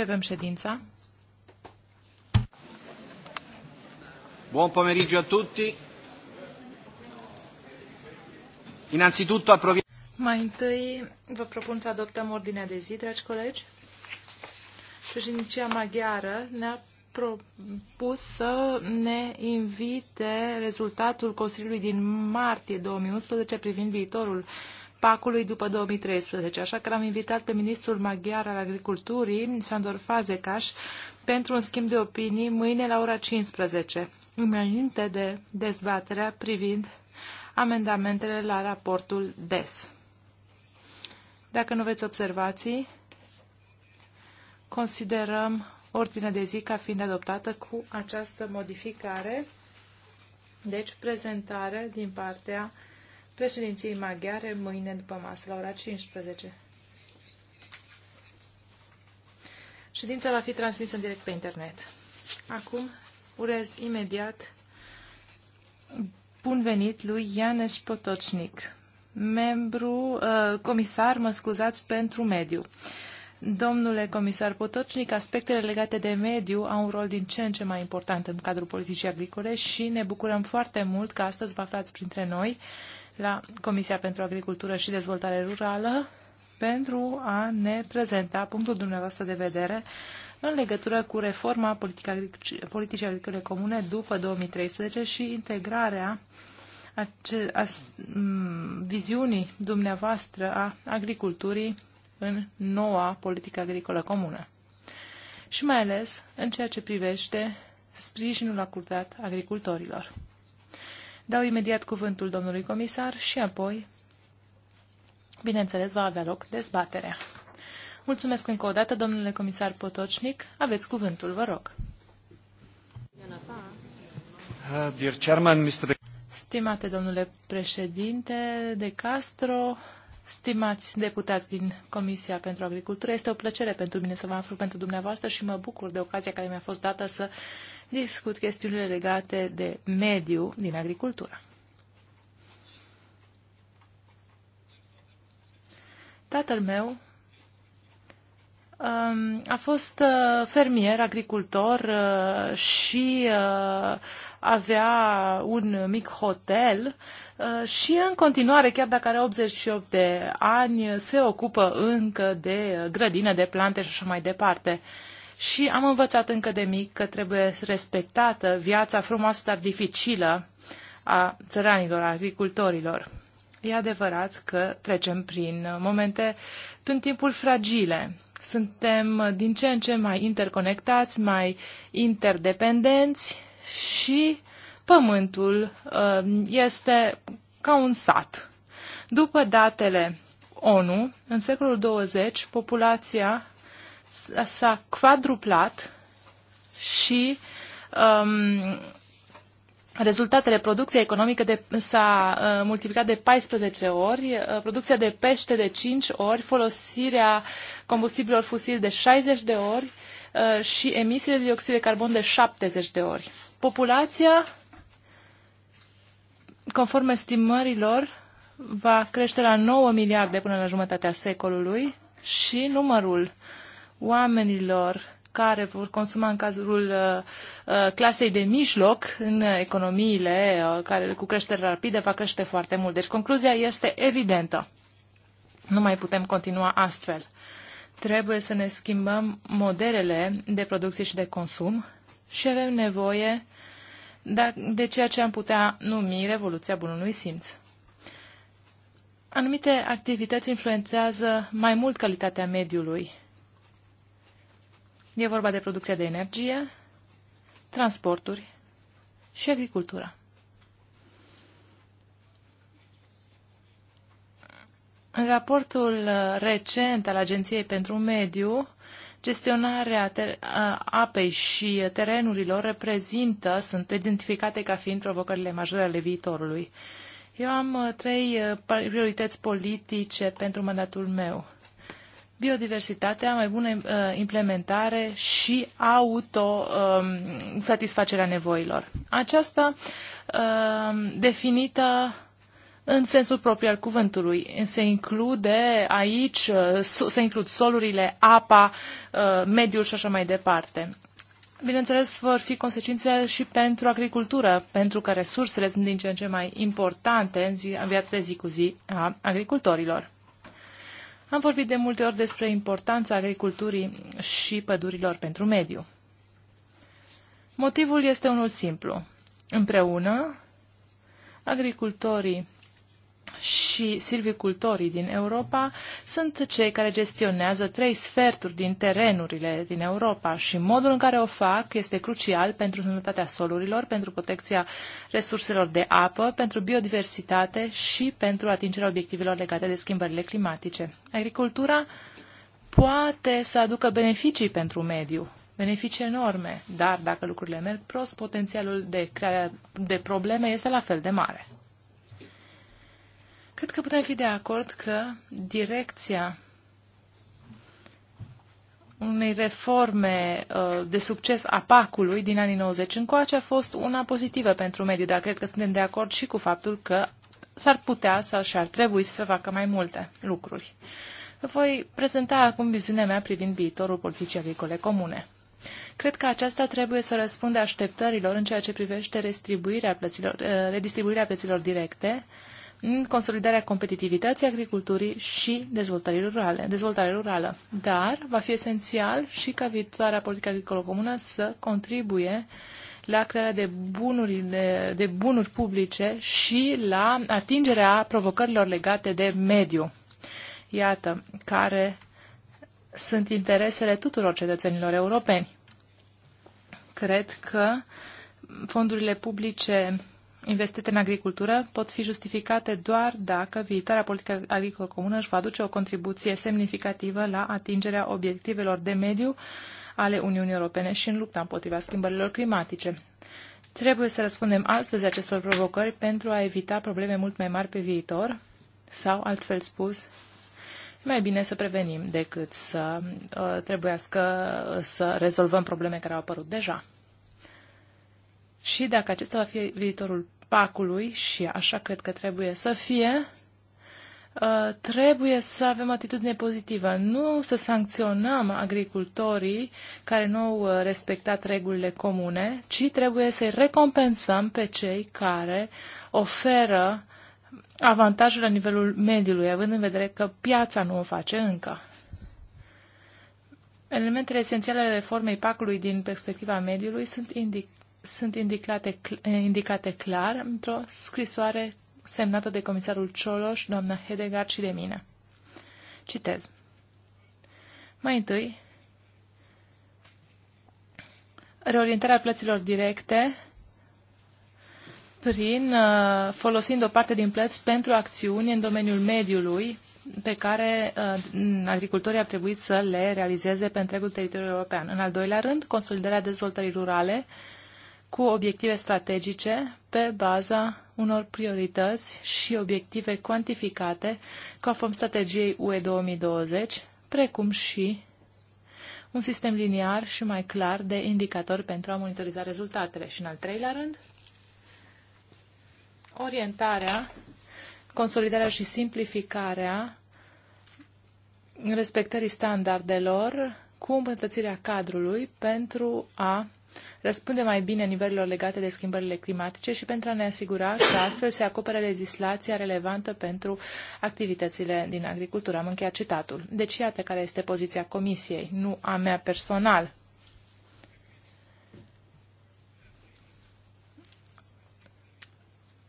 Începem ședința. Buon pomeriggio a tutti. Innanzitutto approvi... Mai întâi vă propun să adoptăm ordinea de zi, dragi colegi. Președinția maghiară ne-a propus să ne invite rezultatul Consiliului din martie 2011 privind viitorul PAC-ului după 2013, așa că l-am invitat pe ministrul maghiar al agriculturii, Sandor Fazekas, pentru un schimb de opinii mâine la ora 15, înainte de dezbaterea privind amendamentele la raportul DES. Dacă nu veți observații, considerăm ordinea de zi ca fiind adoptată cu această modificare, deci prezentare din partea președinției maghiare mâine după masă, la ora 15. Ședința va fi transmisă în direct pe internet. Acum urez imediat bun venit lui Ianes Potocnic, membru, uh, comisar, mă scuzați, pentru mediu. Domnule comisar Potocnic, aspectele legate de mediu au un rol din ce în ce mai important în cadrul politicii agricole și ne bucurăm foarte mult că astăzi vă aflați printre noi la Comisia pentru Agricultură și Dezvoltare Rurală pentru a ne prezenta punctul dumneavoastră de vedere în legătură cu reforma politicii agricole comune după 2013 și integrarea ace- a, viziunii dumneavoastră a agriculturii în noua politică agricolă comună. Și mai ales în ceea ce privește sprijinul acordat agricultorilor. Dau imediat cuvântul domnului comisar și apoi, bineînțeles, va avea loc dezbaterea. Mulțumesc încă o dată, domnule comisar Potocnic. Aveți cuvântul, vă rog. Stimate domnule președinte de Castro, Stimați deputați din Comisia pentru Agricultură, este o plăcere pentru mine să vă aflu pentru dumneavoastră și mă bucur de ocazia care mi-a fost dată să discut chestiunile legate de mediu din agricultură. Tatăl meu um, a fost uh, fermier, agricultor uh, și uh, avea un mic hotel uh, și în continuare, chiar dacă are 88 de ani, se ocupă încă de uh, grădină, de plante și așa mai departe. Și am învățat încă de mic că trebuie respectată viața frumoasă, dar dificilă a țăranilor, a agricultorilor. E adevărat că trecem prin uh, momente, prin timpul fragile. Suntem din ce în ce mai interconectați, mai interdependenți și pământul uh, este ca un sat. După datele ONU, în secolul 20, populația s-a quadruplat și um, rezultatele producției economice s-a uh, multiplicat de 14 ori, uh, producția de pește de 5 ori, folosirea combustibilor fusili de 60 de ori uh, și emisiile de dioxid de carbon de 70 de ori populația, conform estimărilor, va crește la 9 miliarde până la jumătatea secolului și numărul oamenilor care vor consuma în cazul uh, uh clasei de mijloc în economiile uh, care cu creștere rapidă va crește foarte mult. Deci concluzia este evidentă. Nu mai putem continua astfel. Trebuie să ne schimbăm modelele de producție și de consum și avem nevoie de ceea ce am putea numi Revoluția Bunului Simț. Anumite activități influențează mai mult calitatea mediului. E vorba de producția de energie, transporturi și agricultura. În raportul recent al Agenției pentru Mediu Gestionarea apei și terenurilor reprezintă, sunt identificate ca fiind provocările majore ale viitorului. Eu am uh, trei uh, priorități politice pentru mandatul meu. Biodiversitatea, mai bună uh, implementare și autosatisfacerea um, nevoilor. Aceasta um, definită în sensul propriu al cuvântului. Se include aici, uh, se includ solurile, apa, uh, mediul și așa mai departe. Bineînțeles, vor fi consecințe și pentru agricultură, pentru că resursele sunt din ce în ce mai importante în, zi, în viața de zi cu zi a agricultorilor. Am vorbit de multe ori despre importanța agriculturii și pădurilor pentru mediu. Motivul este unul simplu. Împreună, agricultorii și silvicultorii din Europa sunt cei care gestionează trei sferturi din terenurile din Europa și modul în care o fac este crucial pentru sănătatea solurilor, pentru protecția resurselor de apă, pentru biodiversitate și pentru atingerea obiectivelor legate de schimbările climatice. Agricultura poate să aducă beneficii pentru mediu, beneficii enorme, dar dacă lucrurile merg prost, potențialul de creare de probleme este la fel de mare. Cred că putem fi de acord că direcția unei reforme uh, de succes a PAC-ului din anii 90 încoace a fost una pozitivă pentru mediu, dar cred că suntem de acord și cu faptul că s-ar putea sau și-ar trebui să se facă mai multe lucruri. Voi prezenta acum viziunea mea privind viitorul politicii agricole comune. Cred că aceasta trebuie să răspundă așteptărilor în ceea ce privește redistribuirea plăților, uh, redistribuirea plăților directe, în consolidarea competitivității agriculturii și dezvoltării rurale, dezvoltarea rurală. Dar va fi esențial și ca viitoarea politică agricolă comună să contribuie la crearea de bunuri, de, de bunuri publice și la atingerea provocărilor legate de mediu. Iată, care sunt interesele tuturor cetățenilor europeni. Cred că fondurile publice investite în agricultură pot fi justificate doar dacă viitoarea politică agricolă comună își va aduce o contribuție semnificativă la atingerea obiectivelor de mediu ale Uniunii Europene și în lupta împotriva schimbărilor climatice. Trebuie să răspundem astăzi acestor provocări pentru a evita probleme mult mai mari pe viitor sau, altfel spus, mai bine să prevenim decât să uh, trebuiască să rezolvăm probleme care au apărut deja. Și dacă acesta va fi viitorul pacului și așa cred că trebuie să fie, uh, trebuie să avem atitudine pozitivă, nu să sancționăm agricultorii care nu au uh, respectat regulile comune, ci trebuie să-i recompensăm pe cei care oferă avantajul la nivelul mediului, având în vedere că piața nu o face încă. Elementele esențiale ale reformei pacului din perspectiva mediului sunt indic- sunt indicate, eh, indicate clar într-o scrisoare semnată de comisarul Cioloș, doamna Hedegaard și de mine. Citez. Mai întâi, reorientarea plăților directe prin eh, folosind o parte din plăți pentru acțiuni în domeniul mediului pe care eh, agricultorii ar trebui să le realizeze pe întregul teritoriu european. În al doilea rând, consolidarea dezvoltării rurale, cu obiective strategice pe baza unor priorități și obiective cuantificate conform strategiei UE 2020, precum și un sistem liniar și mai clar de indicatori pentru a monitoriza rezultatele. Și în al treilea rând, orientarea, consolidarea și simplificarea respectării standardelor cu îmbunătățirea cadrului pentru a răspunde mai bine nivelurilor legate de schimbările climatice și pentru a ne asigura că astfel se acopere legislația relevantă pentru activitățile din agricultură. Am încheiat citatul. Deci iată care este poziția Comisiei, nu a mea personal.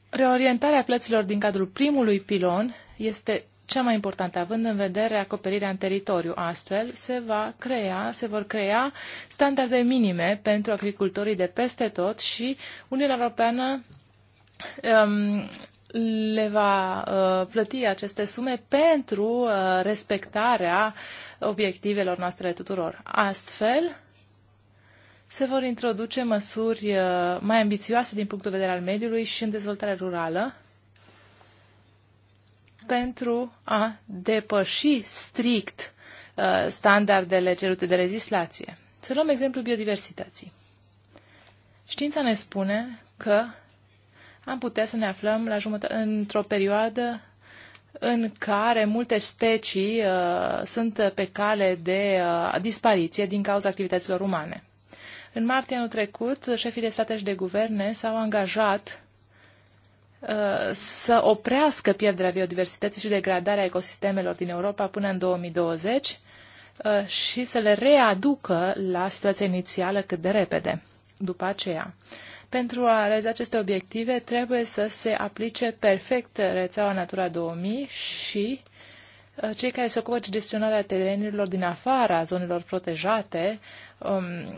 Reorientarea plăților din cadrul primului pilon este cea mai importantă, având în vedere acoperirea în teritoriu. Astfel, se, va crea, se vor crea standarde minime pentru agricultorii de peste tot și Uniunea Europeană um, le va uh, plăti aceste sume pentru uh, respectarea obiectivelor noastre tuturor. Astfel, se vor introduce măsuri uh, mai ambițioase din punctul de vedere al mediului și în dezvoltarea rurală, pentru a depăși strict uh, standardele cerute de legislație. Să luăm exemplu biodiversității. Știința ne spune că am putea să ne aflăm la jumătate, într-o perioadă în care multe specii uh, sunt pe cale de uh, dispariție din cauza activităților umane. În martie anul trecut, șefii de state și de guverne s-au angajat Uh, să oprească pierderea biodiversității și degradarea ecosistemelor din Europa până în 2020 uh, și să le readucă la situația inițială cât de repede după aceea. Pentru a realiza aceste obiective trebuie să se aplice perfect rețeaua Natura 2000 și Uh, cei care se ocupă de gestionarea terenurilor din afara zonelor protejate, um,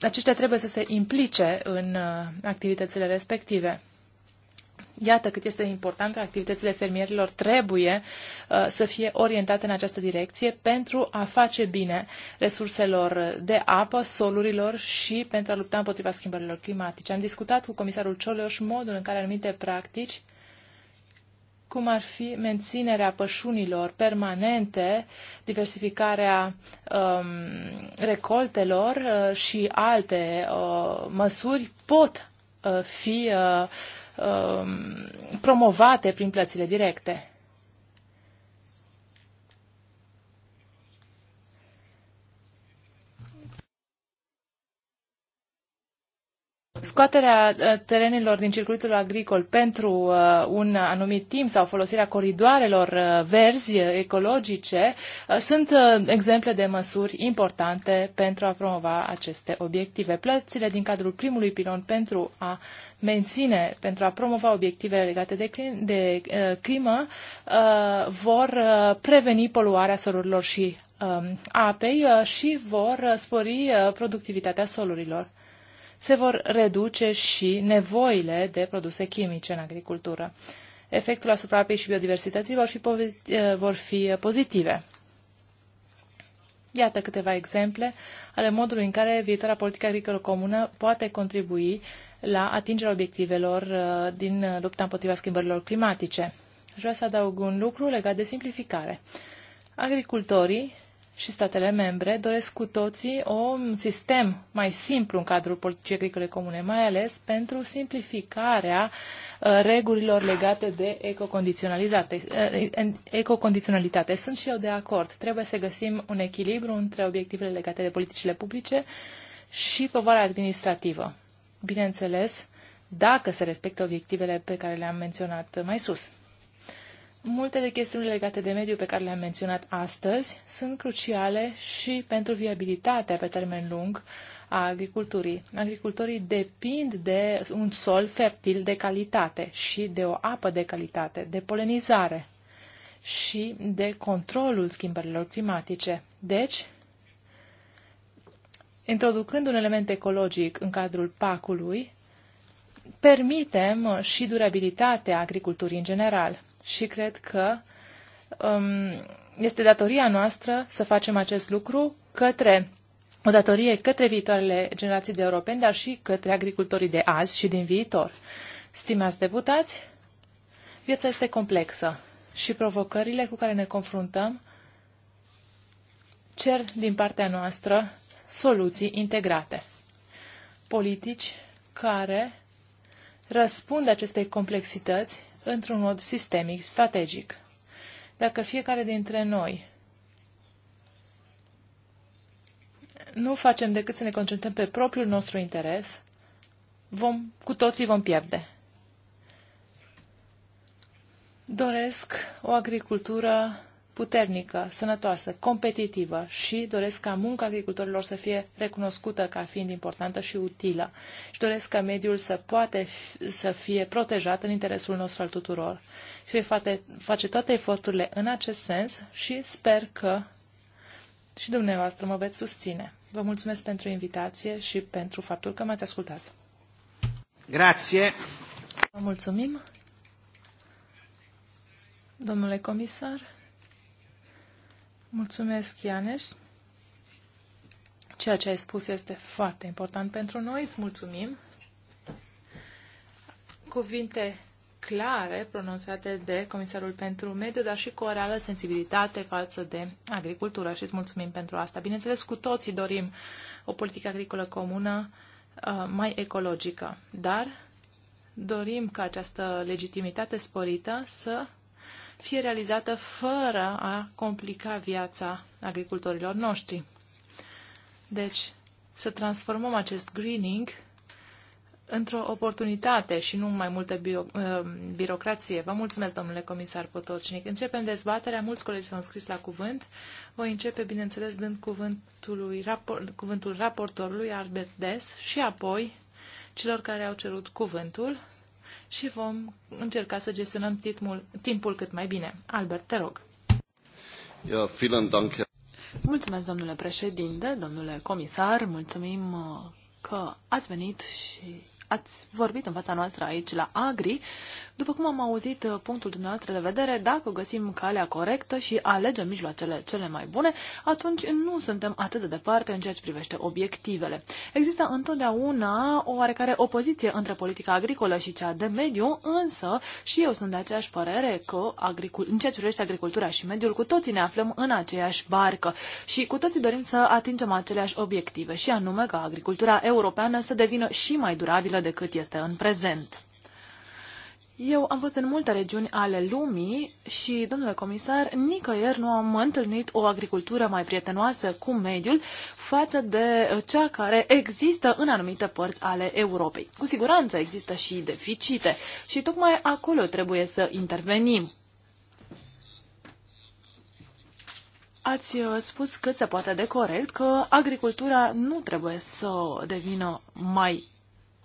aceștia trebuie să se implice în uh, activitățile respective. Iată cât este important că activitățile fermierilor trebuie uh, să fie orientate în această direcție pentru a face bine resurselor de apă, solurilor și pentru a lupta împotriva schimbărilor climatice. Am discutat cu comisarul Cioloș modul în care anumite practici cum ar fi menținerea pășunilor permanente, diversificarea um, recoltelor uh, și alte uh, măsuri pot uh, fi uh, uh, promovate prin plățile directe. Scoaterea uh, terenilor din circuitul agricol pentru uh, un anumit timp sau folosirea coridoarelor uh, verzi ecologice sunt exemple de măsuri importante pentru a promova aceste obiective. Plățile din cadrul primului pilon pentru a menține, pentru a promova obiectivele legate de, clim, de climă, vor preveni poluarea solurilor și um, apei și vor spori productivitatea solurilor se vor reduce și nevoile de produse chimice în agricultură. Efectul asupra apei și biodiversității vor fi, eh, vor fi eh, pozitive. Iată câteva exemple ale modului în care viitoarea politică agricolă comună poate contribui la atingerea obiectivelor eh, din lupta împotriva schimbărilor climatice. Aș vrea să adaug un lucru legat de simplificare. Agricultorii și statele membre doresc cu toții un sistem mai simplu în cadrul politicii agricole comune, mai ales pentru simplificarea uh, regulilor legate de ecocondiționalitate. Uh, ecocondiționalitate. Sunt și eu de acord. Trebuie să găsim un echilibru între obiectivele legate de politicile publice și povara administrativă. Bineînțeles, dacă se respectă obiectivele pe care le-am menționat mai sus. Multe de chestiuni legate de mediu pe care le-am menționat astăzi sunt cruciale și pentru viabilitatea pe termen lung a agriculturii. Agricultorii depind de un sol fertil de calitate și de o apă de calitate, de polenizare și de controlul schimbărilor climatice. Deci, introducând un element ecologic în cadrul pacului, permitem și durabilitatea agriculturii în general și cred că um, este datoria noastră să facem acest lucru către o datorie către viitoarele generații de europeni, dar și către agricultorii de azi și din viitor. Stimați deputați, viața este complexă și provocările cu care ne confruntăm cer din partea noastră soluții integrate. Politici care răspund acestei complexități într-un mod sistemic, strategic. Dacă fiecare dintre noi nu facem decât să ne concentrăm pe propriul nostru interes, vom, cu toții vom pierde. Doresc o agricultură puternică, sănătoasă, competitivă și doresc ca munca agricultorilor să fie recunoscută ca fiind importantă și utilă și doresc ca mediul să poate să fie protejat în interesul nostru al tuturor. Și voi face, face toate eforturile în acest sens și sper că și dumneavoastră mă veți susține. Vă mulțumesc pentru invitație și pentru faptul că m-ați ascultat. Grație! Vă mulțumim! Domnule comisar, Mulțumesc, Ianes. Ceea ce ai spus este foarte important pentru noi. Îți mulțumim. Cuvinte clare pronunțate de Comisarul pentru Mediu, dar și cu o reală sensibilitate față de agricultură și îți mulțumim pentru asta. Bineînțeles, cu toții dorim o politică agricolă comună uh, mai ecologică, dar dorim ca această legitimitate sporită să fie realizată fără a complica viața agricultorilor noștri. Deci, să transformăm acest greening într-o oportunitate și nu mai multă bio, uh, birocrație. Vă mulțumesc, domnule comisar Potocnic. Începem dezbaterea. Mulți colegi s-au înscris la cuvânt. Voi începe, bineînțeles, dând cuvântul, rapor, cuvântul raportorului Albert Des și apoi celor care au cerut cuvântul și vom încerca să gestionăm timpul, timpul cât mai bine. Albert, te rog. Ja, vielen Dank. Mulțumesc, domnule președinte, domnule comisar, mulțumim uh, că ați venit și ați vorbit în fața noastră aici la Agri. După cum am auzit uh, punctul dumneavoastră de vedere, dacă găsim calea corectă și alegem mijloacele cele mai bune, atunci nu suntem atât de departe în ceea ce privește obiectivele. Există întotdeauna o oarecare opoziție între politica agricolă și cea de mediu, însă și eu sunt de aceeași părere că agricul... în ceea ce privește agricultura și mediul, cu toții ne aflăm în aceeași barcă și cu toții dorim să atingem aceleași obiective, și anume ca agricultura europeană să devină și mai durabilă dificilă decât este în prezent. Eu am fost în multe regiuni ale lumii și, domnule comisar, nicăieri nu am întâlnit o agricultură mai prietenoasă cu mediul față de cea care există în anumite părți ale Europei. Cu siguranță există și deficite și tocmai acolo trebuie să intervenim. Ați uh, spus cât se poate de corect că agricultura nu trebuie să devină mai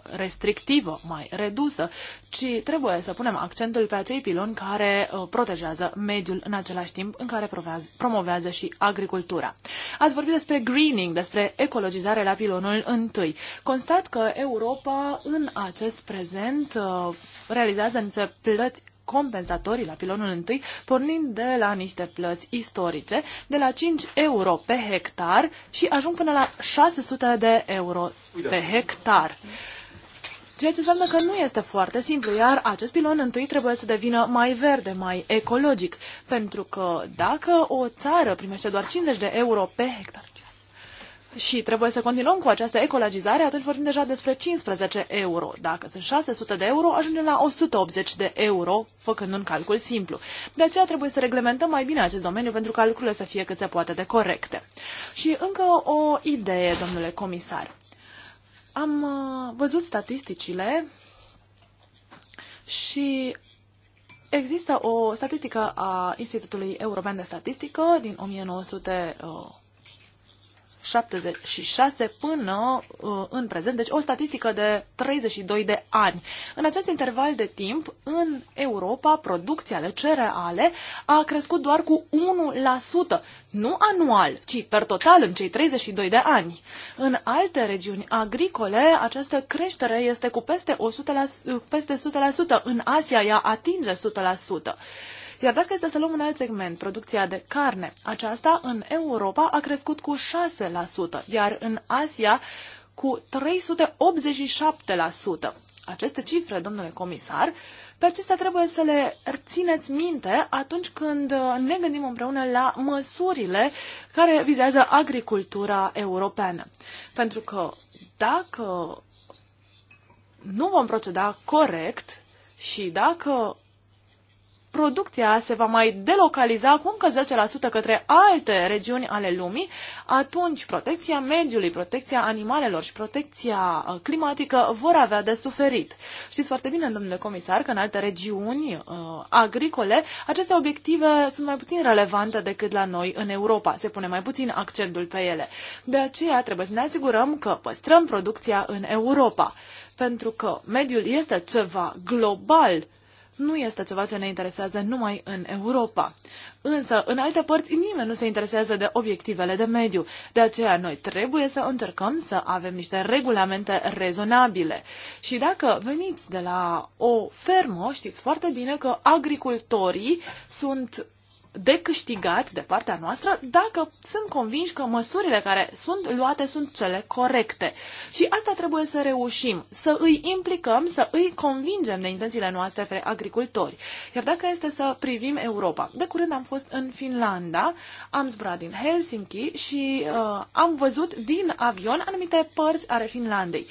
restrictivă, mai redusă, ci trebuie să punem accentul pe acei piloni care uh, protejează mediul în același timp în care promovează și agricultura. Ați vorbit despre greening, despre ecologizare la pilonul întâi. Constat că Europa în acest prezent uh, realizează niște plăți compensatorii la pilonul întâi, pornind de la niște plăți istorice, de la 5 euro pe hectar și ajung până la 600 de euro pe hectar. Uite ceea ce înseamnă că nu este foarte simplu, iar acest pilon întâi trebuie să devină mai verde, mai ecologic, pentru că dacă o țară primește doar 50 de euro pe hectar și trebuie să continuăm cu această ecologizare, atunci vorbim deja despre 15 euro. Dacă sunt 600 de euro, ajungem la 180 de euro, făcând un calcul simplu. De aceea trebuie să reglementăm mai bine acest domeniu pentru ca lucrurile să fie cât se poate de corecte. Și încă o idee, domnule comisar. Am uh, văzut statisticile și există o statistică a Institutului European de Statistică din 1900. 76 până uh, în prezent, deci o statistică de 32 de ani. În acest interval de timp, în Europa, producția de cereale a crescut doar cu 1%, nu anual, ci per total în cei 32 de ani. În alte regiuni agricole, această creștere este cu peste, 100%, peste 100%, în Asia ea atinge 100%. Iar dacă este să luăm un alt segment, producția de carne, aceasta în Europa a crescut cu 6%, iar în Asia cu 387%. Aceste cifre, domnule comisar, pe acestea trebuie să le țineți minte atunci când uh, ne gândim împreună la măsurile care vizează agricultura europeană. Pentru că dacă nu vom proceda corect și dacă producția se va mai delocaliza cu încă 10% către alte regiuni ale lumii, atunci protecția mediului, protecția animalelor și protecția uh, climatică vor avea de suferit. Știți foarte bine, domnule comisar, că în alte regiuni uh, agricole aceste obiective sunt mai puțin relevante decât la noi în Europa. Se pune mai puțin accentul pe ele. De aceea trebuie să ne asigurăm că păstrăm producția în Europa, pentru că mediul este ceva global nu este ceva ce ne interesează numai în Europa. Însă, în alte părți, nimeni nu se interesează de obiectivele de mediu. De aceea, noi trebuie să încercăm să avem niște regulamente rezonabile. Și dacă veniți de la o fermă, știți foarte bine că agricultorii sunt de câștigat de partea noastră dacă sunt convinși că măsurile care sunt luate sunt cele corecte. Și asta trebuie să reușim, să îi implicăm, să îi convingem de intențiile noastre pe agricultori. Iar dacă este să privim Europa, de curând am fost în Finlanda, am zburat din Helsinki și uh, am văzut din avion anumite părți ale Finlandei.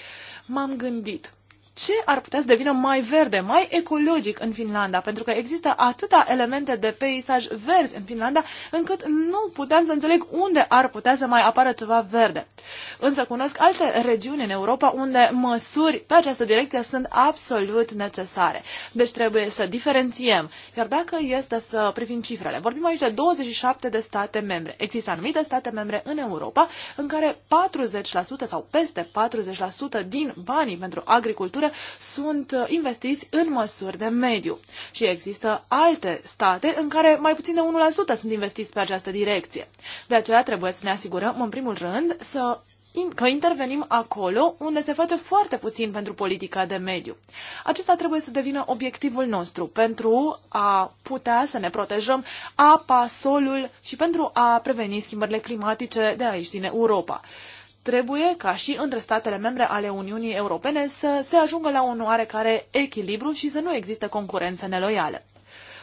M-am gândit, ce ar putea să devină mai verde, mai ecologic în Finlanda, pentru că există atâta elemente de peisaj verzi în Finlanda, încât nu puteam să înțeleg unde ar putea să mai apară ceva verde. Însă cunosc alte regiuni în Europa unde măsuri pe această direcție sunt absolut necesare. Deci trebuie să diferențiem. Iar dacă este să privim cifrele, vorbim aici de 27 de state membre. Există anumite state membre în Europa în care 40% sau peste 40% din banii pentru agricultură agricultură sunt uh, investiți în măsuri de mediu. Și există alte state în care mai puțin de 1% sunt investiți pe această direcție. De aceea trebuie să ne asigurăm, în primul rând, să că intervenim acolo unde se face foarte puțin pentru politica de mediu. Acesta trebuie să devină obiectivul nostru pentru a putea să ne protejăm apa, solul și pentru a preveni schimbările climatice de aici, din Europa trebuie ca și între statele membre ale Uniunii Europene să se ajungă la un oarecare echilibru și să nu existe concurență neloială.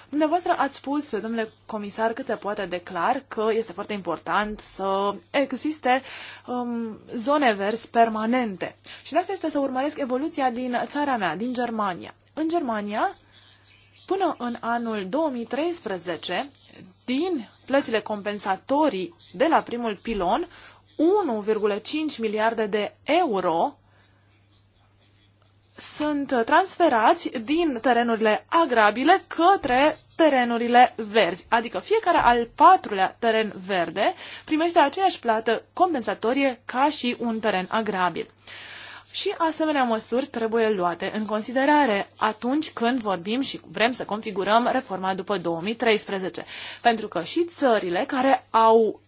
Dumneavoastră ați spus, domnule comisar, cât se poate declar că este foarte important să existe um, zone verzi permanente. Și dacă este să urmăresc evoluția din țara mea, din Germania. În Germania, până în anul 2013, din plățile compensatorii de la primul pilon, 1,5 miliarde de euro sunt transferați din terenurile agrabile către terenurile verzi, adică fiecare al patrulea teren verde primește aceeași plată compensatorie ca și un teren agrabil. Și asemenea măsuri trebuie luate în considerare atunci când vorbim și vrem să configurăm reforma după 2013. Pentru că și țările care au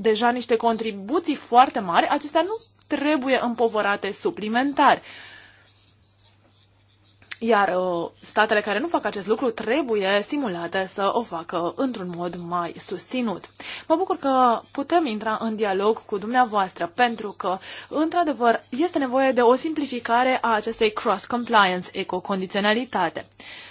deja niște contribuții foarte mari, acestea nu trebuie împovărate suplimentar. Iar uh, statele care nu fac acest lucru trebuie stimulate să o facă într-un mod mai susținut. Mă bucur că putem intra în dialog cu dumneavoastră pentru că, într-adevăr, este nevoie de o simplificare a acestei cross-compliance, ecocondiționalitate. condiționalitate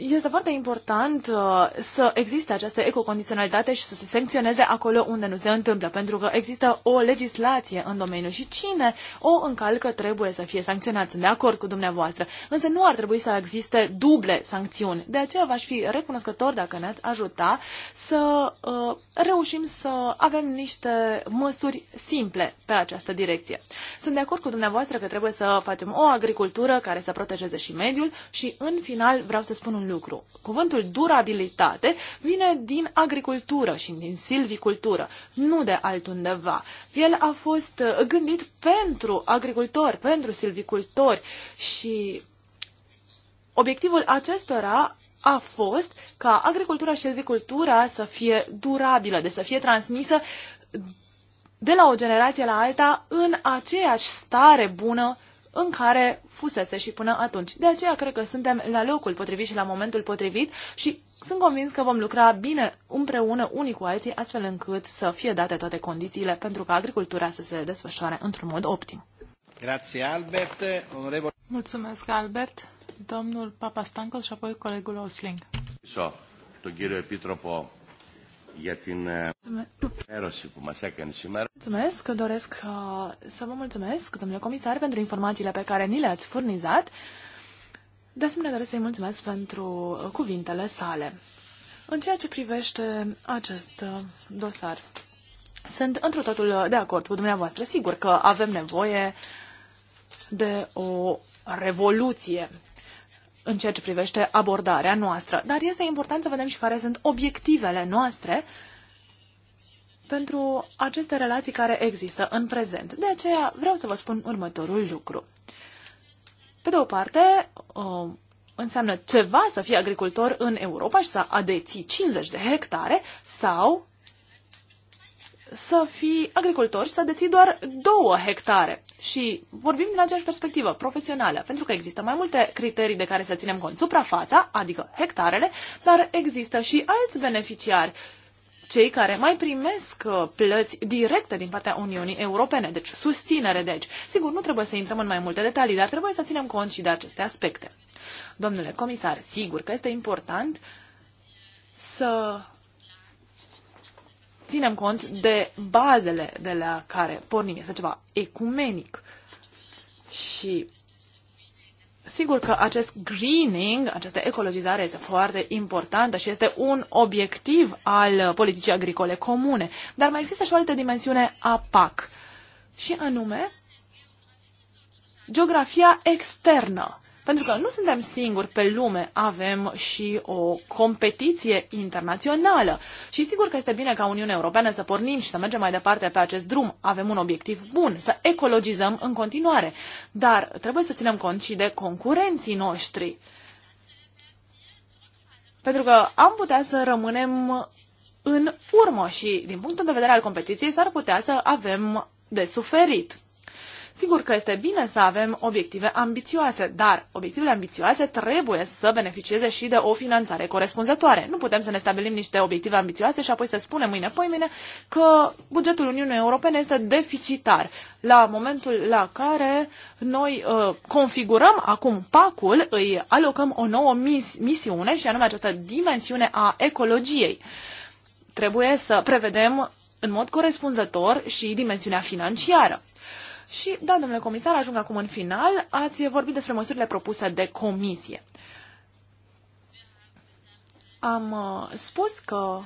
este foarte important uh, să existe această ecocondiționalitate și să se sancționeze acolo unde nu se întâmplă, pentru că există o legislație în domeniu și cine o încalcă trebuie să fie sancționat. Sunt de acord cu dumneavoastră, însă nu ar trebui să existe duble sancțiuni. De aceea v-aș fi recunoscător dacă ne-ați ajuta să uh, reușim să avem niște măsuri simple pe această direcție. Sunt de acord cu dumneavoastră că trebuie să facem o agricultură care să protejeze și mediul și în final vreau să spun un lucru. Cuvântul durabilitate vine din agricultură și din silvicultură, nu de altundeva. El a fost uh, gândit pentru agricultori, pentru silvicultori și obiectivul acestora a fost ca agricultura și silvicultura să fie durabilă, de să fie transmisă de la o generație la alta în aceeași stare bună în care fusese și până atunci. De aceea cred că suntem la locul potrivit și la momentul potrivit și sunt convins că vom lucra bine împreună unii cu alții, astfel încât să fie date toate condițiile pentru ca agricultura să se desfășoare într-un mod optim. Grazie, Albert. Onorevole... Mulțumesc, Albert. Domnul Stancos și apoi colegul Osling. So, tu, Epitropo, για την ενημέρωση που μας έκανε σήμερα. Mulțumesc, doresc uh, să vă mulțumesc, domnule comisar, pentru informațiile pe care ni le-ați furnizat. De asemenea, doresc să-i mulțumesc pentru uh, cuvintele sale. În ceea ce privește acest uh, dosar, sunt într totul de acord cu dumneavoastră. Sigur că avem nevoie de o revoluție în ceea ce privește abordarea noastră. Dar este important să vedem și care sunt obiectivele noastre pentru aceste relații care există în prezent. De aceea vreau să vă spun următorul lucru. Pe de o parte, înseamnă ceva să fii agricultor în Europa și să adeții 50 de hectare sau să fii agricultor și să deții doar două hectare. Și vorbim din aceeași perspectivă, profesională, pentru că există mai multe criterii de care să ținem cont. Suprafața, adică hectarele, dar există și alți beneficiari cei care mai primesc uh, plăți directe din partea Uniunii Europene, deci susținere, deci. Sigur, nu trebuie să intrăm în mai multe detalii, dar trebuie să ținem cont și de aceste aspecte. Domnule comisar, sigur că este important să ținem cont de bazele de la care pornim. Este ceva ecumenic. Și sigur că acest greening, această ecologizare este foarte importantă și este un obiectiv al politicii agricole comune. Dar mai există și o altă dimensiune a PAC și anume geografia externă. Pentru că nu suntem singuri pe lume, avem și o competiție internațională. Și sigur că este bine ca Uniunea Europeană să pornim și să mergem mai departe pe acest drum. Avem un obiectiv bun, să ecologizăm în continuare. Dar trebuie să ținem cont și de concurenții noștri. Pentru că am putea să rămânem în urmă și, din punctul de vedere al competiției, s-ar putea să avem de suferit. Sigur că este bine să avem obiective ambițioase, dar obiectivele ambițioase trebuie să beneficieze și de o finanțare corespunzătoare. Nu putem să ne stabilim niște obiective ambițioase și apoi să spunem mâine, poi mâine, că bugetul Uniunii Europene este deficitar. La momentul la care noi uh, configurăm acum pacul, îi alocăm o nouă mis- misiune și anume această dimensiune a ecologiei. Trebuie să prevedem în mod corespunzător și dimensiunea financiară. Și, da, domnule comisar, ajung acum în final. Ați vorbit despre măsurile propuse de comisie. Am uh, spus că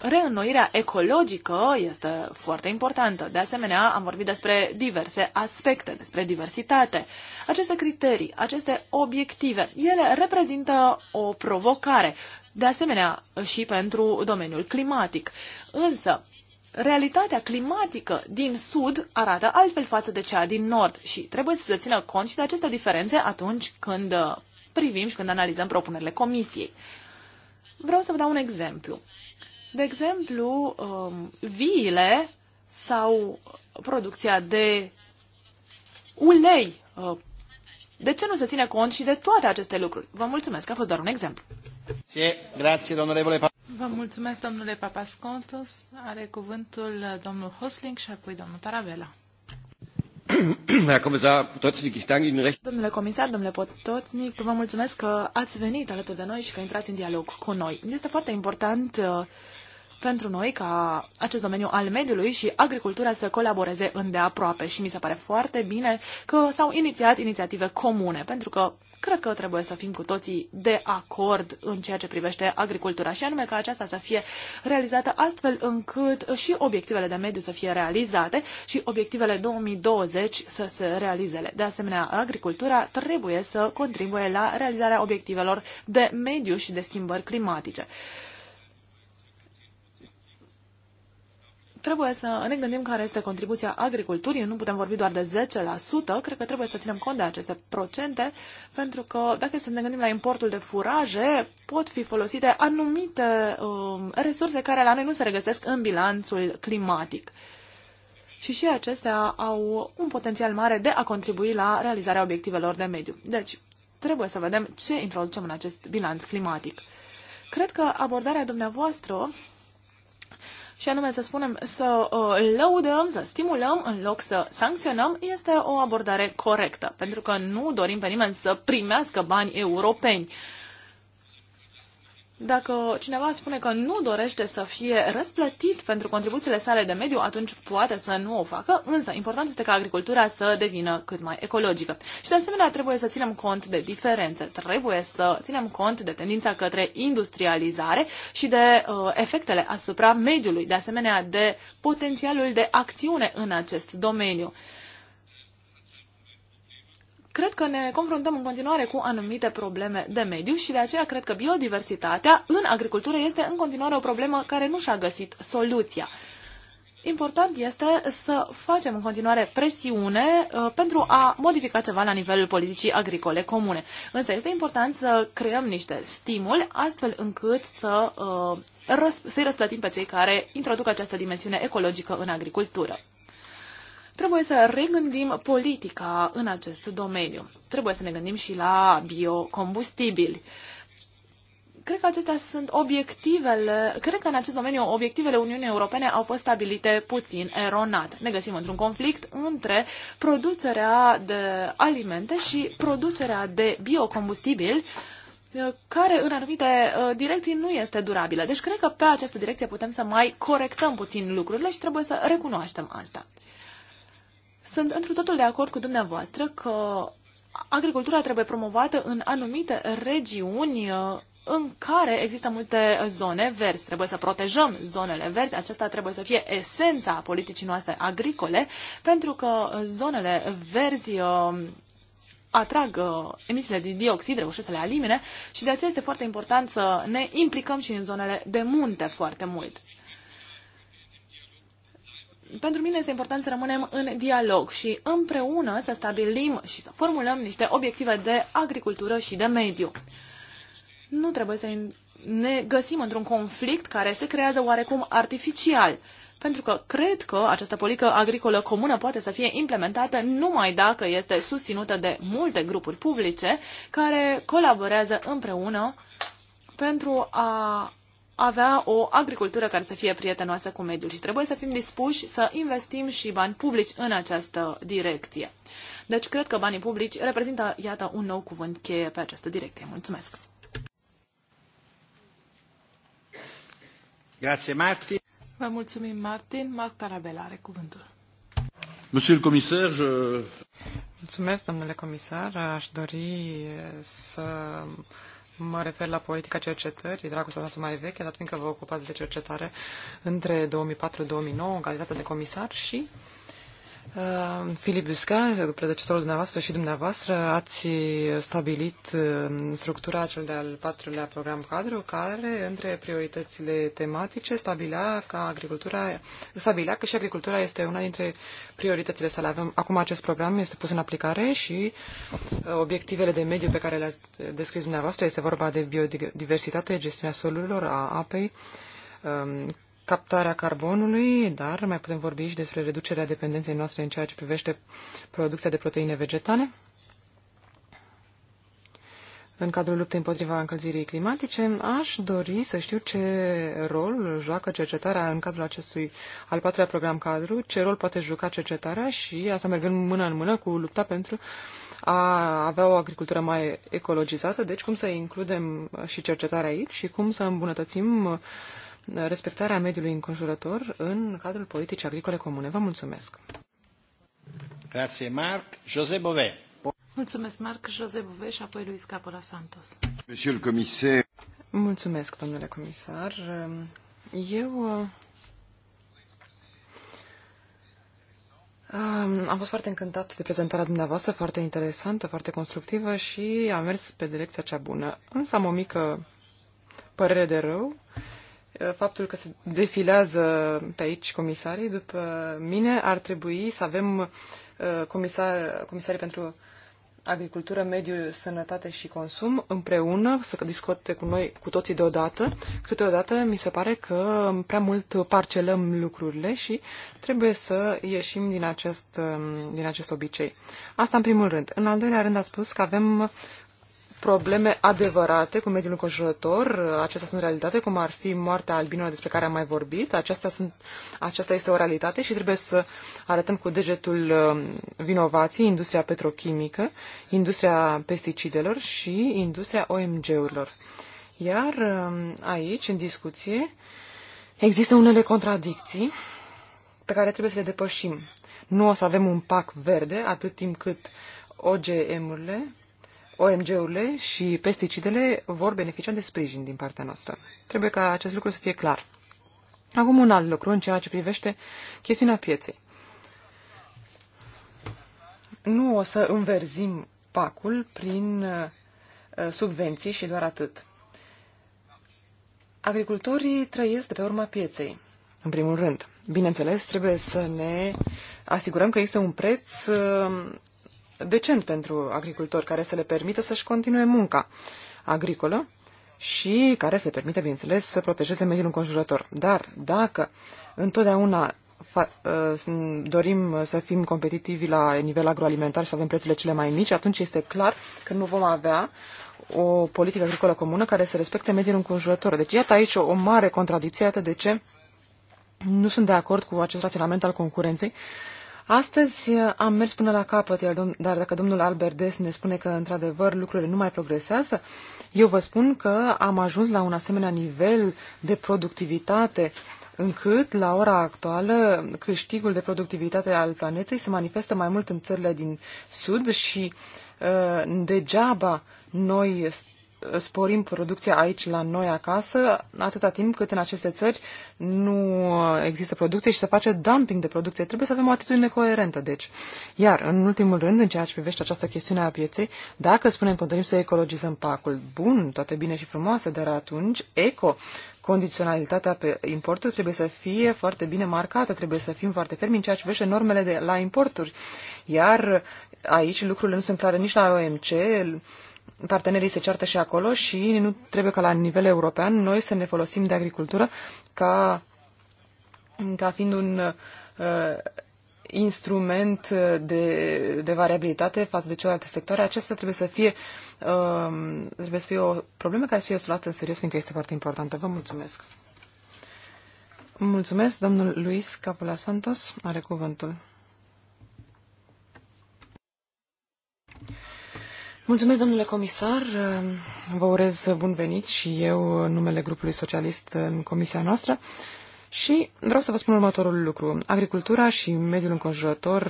reînnoirea ecologică este foarte importantă. De asemenea, am vorbit despre diverse aspecte, despre diversitate. Aceste criterii, aceste obiective, ele reprezintă o provocare. De asemenea, și pentru domeniul climatic. Însă, realitatea climatică din sud arată altfel față de cea din nord și trebuie să se țină cont și de aceste diferențe atunci când uh, privim și când analizăm propunerile comisiei. Vreau să vă dau un exemplu. De exemplu, um, viile sau producția de ulei. Uh, de ce nu se ține cont și de toate aceste lucruri? Vă mulțumesc, a fost doar un exemplu. Grazie, grazie, domnule Vă mulțumesc, domnule Papascontos. Are cuvântul domnul Hosling și apoi domnul Tarabella. Domnule comisar, domnule Potocnic, vă mulțumesc că ați venit alături de noi și că intrați în dialog cu noi. Este foarte important uh, pentru noi ca acest domeniu al mediului și agricultura să colaboreze îndeaproape și mi se pare foarte bine că s-au inițiat inițiative comune, pentru că cred că trebuie să fim cu toții de acord în ceea ce privește agricultura și anume ca aceasta să fie realizată astfel încât și obiectivele de mediu să fie realizate și obiectivele 2020 să se realizeze. De asemenea, agricultura trebuie să contribuie la realizarea obiectivelor de mediu și de schimbări climatice. trebuie să ne gândim care este contribuția agriculturii. Nu putem vorbi doar de 10%. Cred că trebuie să ținem cont de aceste procente, pentru că dacă să ne gândim la importul de furaje, pot fi folosite anumite um, resurse care la noi nu se regăsesc în bilanțul climatic. Și și acestea au un potențial mare de a contribui la realizarea obiectivelor de mediu. Deci, trebuie să vedem ce introducem în acest bilanț climatic. Cred că abordarea dumneavoastră și anume să spunem să uh, lăudăm, să stimulăm în loc să sancționăm, este o abordare corectă, pentru că nu dorim pe nimeni să primească bani europeni. Dacă cineva spune că nu dorește să fie răsplătit pentru contribuțiile sale de mediu, atunci poate să nu o facă, însă important este ca agricultura să devină cât mai ecologică. Și de asemenea trebuie să ținem cont de diferențe, trebuie să ținem cont de tendința către industrializare și de uh, efectele asupra mediului, de asemenea de potențialul de acțiune în acest domeniu cred că ne confruntăm în continuare cu anumite probleme de mediu și de aceea cred că biodiversitatea în agricultură este în continuare o problemă care nu și-a găsit soluția. Important este să facem în continuare presiune uh, pentru a modifica ceva la nivelul politicii agricole comune. Însă este important să creăm niște stimuli astfel încât să, uh, răs- să-i răsplătim pe cei care introduc această dimensiune ecologică în agricultură. Trebuie să regândim politica în acest domeniu. Trebuie să ne gândim și la biocombustibili. Cred că acestea sunt obiectivele, cred că în acest domeniu obiectivele Uniunii Europene au fost stabilite puțin eronat. Ne găsim într-un conflict între producerea de alimente și producerea de biocombustibili care în anumite uh, direcții nu este durabilă. Deci cred că pe această direcție putem să mai corectăm puțin lucrurile și trebuie să recunoaștem asta. Sunt într totul de acord cu dumneavoastră că agricultura trebuie promovată în anumite regiuni uh, în care există multe zone verzi. Trebuie să protejăm zonele verzi, aceasta trebuie să fie esența politicii noastre agricole, pentru că zonele verzi uh, atrag uh, emisiile de dioxid, reușesc să le elimine și de aceea este foarte important să ne implicăm și în zonele de munte foarte mult pentru mine este important să rămânem în dialog și împreună să stabilim și să formulăm niște obiective de agricultură și de mediu. Nu trebuie să ne găsim într-un conflict care se creează oarecum artificial, pentru că cred că această politică agricolă comună poate să fie implementată numai dacă este susținută de multe grupuri publice care colaborează împreună pentru a avea o agricultură care să fie prietenoasă cu mediul și trebuie să fim dispuși să investim și bani publici în această direcție. Deci cred că banii publici reprezintă, iată, un nou cuvânt cheie pe această direcție. Mulțumesc! Grazie, Martin. Vă mulțumim, Martin. Marc Tarabella are cuvântul. Monsieur le commissaire, je... Mulțumesc, domnule comisar. Aș dori să Mă refer la politica cercetării, dragostea noastră mai veche, dar fiindcă vă ocupați de cercetare între 2004-2009 în calitate de comisar și Ehm, Filip Busca, predecesorul dumneavoastră și dumneavoastră, ați stabilit ehm, structura cel de-al patrulea program cadru, care, între prioritățile tematice, stabilea, că agricultura, stabilea că și agricultura este una dintre prioritățile sale. Avem, acum acest program este pus în aplicare și eh, obiectivele de mediu pe care le-ați descris dumneavoastră, este vorba de biodiversitate, gestiunea solurilor, a apei, ehm, captarea carbonului, dar mai putem vorbi și despre reducerea dependenței noastre în ceea ce privește producția de proteine vegetale. În cadrul luptei împotriva încălzirii climatice, aș dori să știu ce rol joacă cercetarea în cadrul acestui al patrulea program cadru, ce rol poate juca cercetarea și asta mergând mână în mână cu lupta pentru a avea o agricultură mai ecologizată, deci cum să includem și cercetarea aici și cum să îmbunătățim respectarea mediului înconjurător în cadrul politicii agricole comune. Vă mulțumesc! Grazie, Marc. José Bové. Mulțumesc, Marc, José Bové și apoi Luis Capola Santos. Monsieur le Commissaire. Mulțumesc, domnule comisar. Eu Am fost foarte încântat de prezentarea dumneavoastră, foarte interesantă, foarte constructivă și am mers pe direcția cea bună. Însă am o mică părere de rău faptul că se defilează pe aici comisarii, după mine ar trebui să avem comisar, comisarii pentru agricultură, mediu, sănătate și consum împreună, să discute cu noi cu toții deodată. Câteodată mi se pare că prea mult parcelăm lucrurile și trebuie să ieșim din acest, din acest obicei. Asta în primul rând. În al doilea rând a spus că avem probleme adevărate cu mediul înconjurător. Uh, acestea sunt realitate, cum ar fi moartea albinului despre care am mai vorbit. Acestea sunt, aceasta este o realitate și trebuie să arătăm cu degetul uh, vinovații industria petrochimică, industria pesticidelor și industria OMG-urilor. Iar uh, aici, în discuție, există unele contradicții pe care trebuie să le depășim. Nu o să avem un pac verde atât timp cât OGM-urile OMG-urile și pesticidele vor beneficia de sprijin din partea noastră. Trebuie ca acest lucru să fie clar. Acum un alt lucru în ceea ce privește chestiunea pieței. Nu o să înverzim pacul prin uh, subvenții și doar atât. Agricultorii trăiesc de pe urma pieței, în primul rând. Bineînțeles, trebuie să ne asigurăm că există un preț uh, decent pentru agricultori, care să le permită să-și continue munca agricolă și care să permită, bineînțeles, să protejeze mediul înconjurător. Dar dacă întotdeauna uh, dorim să fim competitivi la nivel agroalimentar și să avem prețurile cele mai mici, atunci este clar că nu vom avea o politică agricolă comună care să respecte mediul înconjurător. Deci iată aici o, o mare contradicție, iată de ce nu sunt de acord cu acest raționament al concurenței Astăzi uh, am mers până la capăt, dar dacă domnul Albert ne spune că, într-adevăr, lucrurile nu mai progresează, eu vă spun că am ajuns la un asemenea nivel de productivitate încât, la ora actuală, câștigul de productivitate al planetei se manifestă mai mult în țările din Sud și uh, degeaba noi sporim producția aici la noi acasă, atâta timp cât în aceste țări nu există producție și se face dumping de producție. Trebuie să avem o atitudine coerentă, deci. Iar, în ultimul rând, în ceea ce privește această chestiune a pieței, dacă spunem că dorim să ecologizăm pacul, bun, toate bine și frumoase, dar atunci eco condiționalitatea pe importuri trebuie să fie foarte bine marcată, trebuie să fim foarte fermi în ceea ce privește normele de la importuri. Iar aici lucrurile nu sunt clare nici la OMC, partenerii se ceartă și acolo și nu trebuie ca la nivel european noi să ne folosim de agricultură ca, ca fiind un uh, instrument de, de variabilitate față de celelalte sectoare. Acesta trebuie să fie, uh, trebuie să fie o problemă care să fie luată în serios, fiindcă este foarte importantă. Vă mulțumesc! Mulțumesc, domnul Luis Capula Santos are cuvântul. Mulțumesc, domnule comisar. Vă urez bun venit și eu în numele grupului socialist în comisia noastră. Și vreau să vă spun următorul lucru. Agricultura și mediul înconjurător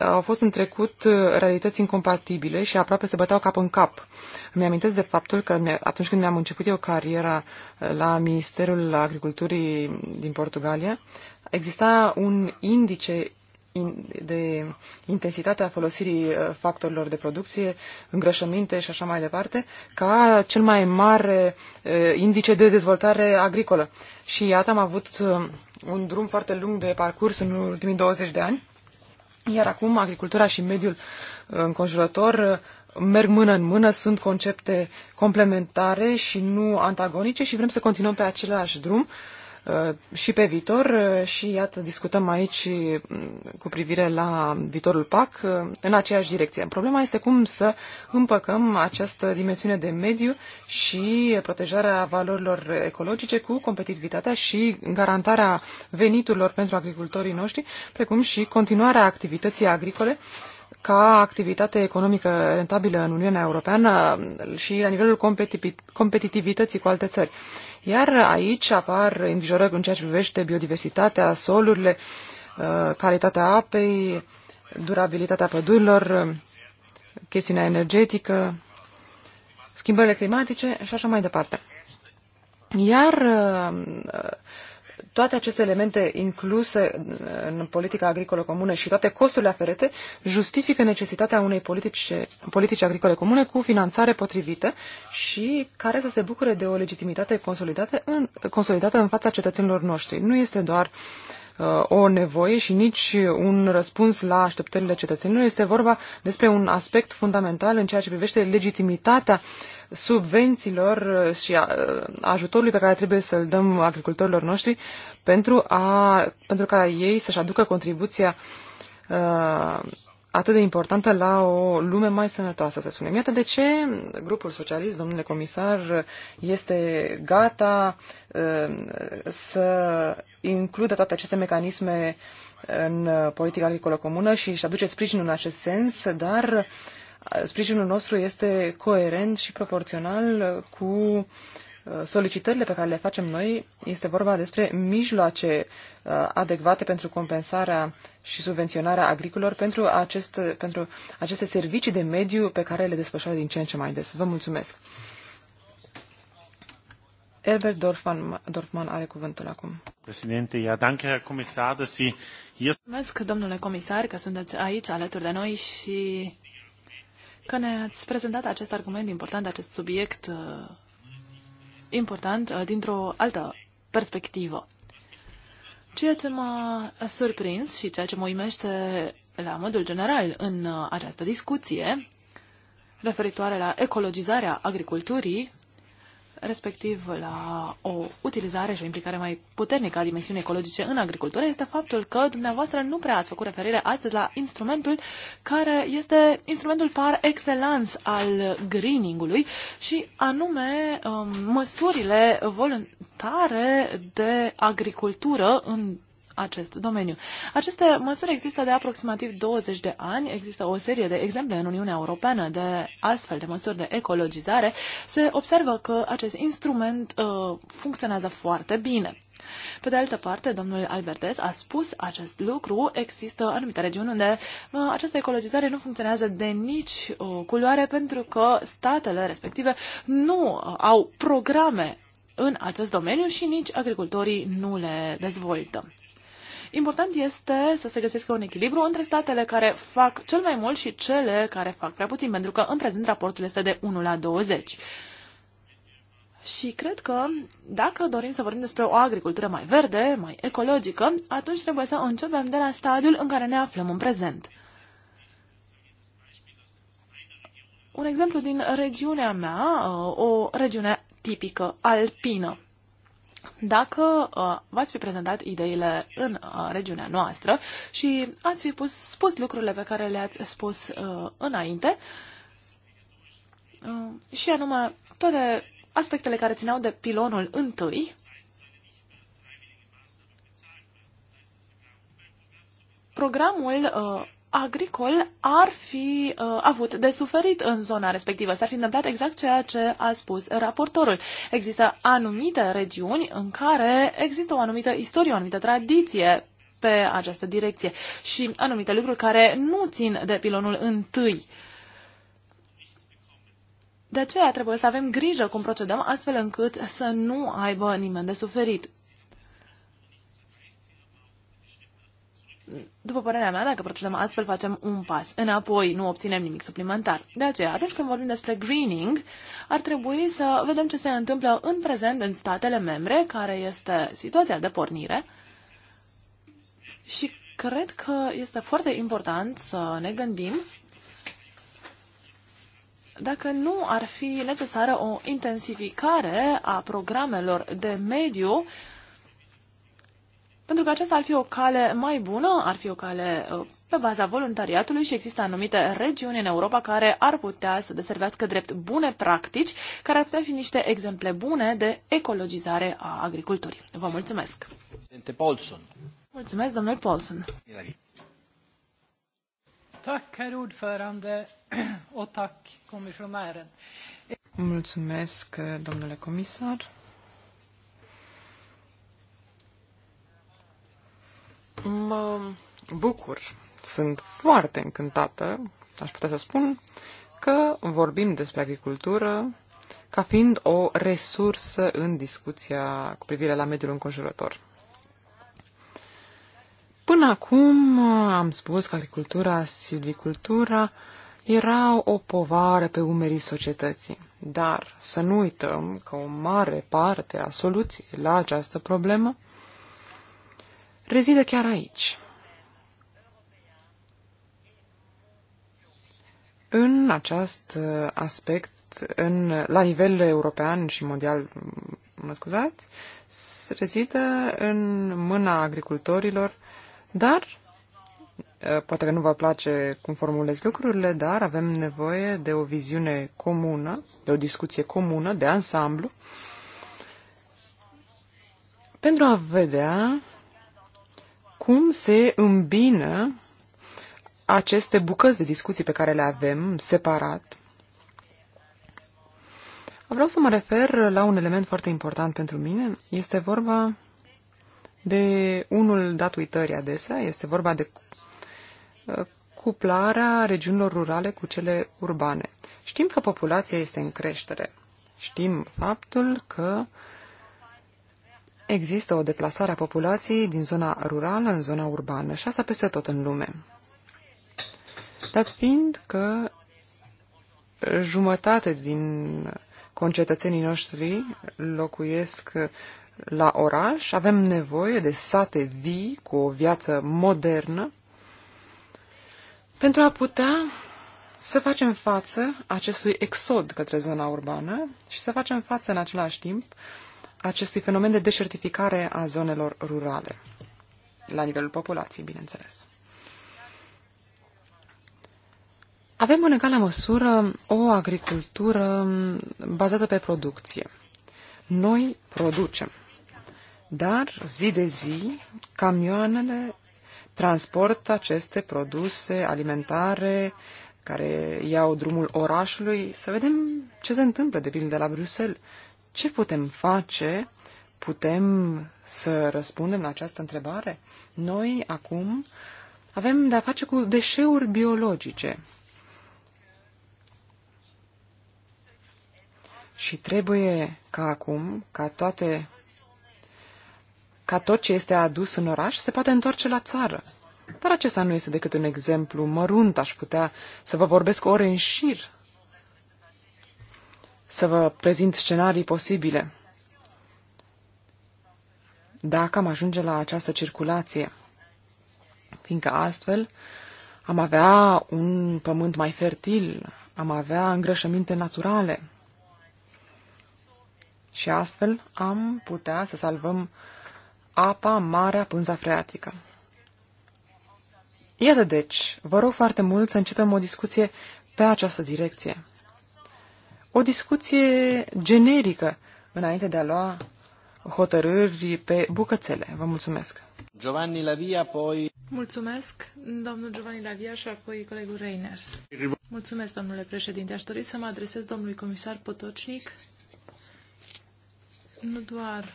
uh, au fost în trecut uh, realități incompatibile și aproape se băteau cap în cap. Îmi amintesc de faptul că atunci când mi-am început eu cariera uh, la Ministerul Agriculturii din Portugalia, exista un indice de intensitatea folosirii uh, factorilor de producție, îngrășăminte și așa mai departe, ca cel mai mare uh, indice de dezvoltare agricolă. Și iată, am avut uh, un drum foarte lung de parcurs în ultimii 20 de ani, iar acum agricultura și mediul înconjurător merg mână în mână, sunt concepte complementare și nu antagonice și vrem să continuăm pe același drum Uh, și pe viitor uh, și iată discutăm aici mm, cu privire la viitorul PAC uh, în aceeași direcție. Problema este cum să împăcăm această dimensiune de mediu și protejarea valorilor ecologice cu competitivitatea și garantarea veniturilor pentru agricultorii noștri, precum și continuarea activității agricole ca activitate economică rentabilă în Uniunea Europeană și la nivelul competitivității cu alte țări. Iar aici apar îngrijorări în ceea ce privește biodiversitatea, solurile, uh, calitatea apei, durabilitatea pădurilor, chestiunea energetică, schimbările climatice și așa mai departe. Iar uh, toate aceste elemente incluse în politica agricolă comună și toate costurile aferente justifică necesitatea unei politici, politici agricole comune cu finanțare potrivită și care să se bucure de o legitimitate consolidată în, consolidată în fața cetățenilor noștri. Nu este doar uh, o nevoie și nici un răspuns la așteptările cetățenilor. Este vorba despre un aspect fundamental în ceea ce privește legitimitatea subvențiilor și ajutorului pe care trebuie să-l dăm agricultorilor noștri pentru, a, pentru ca ei să-și aducă contribuția uh, atât de importantă la o lume mai sănătoasă, să spunem. Iată de ce grupul socialist, domnule comisar, este gata uh, să includă toate aceste mecanisme în politica agricolă comună și își aduce sprijinul în acest sens, dar uh, sprijinul nostru este coerent și proporțional cu uh, solicitările pe care le facem noi. Este vorba despre mijloace Uh, adecvate pentru compensarea și subvenționarea agricolor pentru, acest, pentru aceste servicii de mediu pe care le desfășoară din ce în ce mai des. Vă mulțumesc! Herbert Dorfman, Dorfman are cuvântul acum. Președinte, ja, danke, Herr dass Sie Mulțumesc, domnule comisar, că sunteți aici alături de noi și că ne-ați prezentat acest argument important, acest subiect uh, important, uh, dintr-o altă perspectivă. Ceea ce m-a surprins și ceea ce mă uimește la modul general în uh, această discuție referitoare la ecologizarea agriculturii respectiv la o utilizare și o implicare mai puternică a dimensiunii ecologice în agricultură, este faptul că dumneavoastră nu prea ați făcut referire astăzi la instrumentul care este instrumentul par excellence al greening-ului și anume um, măsurile voluntare de agricultură în acest domeniu. Aceste măsuri există de aproximativ 20 de ani, există o serie de exemple în Uniunea Europeană de astfel de măsuri de ecologizare. Se observă că acest instrument uh, funcționează foarte bine. Pe de altă parte, domnul Albertes a spus acest lucru, există anumite regiuni unde uh, această ecologizare nu funcționează de nici uh, culoare pentru că statele respective nu uh, au programe în acest domeniu și nici agricultorii nu le dezvoltă. Important este să se găsească un echilibru între statele care fac cel mai mult și cele care fac prea puțin, pentru că în prezent raportul este de 1 la 20. Și cred că dacă dorim să vorbim despre o agricultură mai verde, mai ecologică, atunci trebuie să începem de la stadiul în care ne aflăm în prezent. Un exemplu din regiunea mea, uh, o regiune tipică alpină dacă uh, v-ați fi prezentat ideile în uh, regiunea noastră și ați fi pus, spus lucrurile pe care le-ați spus uh, înainte, uh, și anume toate aspectele care țineau de pilonul întâi, programul uh, agricol ar fi uh, avut de suferit în zona respectivă. S-ar fi întâmplat exact ceea ce a spus raportorul. Există anumite regiuni în care există o anumită istorie, o anumită tradiție pe această direcție și anumite lucruri care nu țin de pilonul întâi. De aceea trebuie să avem grijă cum procedăm astfel încât să nu aibă nimeni de suferit. După părerea mea, dacă procedăm astfel, facem un pas înapoi, nu obținem nimic suplimentar. De aceea, atunci când vorbim despre greening, ar trebui să vedem ce se întâmplă în prezent în statele membre, care este situația de pornire. Și cred că este foarte important să ne gândim dacă nu ar fi necesară o intensificare a programelor de mediu uh, pentru că aceasta ar fi o cale mai bună, ar fi o cale uh, pe baza voluntariatului și există anumite regiuni în Europa care ar putea să deservească drept bune practici, care ar putea fi niște exemple bune de ecologizare a agriculturii. Vă mulțumesc! Paulson. Mulțumesc, domnule Paulson! Mulțumesc, domnule comisar. Mă bucur. Sunt foarte încântată, aș putea să spun, că vorbim despre agricultură ca fiind o resursă în discuția cu privire la mediul înconjurător. Până acum am spus că agricultura, silvicultura erau o povară pe umerii societății. Dar să nu uităm că o mare parte a soluției la această problemă rezidă chiar aici. În acest uh, aspect, în, la nivel european și mondial, mă scuzați, rezidă în mâna agricultorilor, dar uh, poate că nu vă place cum formulez lucrurile, dar avem nevoie de o viziune comună, de o discuție comună, de ansamblu, pentru a vedea cum se îmbină aceste bucăți de discuții pe care le avem separat. Vreau să mă refer la un element foarte important pentru mine. Este vorba de unul dat uitării adesea, este vorba de uh, cuplarea regiunilor rurale cu cele urbane. Știm că populația este în creștere. Știm faptul că uh, Există o deplasare a populației din zona rurală în zona urbană și asta peste tot în lume. Dat fiind că jumătate din concetățenii noștri locuiesc la oraș, avem nevoie de sate vii cu o viață modernă pentru a putea să facem față acestui exod către zona urbană și să facem față în același timp acestui fenomen de deșertificare a zonelor rurale, la nivelul populației, bineînțeles. Avem în egală măsură o agricultură bazată pe producție. Noi producem, dar zi de zi camioanele transportă aceste produse alimentare care iau drumul orașului, să vedem ce se întâmplă, de pildă, la Bruxelles. Ce putem face? Putem să răspundem la această întrebare? Noi, acum, avem de-a face cu deșeuri biologice. Și trebuie ca acum, ca toate ca tot ce este adus în oraș se poate întoarce la țară. Dar acesta nu este decât un exemplu mărunt, aș putea să vă vorbesc ore în șir să vă prezint scenarii posibile. Dacă am ajunge la această circulație, fiindcă astfel am avea un pământ mai fertil, am avea îngrășăminte naturale și astfel am putea să salvăm apa, marea, pânza freatică. Iată deci, vă rog foarte mult să începem o discuție pe această direcție o discuție generică înainte de a lua hotărâri pe bucățele. Vă mulțumesc. Giovanni Lavia, apoi... Mulțumesc, domnul Giovanni Lavia și apoi colegul Reiners. Mulțumesc, domnule președinte. Aș dori să mă adresez domnului comisar Potocnic, nu doar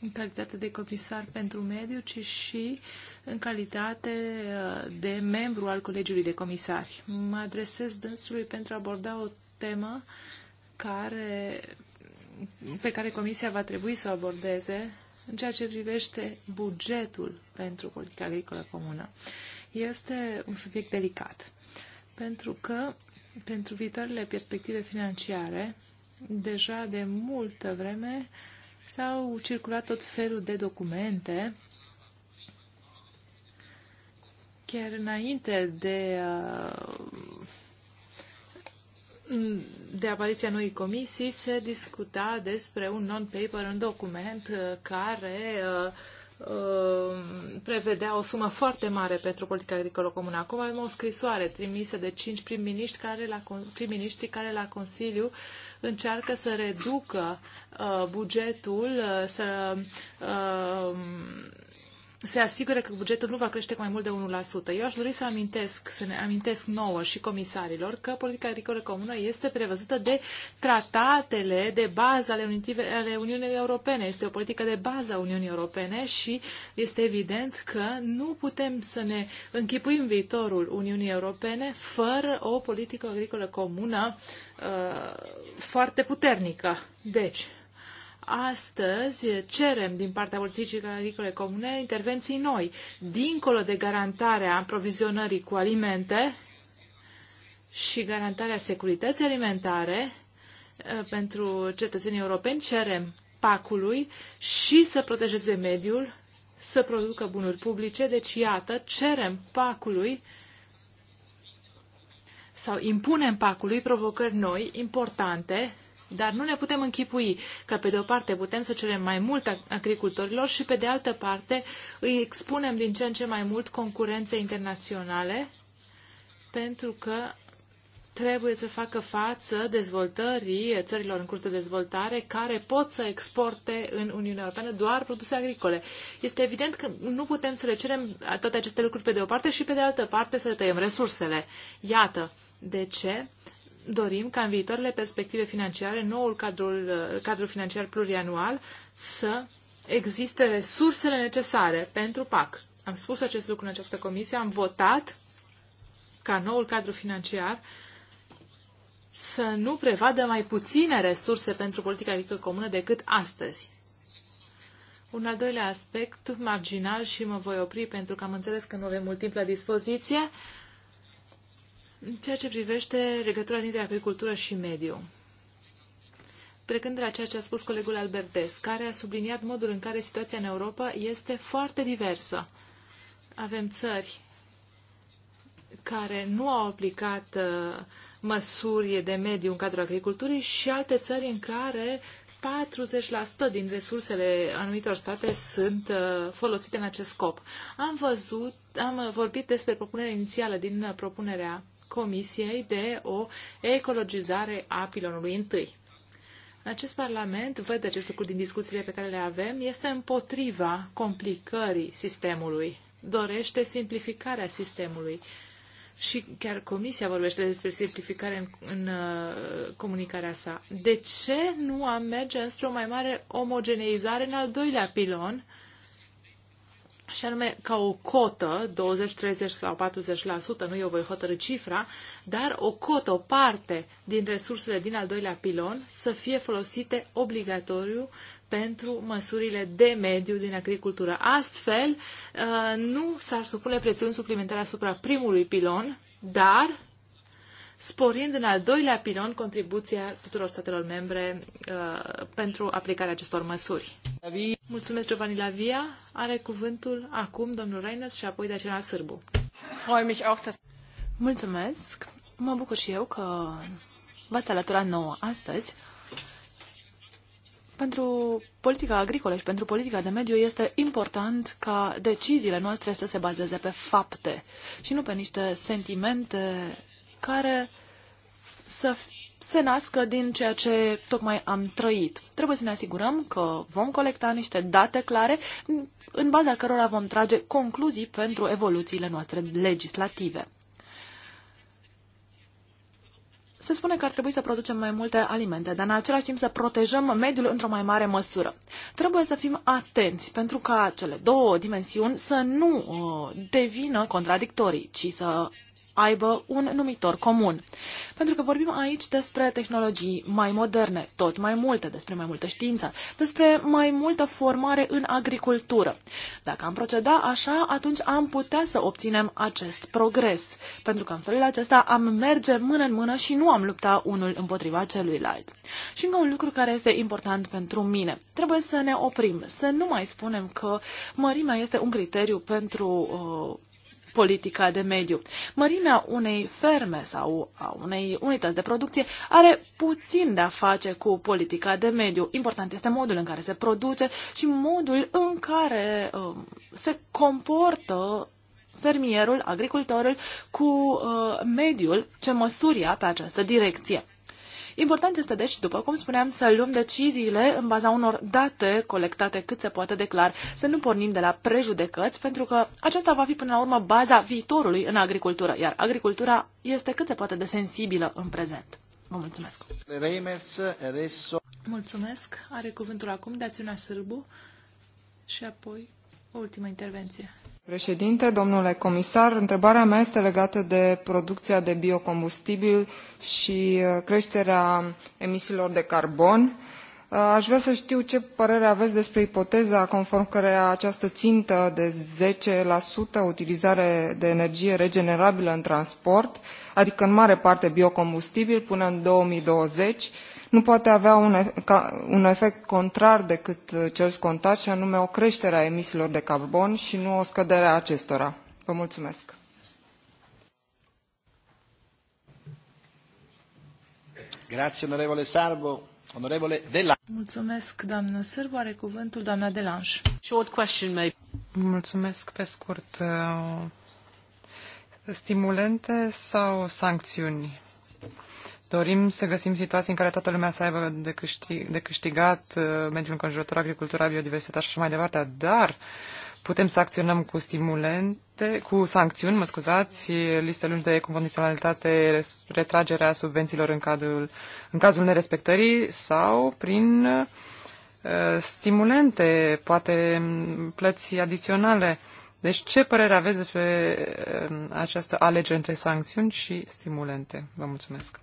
în calitate de comisar pentru mediu, ci și în calitate uh, de membru al Colegiului de Comisari. Mă adresez dânsului pentru a aborda o temă care, pe care Comisia va trebui să o abordeze în ceea ce privește bugetul pentru politica agricolă comună. Este un subiect delicat, pentru că pentru viitoarele perspective financiare, deja de multă vreme s-au circulat tot felul de documente chiar înainte de uh, de apariția noii comisii se discuta despre un non-paper, un document uh, care uh, uh, prevedea o sumă foarte mare pentru politica agricolă comună. Acum avem o scrisoare trimisă de cinci prim-miniștri care la, prim care la Consiliu încearcă să reducă uh, bugetul, uh, să uh, se asigure că bugetul nu va crește cu mai mult de 1%. Eu aș dori să amintesc, să ne amintesc nouă și comisarilor că politica agricolă comună este prevăzută de tratatele de bază ale, Uni- ale Uniunii Europene. Este o politică de bază a Uniunii Europene și este evident că nu putem să ne închipuim viitorul Uniunii Europene fără o politică agricolă comună uh, foarte puternică. Deci, Astăzi cerem din partea politicii agricole comune intervenții noi, dincolo de garantarea aprovizionării cu alimente și garantarea securității alimentare eh, pentru cetățenii europeni, cerem pacului și să protejeze mediul, să producă bunuri publice. Deci, iată, cerem pacului sau impunem pacului provocări noi, importante, dar nu ne putem închipui că, pe de o parte, putem să cerem mai mult agricultorilor și, pe de altă parte, îi expunem din ce în ce mai mult concurențe internaționale, pentru că trebuie să facă față dezvoltării țărilor în curs de dezvoltare care pot să exporte în Uniunea Europeană doar produse agricole. Este evident că nu putem să le cerem toate aceste lucruri pe de o parte și pe de altă parte să le tăiem resursele. Iată de ce dorim ca în viitoarele perspective financiare, noul cadrul, cadru financiar plurianual, să existe resursele necesare pentru PAC. Am spus acest lucru în această comisie, am votat ca noul cadru financiar să nu prevadă mai puține resurse pentru politica agricolă comună decât astăzi. Un al doilea aspect, marginal, și mă voi opri pentru că am înțeles că nu avem mult timp la dispoziție, uh, în ceea ce privește legătura dintre agricultură și mediu, plecând de la ceea ce a spus colegul Albertes, care a subliniat modul în care situația în Europa este foarte diversă. Avem țări care nu au aplicat uh, măsuri de mediu în cadrul agriculturii și alte țări în care 40% din resursele anumitor state sunt uh, folosite în acest scop. Am văzut, am vorbit despre propunerea inițială din uh, propunerea Comisiei de o ecologizare a pilonului întâi. Acest Parlament, văd acest lucru din discuțiile pe care le avem, este împotriva complicării sistemului, dorește simplificarea sistemului. Și chiar Comisia vorbește despre simplificare în, în uh, comunicarea sa. De ce nu am merge înspre o mai mare omogeneizare în al doilea pilon, și anume ca o cotă, 20, 30 sau 40%, nu eu voi hotărâ cifra, dar o cotă, o parte din resursele din al doilea pilon să fie folosite obligatoriu pentru măsurile de mediu din agricultură. Astfel, uh, nu s-ar supune presiuni suplimentare asupra primului pilon, dar sporind în al doilea pilon contribuția tuturor statelor membre uh, pentru aplicarea acestor măsuri. Mulțumesc, Giovanni Lavia. Are cuvântul acum domnul Reines și apoi de aceea Sârbu. Mulțumesc. Mă bucur și eu că v-ați alăturat nouă astăzi. Pentru politica agricolă și pentru politica de mediu este important ca deciziile noastre să se bazeze pe fapte și nu pe niște sentimente care să se nască din ceea ce tocmai am trăit. Trebuie să ne asigurăm că vom colecta niște date clare în baza cărora vom trage concluzii pentru evoluțiile noastre legislative. Se spune că ar trebui să producem mai multe alimente, dar în același timp să protejăm mediul într-o mai mare măsură. Trebuie să fim atenți pentru ca cele două dimensiuni să nu uh, devină contradictorii, ci să aibă un numitor comun. Pentru că vorbim aici despre tehnologii mai moderne, tot mai multe, despre mai multă știință, despre mai multă formare în agricultură. Dacă am proceda așa, atunci am putea să obținem acest progres, pentru că în felul acesta am merge mână în mână și nu am lupta unul împotriva celuilalt. Și încă un lucru care este important pentru mine. Trebuie să ne oprim, să nu mai spunem că mărimea este un criteriu pentru uh, politica de mediu. Mărimea unei ferme sau a unei unități de producție are puțin de-a face cu politica de mediu. Important este modul în care se produce și modul în care uh, se comportă fermierul, agricultorul cu uh, mediul, ce măsuri pe această direcție. Important este deci, după cum spuneam, să luăm deciziile în baza unor date colectate cât se poate de clar, să nu pornim de la prejudecăți, pentru că aceasta va fi până la urmă baza viitorului în agricultură, iar agricultura este cât se poate de sensibilă în prezent. Vă mulțumesc! adesso... Mulțumesc! Are cuvântul acum de acțiunea Sârbu și apoi o ultimă intervenție. Președinte, domnule comisar, întrebarea mea este legată de producția de biocombustibil și uh, creșterea emisiilor de carbon. Uh, aș vrea să știu ce părere aveți despre ipoteza conform căreia această intă de 10% utilizare de energie regenerabilă în transport, adică în mare parte biocombustibil, până în 2020, nu poate avea un, efect, un efect contrar decât uh, cel scontat și anume o creștere a emisiilor de carbon și nu o scădere a acestora. Vă mulțumesc. Grazie, onorevole Sarbo. Onorevole Delange. Mulțumesc, doamnă Sârbu. Are cuvântul doamna Delange. Short question, maybe. Mulțumesc pe scurt. Uh, stimulente sau sancțiuni? Dorim să găsim situații în care toată lumea să aibă de, câștig, de câștigat uh, mediul înconjurător, agricultura, biodiversitatea și așa mai departe, dar putem să acționăm cu stimulente, cu sancțiuni, mă scuzați, liste lungi de condiționalitate, retragerea subvențiilor în, cadrul, în cazul nerespectării sau prin uh, stimulente, poate plăți adiționale. Deci ce părere aveți despre uh, această alegere între sancțiuni și stimulente? Vă mulțumesc.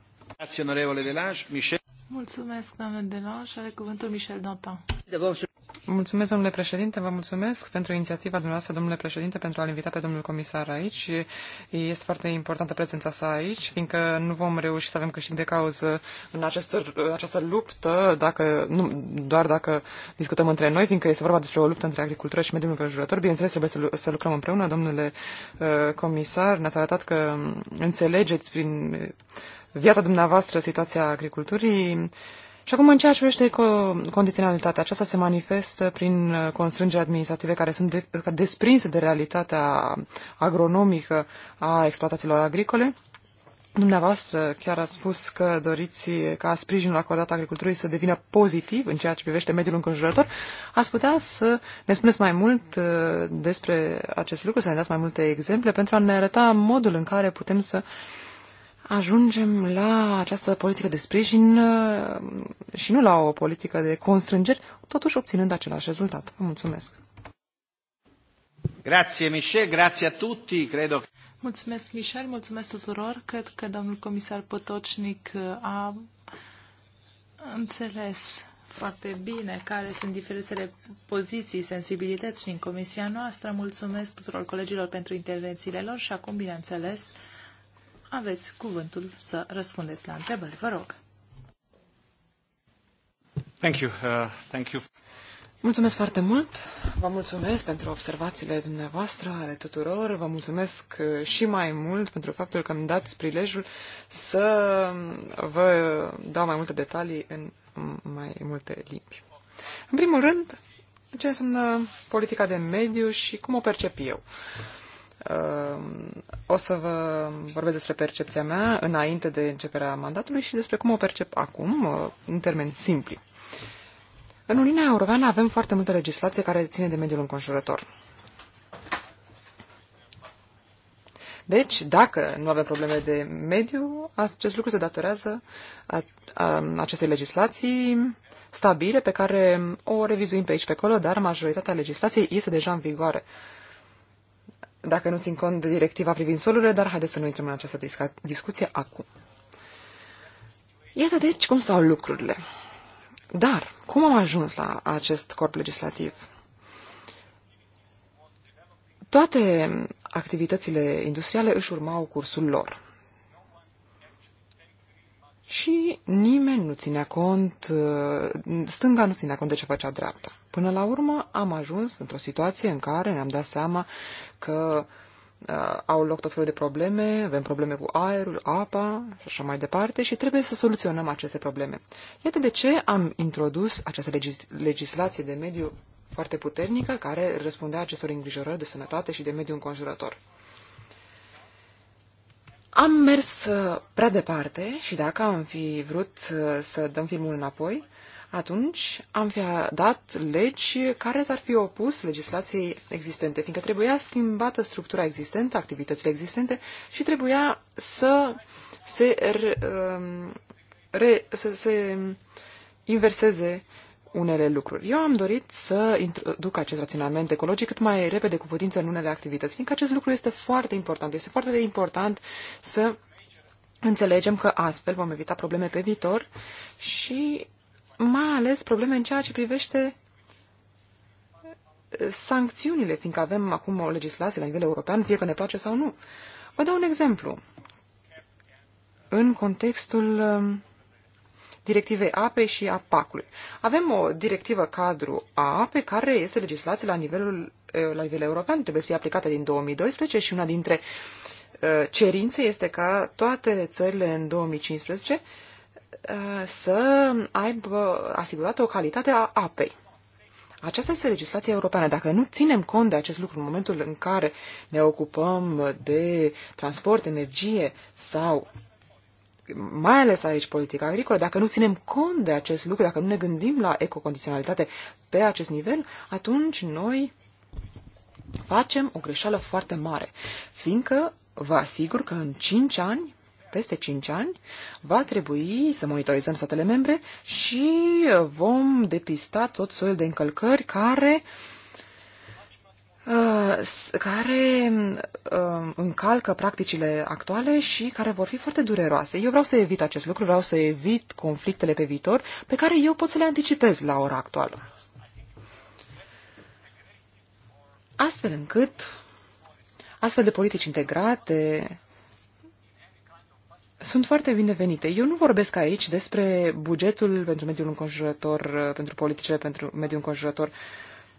Mulțumesc, doamne Delange. Are cuvântul Michel Dantin. Mulțumesc, domnule președinte, vă mulțumesc pentru inițiativa dumneavoastră, domnule președinte, pentru a-l invita pe domnul comisar aici. Este foarte importantă prezența sa aici, fiindcă nu vom reuși să avem câștig de cauză în această, această luptă, dacă, nu, doar dacă discutăm între noi, fiindcă este vorba despre o luptă între agricultură și mediul înconjurător. Bineînțeles, trebuie să, să lucrăm împreună, domnule uh, comisar. Ne-ați arătat că înțelegeți prin viața dumneavoastră, situația agriculturii. Și acum, în ceea ce privește condiționalitatea, aceasta se manifestă prin uh, constrângeri administrative care sunt de, desprinse de realitatea agronomică a exploatațiilor agricole. Dumneavoastră chiar ați spus că doriți ca sprijinul acordat agriculturii să devină pozitiv în ceea ce privește mediul înconjurător. Ați putea să ne spuneți mai mult uh, despre acest lucru, să ne dați mai multe exemple pentru a ne arăta modul în care putem să uh, ajungem la această politică de sprijin uh, și nu la o politică de constrângeri, totuși obținând același rezultat. Vă mulțumesc! Grazie, Michel, grazie a tutti, credo. Mulțumesc, Michel, mulțumesc tuturor. Cred că domnul comisar Potocnic uh, a înțeles foarte bine care sunt diferitele poziții, sensibilități din comisia noastră. Mulțumesc tuturor colegilor pentru intervențiile lor și acum, bineînțeles, aveți cuvântul să răspundeți la întrebări, vă rog. Thank you. Uh, thank you. Mulțumesc foarte mult. Vă mulțumesc pentru observațiile dumneavoastră ale tuturor. Vă mulțumesc uh, și mai mult pentru faptul că îmi dați prilejul să vă dau mai multe detalii în mai multe limbi. În primul rând, ce înseamnă politica de mediu și cum o percep eu. Uh, Um, o să vă vorbesc despre percepția mea înainte de începerea mandatului și despre cum o percep acum, uh, în termeni simpli. În Uniunea Europeană avem foarte multă legislație care ține de mediul înconjurător. Deci, dacă nu avem probleme de mediu, acest lucru se datorează acestei legislații stabile pe care o revizuim pe aici pe acolo, dar majoritatea legislației este deja în vigoare dacă nu țin cont de directiva privind solurile, dar haideți să nu intrăm în această discuție acum. Iată deci cum stau lucrurile. Dar cum am ajuns la acest corp legislativ? Toate activitățile industriale își urmau cursul lor și nimeni nu ținea cont, uh, stânga nu ținea cont de ce făcea dreapta. Până la urmă am ajuns într-o situație în care ne-am dat seama că uh, au loc tot felul de probleme, avem probleme cu aerul, apa și așa mai departe și trebuie să soluționăm aceste probleme. Iată de ce am introdus această legis- legislație de mediu foarte puternică care răspundea acestor îngrijorări de sănătate și de mediu înconjurător. Am mers uh, prea departe și dacă am fi vrut uh, să dăm filmul înapoi, atunci am fi dat legi care s-ar fi opus legislației existente, fiindcă trebuia schimbată structura existentă, activitățile existente și trebuia să se, re, um, re, să se inverseze unele lucruri. Eu am dorit să introduc acest raționament ecologic cât mai repede cu putință în unele activități, fiindcă acest lucru este foarte important. Este foarte important să înțelegem că astfel vom evita probleme pe viitor și mai ales probleme în ceea ce privește sancțiunile, fiindcă avem acum o legislație la nivel european, fie că ne place sau nu. Vă dau un exemplu. În contextul um, directivei APE și a PAC-ului. Avem o directivă cadru A pe care este legislație la nivelul eh, la nivel european, trebuie să fie aplicată din 2012 și una dintre eh, cerințe este ca toate țările în 2015 eh, să aibă asigurată o calitate a apei. Aceasta este legislația europeană. Dacă nu ținem cont de acest lucru în momentul în care ne ocupăm de transport, energie sau mai ales aici politica agricolă, dacă nu ținem cont de acest lucru, dacă nu ne gândim la ecocondiționalitate pe acest nivel, atunci noi facem o greșeală foarte mare, fiindcă vă asigur că în 5 ani, peste 5 ani, va trebui să monitorizăm statele membre și vom depista tot soiul de încălcări care uh, Uh, care um, încalcă practicile actuale și care vor fi foarte dureroase. Eu vreau să evit acest lucru, vreau să evit conflictele pe viitor pe care eu pot să le anticipez la ora actuală. Astfel încât astfel de politici integrate sunt foarte binevenite. Eu nu vorbesc aici despre bugetul pentru mediul înconjurător, uh, pentru politicile pentru mediul înconjurător uh,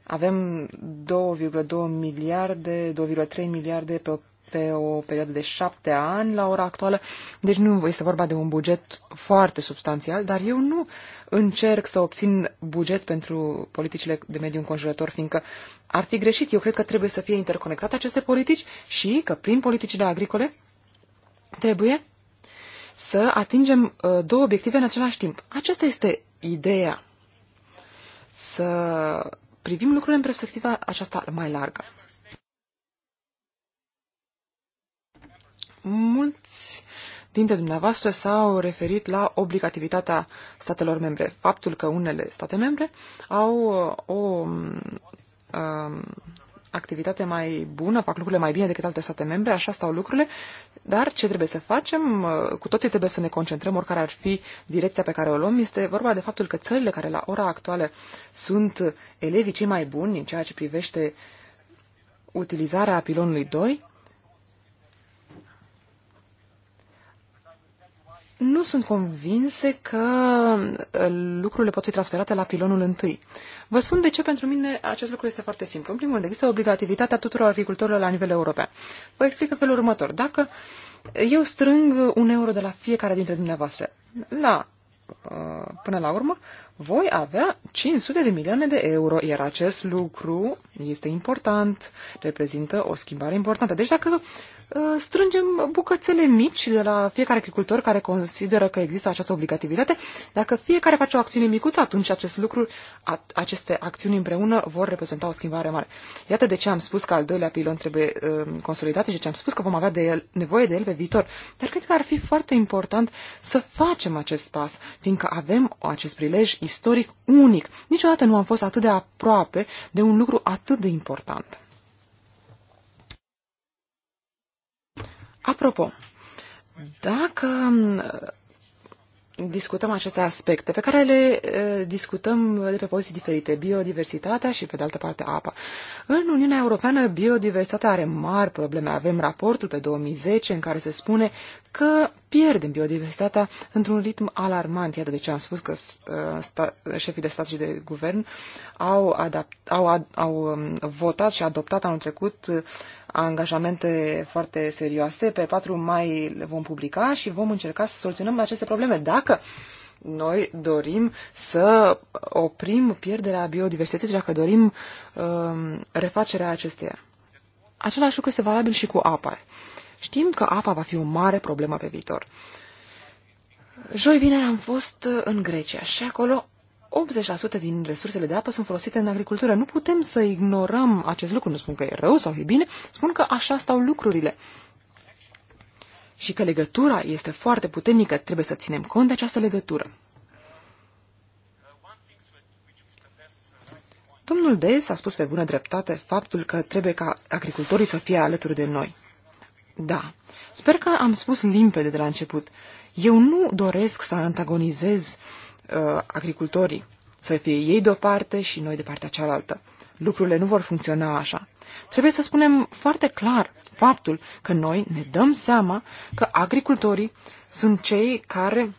avem 2,2 miliarde, 2,3 miliarde pe o, pe o perioadă de șapte ani la ora actuală, deci nu este vorba de un buget foarte substanțial, dar eu nu încerc să obțin buget pentru politicile de mediu înconjurător, fiindcă ar fi greșit. Eu cred că trebuie să fie interconectate aceste politici și că prin politicile agricole trebuie să atingem uh, două obiective în același timp. Aceasta este ideea. Să privim lucrurile în perspectiva aceasta mai largă. Mulți dintre dumneavoastră s-au referit la obligativitatea statelor membre, faptul că unele state membre au uh, o um, activitate mai bună, fac lucrurile mai bine decât alte state membre, așa stau lucrurile, dar ce trebuie să facem, uh, cu toții trebuie să ne concentrăm, oricare ar fi direcția pe care o luăm, este vorba de faptul că țările care la ora actuală sunt elevii cei mai buni în ceea ce privește utilizarea pilonului 2, nu sunt convinse că uh, lucrurile pot fi transferate la pilonul întâi. Vă spun de ce pentru mine acest lucru este foarte simplu. În primul rând, există obligativitatea tuturor agricultorilor la nivel european. Vă explic în felul următor. Dacă eu strâng un euro de la fiecare dintre dumneavoastră, la, uh, până la urmă, voi avea 500 de milioane de euro, iar acest lucru este important, reprezintă o schimbare importantă. Deci dacă Uh, strângem bucățele mici de la fiecare agricultor care consideră că există această obligativitate. Dacă fiecare face o acțiune micuță, atunci acest lucru, aceste acțiuni împreună vor reprezenta o schimbare mare. Iată de ce am spus că al doilea pilon trebuie uh, consolidat și de ce am spus că vom avea de el, nevoie de el pe viitor. Dar cred că ar fi foarte important să facem acest pas, fiindcă avem acest prilej istoric unic. Niciodată nu am fost atât de aproape de un lucru atât de important. Apropo, dacă mm, discutăm aceste aspecte pe care le discutăm de pe poziții diferite, biodiversitatea și, pe de altă parte, apa. În Uniunea Europeană, biodiversitatea are mari probleme. Avem raportul pe 2010 în care se spune că pierdem biodiversitatea într-un ritm alarmant. Iată de ce am spus că uh, sta, șefii de stat și de guvern au, adapt, au, ad, au um, votat și adoptat anul trecut uh, angajamente foarte serioase. Pe 4 mai le vom publica și vom încerca să soluționăm aceste probleme. Dacă noi dorim să oprim pierderea biodiversității, dacă dorim uh, refacerea acesteia. Același lucru este valabil și cu apa. Știm că apa va fi o mare problemă pe viitor. Joi vineri am fost uh, în Grecia și acolo 80% din resursele de apă sunt folosite în agricultură. Nu putem să ignorăm acest lucru. Nu spun că e rău sau e bine, spun că așa stau lucrurile. Și că legătura este foarte puternică, trebuie să ținem cont de această legătură. Domnul Des a spus pe bună dreptate faptul că trebuie ca agricultorii să fie alături de noi. Da. Sper că am spus limpede de la început. Eu nu doresc să antagonizez uh, agricultorii, să fie ei de o parte și noi de partea cealaltă. Lucrurile nu vor funcționa așa. Trebuie să spunem foarte clar faptul că noi ne dăm seama că agricultorii sunt cei care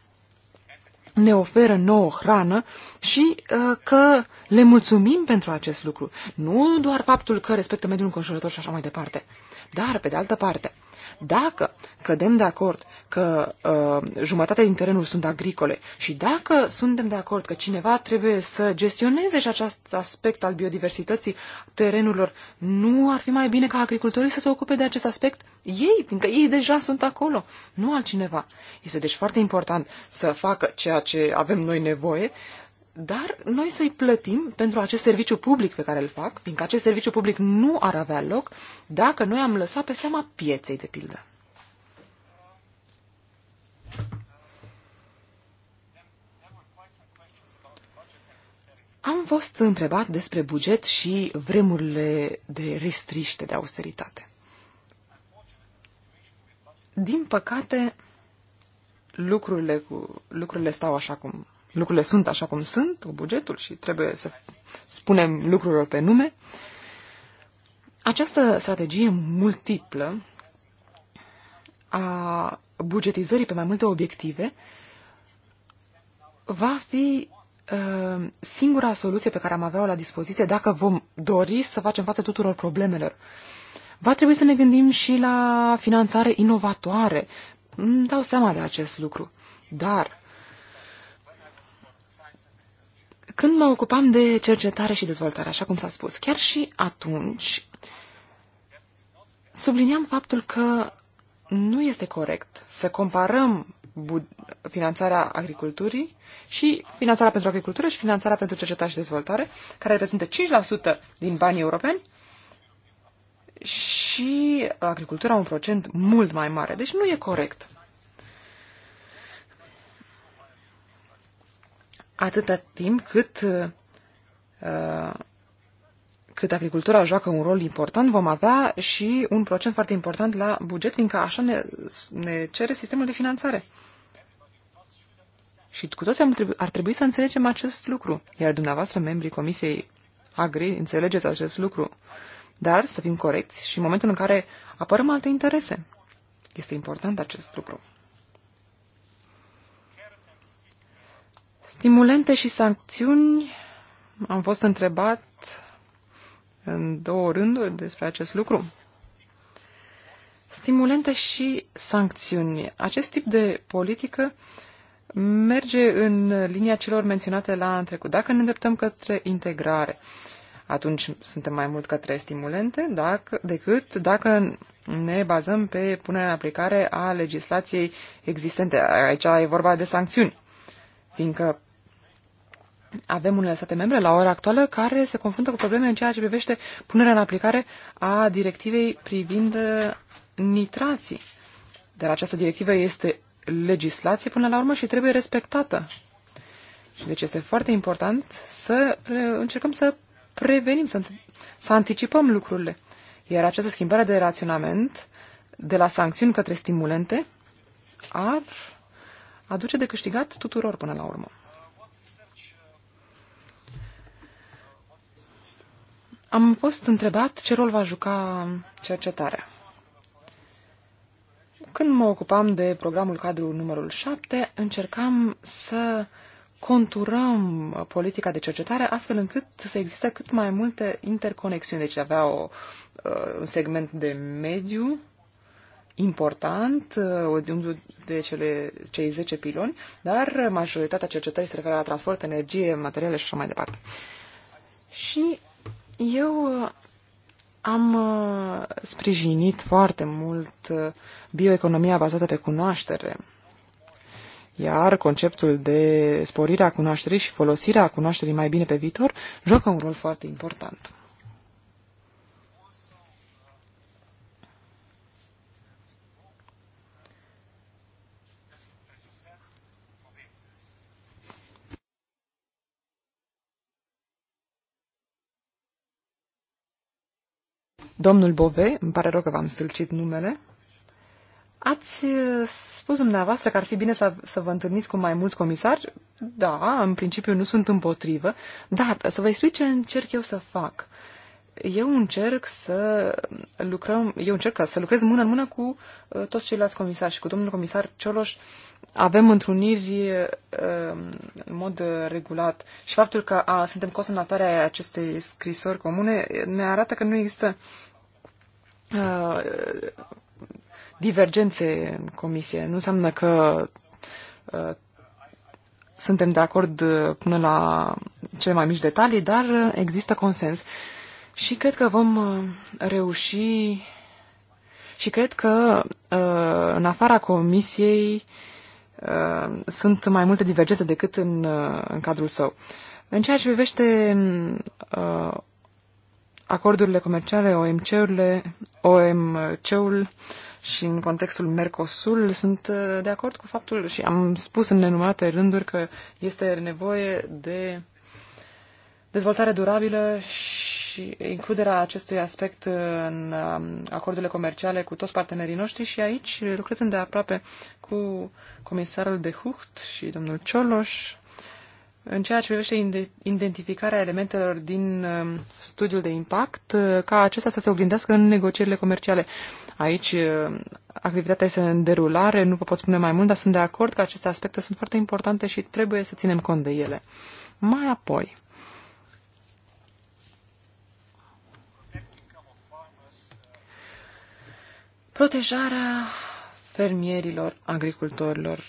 ne oferă nouă hrană și uh, că le mulțumim pentru acest lucru. Nu doar faptul că respectă mediul înconjurător și așa mai departe. Dar, pe de altă parte, dacă cădem de acord că uh, jumătate din terenuri sunt agricole și dacă suntem de acord că cineva trebuie să gestioneze și acest aspect al biodiversității terenurilor, nu ar fi mai bine ca agricultorii să se ocupe de acest aspect? Ei, fiindcă ei deja sunt acolo, nu altcineva. Este deci foarte important să facă ceea ce avem noi nevoie, dar noi să-i plătim pentru acest serviciu public pe care îl fac, fiindcă acest serviciu public nu ar avea loc dacă noi am lăsat pe seama pieței, de pildă. Am fost întrebat despre buget și vremurile de restriște, de austeritate. Din păcate, lucrurile, cu, lucrurile stau așa cum lucrurile sunt așa cum sunt, cu bugetul și trebuie să spunem lucrurilor pe nume. Această strategie multiplă a bugetizării pe mai multe obiective va fi uh, singura soluție pe care am avea-o la dispoziție dacă vom dori să facem față tuturor problemelor. Va trebui să ne gândim și la finanțare inovatoare. Îmi dau seama de acest lucru. Dar Când mă ocupam de cercetare și dezvoltare, așa cum s-a spus, chiar și atunci, subliniam faptul că nu este corect să comparăm finanțarea agriculturii și finanțarea pentru agricultură și finanțarea pentru cercetare și dezvoltare, care reprezintă 5% din banii europeni, și agricultura un procent mult mai mare. Deci nu e corect. atâta timp cât, uh, cât agricultura joacă un rol important, vom avea și un procent foarte important la buget, fiindcă așa ne, ne cere sistemul de finanțare. Și cu toți ar trebui să înțelegem acest lucru. Iar dumneavoastră, membrii Comisiei Agri, înțelegeți acest lucru. Dar să fim corecți și în momentul în care apărăm alte interese. Este important acest lucru. Stimulente și sancțiuni, am fost întrebat în două rânduri despre acest lucru. Stimulente și sancțiuni. Acest tip de politică merge în linia celor menționate la trecut. Dacă ne îndreptăm către integrare, atunci suntem mai mult către stimulente dacă, decât dacă ne bazăm pe punerea în aplicare a legislației existente. Aici e vorba de sancțiuni fiindcă avem unele state membre la ora actuală care se confruntă cu probleme în ceea ce privește punerea în aplicare a directivei privind uh, nitrații. Dar această directivă este legislație până la urmă și trebuie respectată. Și deci este foarte important să uh, încercăm să prevenim, să, să anticipăm lucrurile. Iar această schimbare de raționament de la sancțiuni către stimulente ar aduce de câștigat tuturor până la urmă. Am fost întrebat ce rol va juca cercetarea. Când mă ocupam de programul cadru numărul 7, încercam să conturăm politica de cercetare astfel încât să existe cât mai multe interconexiuni. Deci avea o, uh, un segment de mediu important, uh, unul de cele, cei 10 piloni, dar majoritatea cercetării se referă la transport, energie, materiale și așa mai departe. Și eu uh, am uh, sprijinit foarte mult bioeconomia bazată pe cunoaștere, iar conceptul de sporirea cunoașterii și folosirea cunoașterii mai bine pe viitor joacă un rol foarte important. Domnul Bove, îmi pare rău că v-am stâlcit numele, ați uh, spus dumneavoastră că ar fi bine să, să vă întâlniți cu mai mulți comisari. Da, în principiu nu sunt împotrivă, dar să vă explic ce încerc eu să fac. Eu încerc să lucrăm, eu încerc să lucrez mână în mână cu uh, toți ceilalți comisari și cu domnul comisar Cioloș avem întruniri uh, în mod regulat și faptul că a, suntem consemnatari ai acestei scrisori comune ne arată că nu există Uh, divergențe în comisie. Nu înseamnă că uh, suntem de acord uh, până la cele mai mici detalii, dar uh, există consens. Și cred că vom reuși și cred că în afara comisiei sunt mai multe divergențe decât în, în cadrul său. În ceea ce privește acordurile comerciale, OMC-urile, OMC-ul și în contextul Mercosul sunt uh, de acord cu faptul și am spus în nenumărate rânduri că este nevoie de dezvoltare durabilă și includerea acestui aspect în um, acordurile comerciale cu toți partenerii noștri și aici lucrez de aproape cu comisarul de Hucht și domnul Cioloș în ceea ce privește identificarea elementelor din um, studiul de impact, uh, ca acesta să se oglindească în negocierile comerciale. Aici uh, activitatea este în derulare, nu vă pot spune mai mult, dar sunt de acord că aceste aspecte sunt foarte importante și trebuie să ținem cont de ele. Mai apoi, protejarea fermierilor, agricultorilor,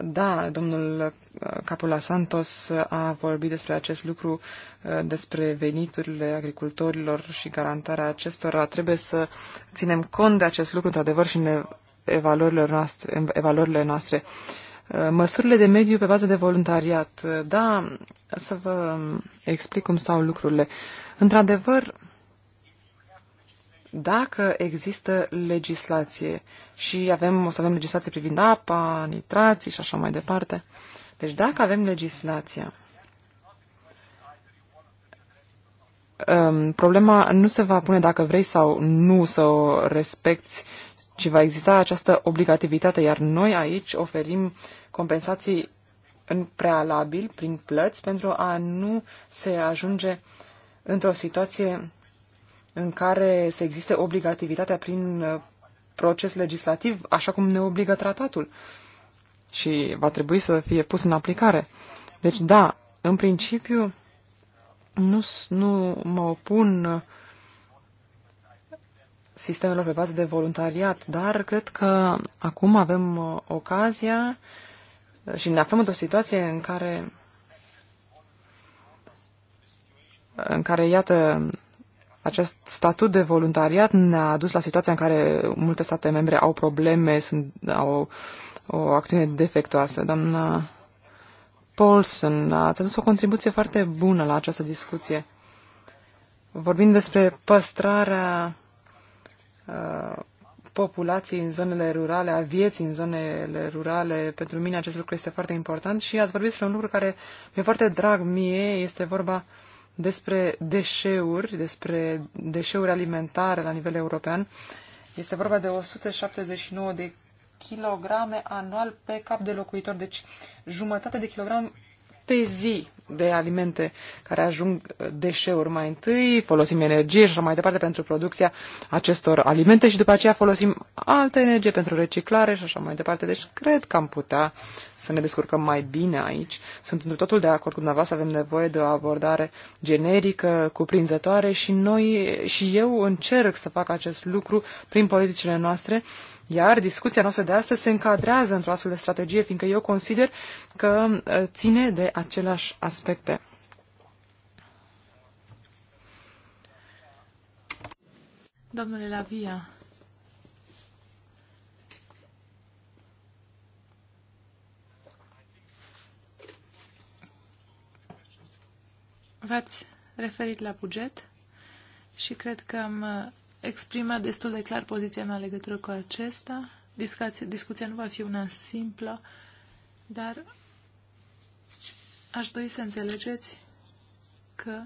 da, domnul uh, Capula Santos a vorbit despre acest lucru, uh, despre veniturile agricultorilor și garantarea acestora. Trebuie să ținem cont de acest lucru, într-adevăr, și în evaluările noastre. În evaluările noastre. Uh, măsurile de mediu pe bază de voluntariat. Da, să vă explic cum stau lucrurile. Într-adevăr, dacă există legislație și avem, o să avem legislație privind apa, nitrații și așa mai departe. Deci dacă avem legislația, um, problema nu se va pune dacă vrei sau nu să o respecti, ci va exista această obligativitate, iar noi aici oferim compensații în prealabil, prin plăți, pentru a nu se ajunge într-o situație în care să existe obligativitatea prin uh, proces legislativ, așa cum ne obligă tratatul. Și va trebui să fie pus în aplicare. Deci, da, în principiu, nu, nu mă opun sistemelor pe bază de voluntariat, dar cred că acum avem uh, ocazia uh, și ne aflăm într-o situație în care în care, iată, acest statut de voluntariat ne-a dus la situația în care multe state membre au probleme, sunt, au o, acțiune defectoasă. Doamna Paulson, ați adus o contribuție foarte bună la această discuție. Vorbind despre păstrarea uh, populației în zonele rurale, a vieții în zonele rurale, pentru mine acest lucru este foarte important și ați vorbit despre un lucru care mi-e foarte drag mie, este vorba uh, despre deșeuri, despre deșeuri alimentare la nivel european. Este vorba de 179 de kilograme anual pe cap de locuitor, deci jumătate de kilogram pe zi de alimente care ajung uh, deșeuri mai întâi, folosim energie și așa mai departe pentru producția acestor alimente și după aceea folosim altă energie pentru reciclare și așa mai departe. Deci cred că am putea să ne descurcăm mai bine aici. Sunt într totul de acord cu dumneavoastră, avem nevoie de o abordare generică, cuprinzătoare și noi și eu încerc să fac acest lucru prin politicile noastre iar discuția noastră de astăzi se încadrează într-o astfel de strategie, fiindcă eu consider că uh, ține de aceleași aspecte. Domnule Lavia, V-ați referit la buget și cred că am uh, exprimă destul de clar poziția mea legătură cu acesta. Discuția, discuția nu va fi una simplă, dar aș dori să înțelegeți că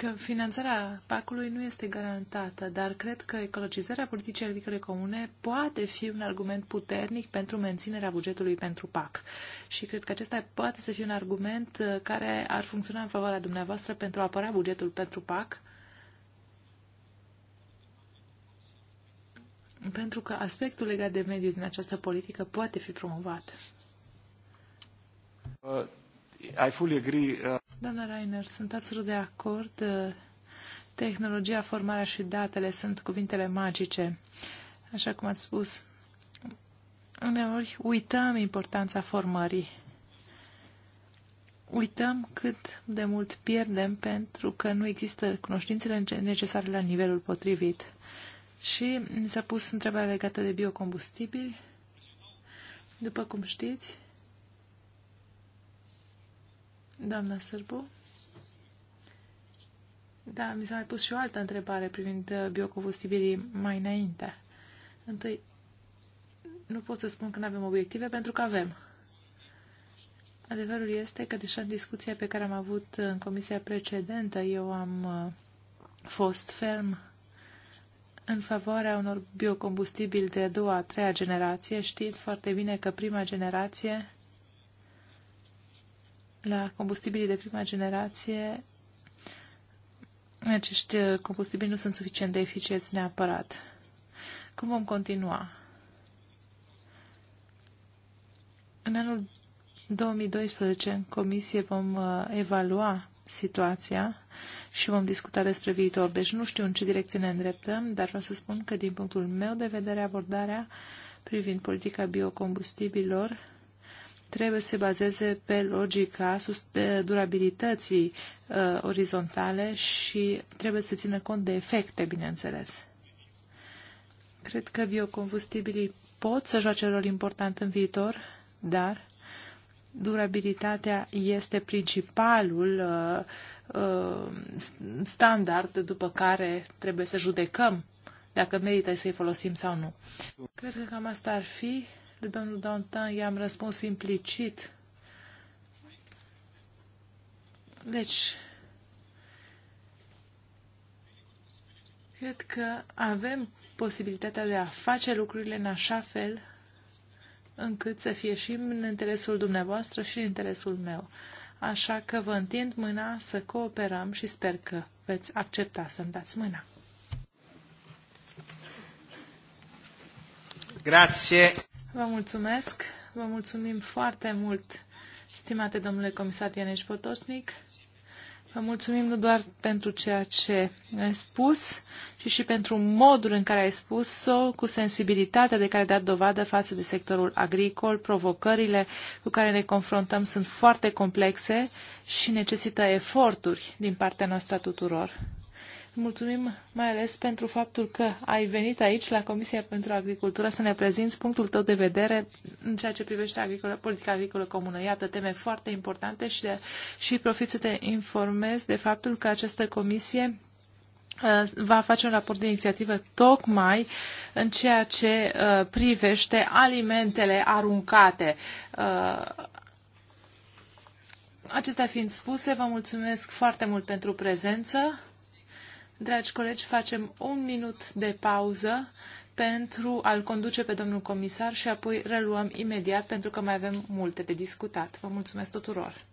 că adică finanțarea PAC-ului nu este garantată, dar cred că ecologizarea politicii agricole comune poate fi un argument puternic pentru menținerea bugetului pentru PAC. Și cred că acesta poate să fie un argument uh, care ar funcționa în favoarea dumneavoastră pentru a apăra bugetul pentru PAC, pentru că aspectul legat de mediu din această politică poate fi promovat. Uh, I fully agree. Uh... Doamna Rainer, sunt absolut de acord. Tehnologia, formarea și datele sunt cuvintele magice, așa cum ați spus. Uneori uităm importanța formării. Uităm cât de mult pierdem pentru că nu există cunoștințele necesare la nivelul potrivit. Și s-a pus întrebarea legată de biocombustibili. După cum știți, Doamna Sârbu? Da, mi s-a mai pus și o altă întrebare privind uh, biocombustibilii mai înainte. Întâi, nu pot să spun că nu avem obiective, pentru că avem. Adevărul este că, deși în discuția pe care am avut uh, în comisia precedentă, eu am uh, fost ferm în favoarea unor biocombustibili de a doua, a treia generație, Știm foarte bine că prima generație la combustibilii de prima generație, acești combustibili nu sunt suficient de eficienți neapărat. Cum vom continua? În anul 2012, în comisie, vom uh, evalua situația și vom discuta despre viitor. Deci nu știu în ce direcție ne îndreptăm, dar vreau să spun că, din punctul meu de vedere, abordarea privind politica biocombustibilor trebuie să se bazeze pe logica de durabilității uh, orizontale și trebuie să țină cont de efecte, bineînțeles. Cred că biocombustibilii pot să joace rol important în viitor, dar durabilitatea este principalul uh, uh, standard după care trebuie să judecăm dacă merită să-i folosim sau nu. Cred că cam asta ar fi de domnul Dantan i-am răspuns implicit. Deci, cred că avem posibilitatea de a face lucrurile în așa fel încât să fie și în interesul dumneavoastră și în interesul meu. Așa că vă întind mâna să cooperăm și sper că veți accepta să-mi dați mâna. Grazie. Vă mulțumesc. Vă mulțumim foarte mult, stimate domnule comisar Ianeș Potoșnic. Vă mulțumim nu doar pentru ceea ce ai spus, ci și pentru modul în care ai spus-o, cu sensibilitatea de care ai dat dovadă față de sectorul agricol. Provocările cu care ne confruntăm sunt foarte complexe și necesită eforturi din partea noastră tuturor. Mulțumim mai ales pentru faptul că ai venit aici la Comisia pentru Agricultură să ne prezinți punctul tău de vedere în ceea ce privește agricolă, politica agricolă comună. Iată, teme foarte importante și, de, și profit să te informez de faptul că această comisie uh, va face un raport de inițiativă tocmai în ceea ce uh, privește alimentele aruncate. Uh, acestea fiind spuse, vă mulțumesc foarte mult pentru prezență. Dragi colegi, facem un minut de pauză pentru a-l conduce pe domnul comisar și apoi reluăm imediat pentru că mai avem multe de discutat. Vă mulțumesc tuturor!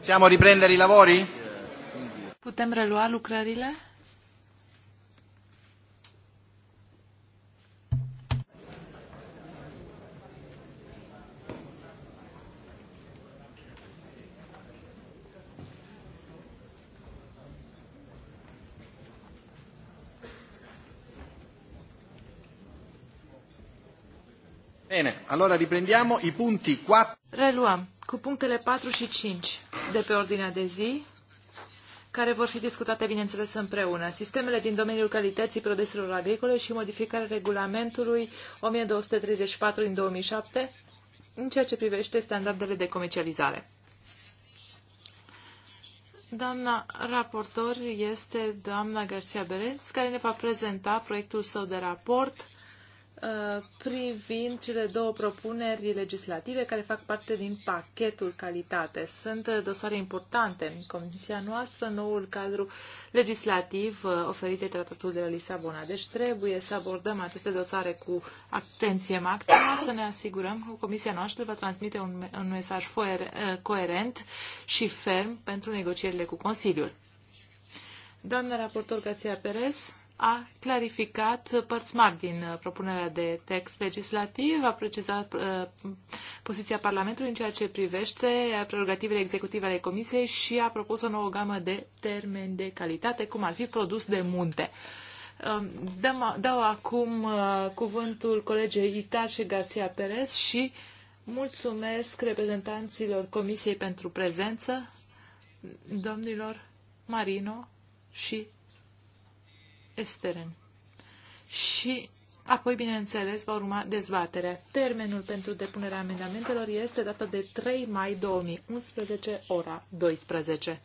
Possiamo riprendere i lavori? Putem relua lucrările? Bene, allora riprendiamo i punti 4. Reluăm cu punctele 4 și 5 de pe ordinea de zi, care vor fi discutate, bineînțeles, împreună. Sistemele din domeniul calității produselor agricole și modificarea regulamentului 1234 din 2007 în ceea ce privește standardele de comercializare. Doamna raportor este doamna Garcia Berez, care ne va prezenta proiectul său de raport Uh, privind cele două propuneri legislative care fac parte din pachetul calitate. Sunt uh, dosare importante. Comisia noastră, noul cadru legislativ uh, oferit de Tratatul de la Lisabona. Deci trebuie să abordăm aceste dosare cu atenție maximă, să ne asigurăm că Comisia noastră va transmite un, un mesaj coerent și ferm pentru negocierile cu Consiliul. Doamna raportor Garcia Perez, a clarificat părți mari din uh, propunerea de text legislativ, a precizat uh, poziția Parlamentului în ceea ce privește prerogativele executive ale Comisiei și a propus o nouă gamă de termeni de calitate, cum ar fi produs de munte. Um, dăm, dau acum uh, cuvântul colegei Itace Garcia Perez și mulțumesc reprezentanților Comisiei pentru prezență, domnilor Marino și Esteren. Și apoi, bineînțeles, va urma dezbaterea. Termenul pentru depunerea amendamentelor este data de 3 mai 2011, ora 12.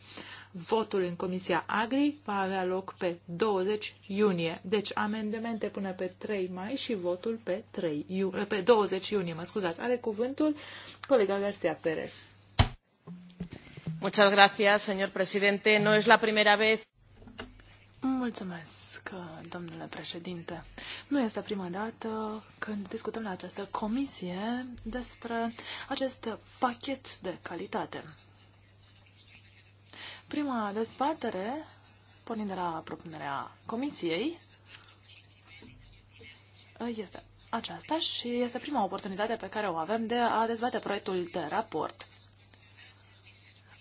Votul în Comisia Agri va avea loc pe 20 iunie. Deci amendamente până pe 3 mai și votul pe, 3 iu- eh, pe 20 iunie. Mă scuzați, are cuvântul colega Garcia Perez. Muchas gracias, señor presidente. No es la primera vez. Mulțumesc, domnule președinte. Nu este prima dată când discutăm la această comisie despre acest pachet de calitate. Prima dezbatere, pornind de la propunerea comisiei, este aceasta și este prima oportunitate pe care o avem de a dezbate proiectul de raport.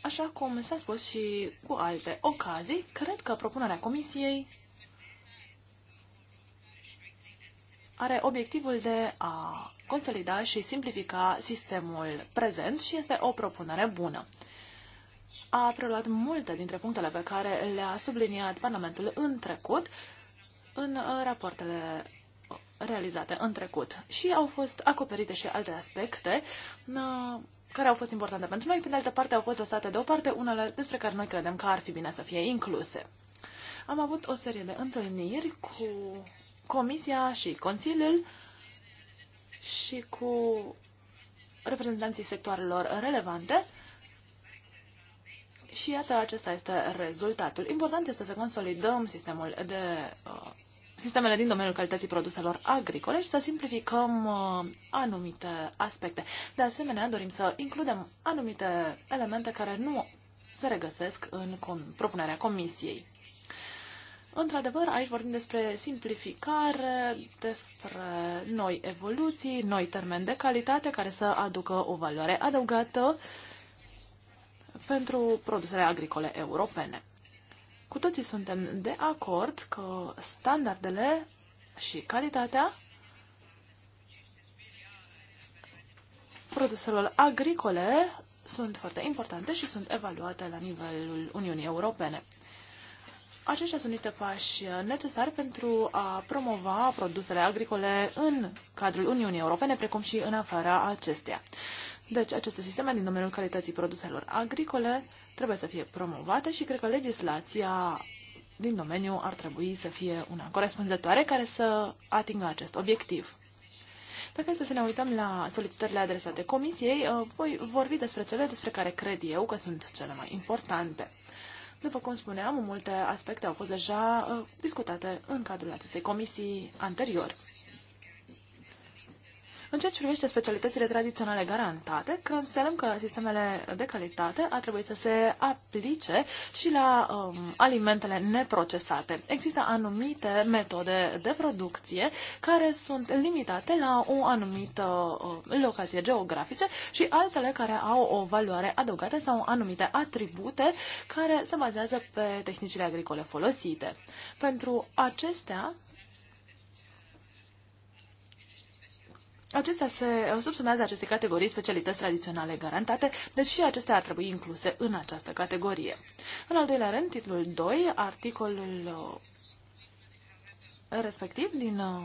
Așa cum s-a spus și cu alte ocazii, cred că propunerea Comisiei are obiectivul de a consolida și simplifica sistemul prezent și este o propunere bună. A preluat multe dintre punctele pe care le-a subliniat Parlamentul în trecut în rapoartele realizate în trecut și au fost acoperite și alte aspecte care au fost importante pentru noi, pe de altă parte au fost lăsate deoparte unele despre care noi credem că ar fi bine să fie incluse. Am avut o serie de întâlniri cu Comisia și Consiliul și cu reprezentanții sectoarelor relevante și iată, acesta este rezultatul. Important este să consolidăm sistemul de uh, sistemele din domeniul calității produselor agricole și să simplificăm uh, anumite aspecte. De asemenea, dorim să includem anumite elemente care nu se regăsesc în com- propunerea comisiei. Într-adevăr, aici vorbim despre simplificare, despre noi evoluții, noi termeni de calitate care să aducă o valoare adăugată pentru produsele agricole europene. Cu toții suntem de acord că standardele și calitatea produselor agricole sunt foarte importante și sunt evaluate la nivelul Uniunii Europene. Aceștia sunt niște pași necesari pentru a promova produsele agricole în cadrul Uniunii Europene, precum și în afara acesteia. Deci aceste sisteme din domeniul calității produselor agricole trebuie să fie promovate și cred că legislația din domeniu ar trebui să fie una corespunzătoare care să atingă acest obiectiv. Dacă este să ne uităm la solicitările adresate Comisiei, uh, voi vorbi despre cele despre care cred eu că sunt cele mai importante. După cum spuneam, multe aspecte au fost deja uh, discutate în cadrul acestei comisii anterior. În ceea ce privește specialitățile tradiționale garantate, considerăm că sistemele de calitate ar trebui să se aplice și la um, alimentele neprocesate. Există anumite metode de producție care sunt limitate la o anumită uh, locație geografice și altele care au o valoare adăugată sau anumite atribute care se bazează pe tehnicile agricole folosite. Pentru acestea, Acestea se uh, subsumează aceste categorii specialități tradiționale garantate, deci și acestea ar trebui incluse în această categorie. În al doilea rând, titlul 2, articolul uh, respectiv din uh,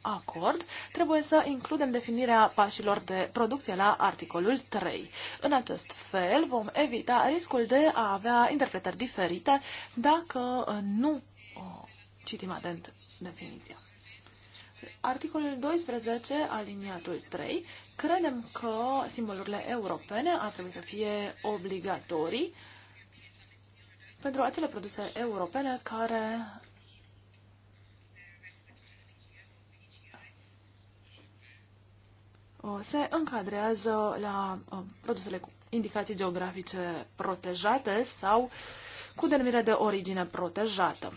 acord, trebuie să includem definirea pașilor de producție la articolul 3. În acest fel vom evita riscul de a avea interpretări diferite dacă nu citim atent definiția. Articolul 12, aliniatul 3, credem că simbolurile europene ar trebui să fie obligatorii pentru acele produse europene care se încadrează la produsele cu indicații geografice protejate sau cu denumire de origine protejată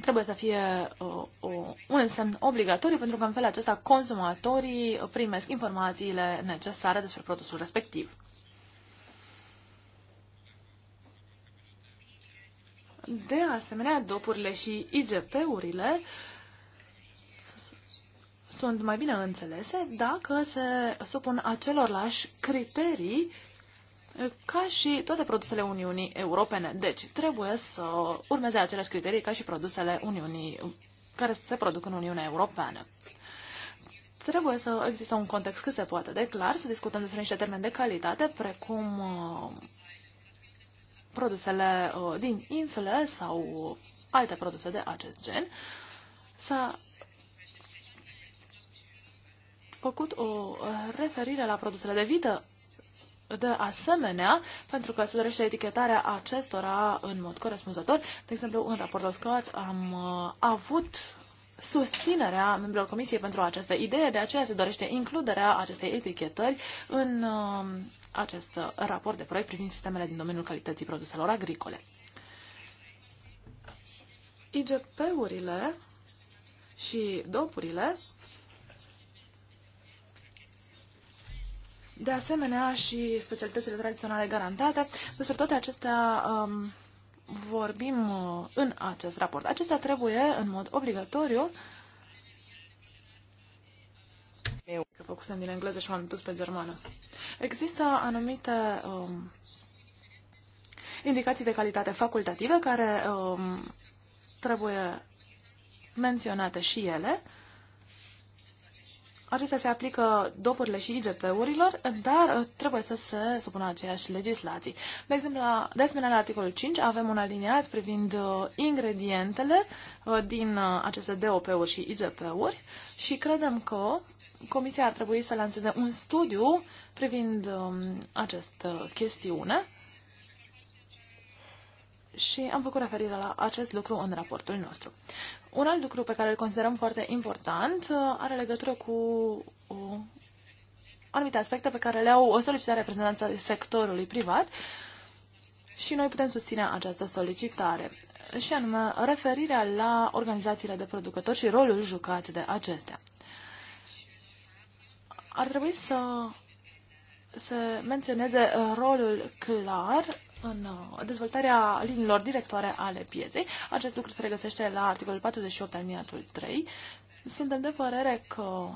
trebuie să fie uh, o, un însemn obligatoriu, pentru că în felul acesta consumatorii primesc informațiile necesare despre produsul respectiv. De asemenea, dopurile și IGP-urile sunt mai bine înțelese dacă se supun acelorlași criterii ca și toate produsele Uniunii Europene. Deci, trebuie să urmeze aceleași criterii ca și produsele Uniunii care se produc în Uniunea Europeană. Trebuie să există un context cât se poate de clar, să discutăm despre niște termeni de calitate, precum uh, produsele uh, din insule sau alte produse de acest gen. Să făcut o referire la produsele de vită de asemenea, pentru că se dorește etichetarea acestora în mod corespunzător, de exemplu, în raportul Scott am uh, avut susținerea membrilor Comisiei pentru această idee, de aceea se dorește includerea acestei etichetări în uh, acest raport de proiect privind sistemele din domeniul calității produselor agricole. IGP-urile și dopurile de asemenea și specialitățile tradiționale garantate. Despre toate acestea um, vorbim uh, în acest raport. Acestea trebuie, în mod obligatoriu, eu, că făcusem din engleză și m-am dus pe germană. Există anumite um, indicații de calitate facultative care um, trebuie menționate și ele acestea se aplică dopurile și IGP-urilor, dar uh, trebuie să se supună aceeași legislații. De exemplu, la, de asemenea, la articolul 5 avem un aliniat privind uh, ingredientele uh, din aceste DOP-uri și IGP-uri și credem că Comisia ar trebui să lanseze un studiu privind um, această chestiune și am făcut referire la acest lucru în raportul nostru. Un alt lucru pe care îl considerăm foarte important uh, are legătură cu uh, anumite aspecte pe care le-au solicitat reprezentanța sectorului privat și noi putem susține această solicitare și anume referirea la organizațiile de producători și rolul jucat de acestea. Ar trebui să se menționeze rolul clar în uh, dezvoltarea liniilor directoare ale pieței. Acest lucru se regăsește la articolul 48 miniatul 3. Suntem de părere că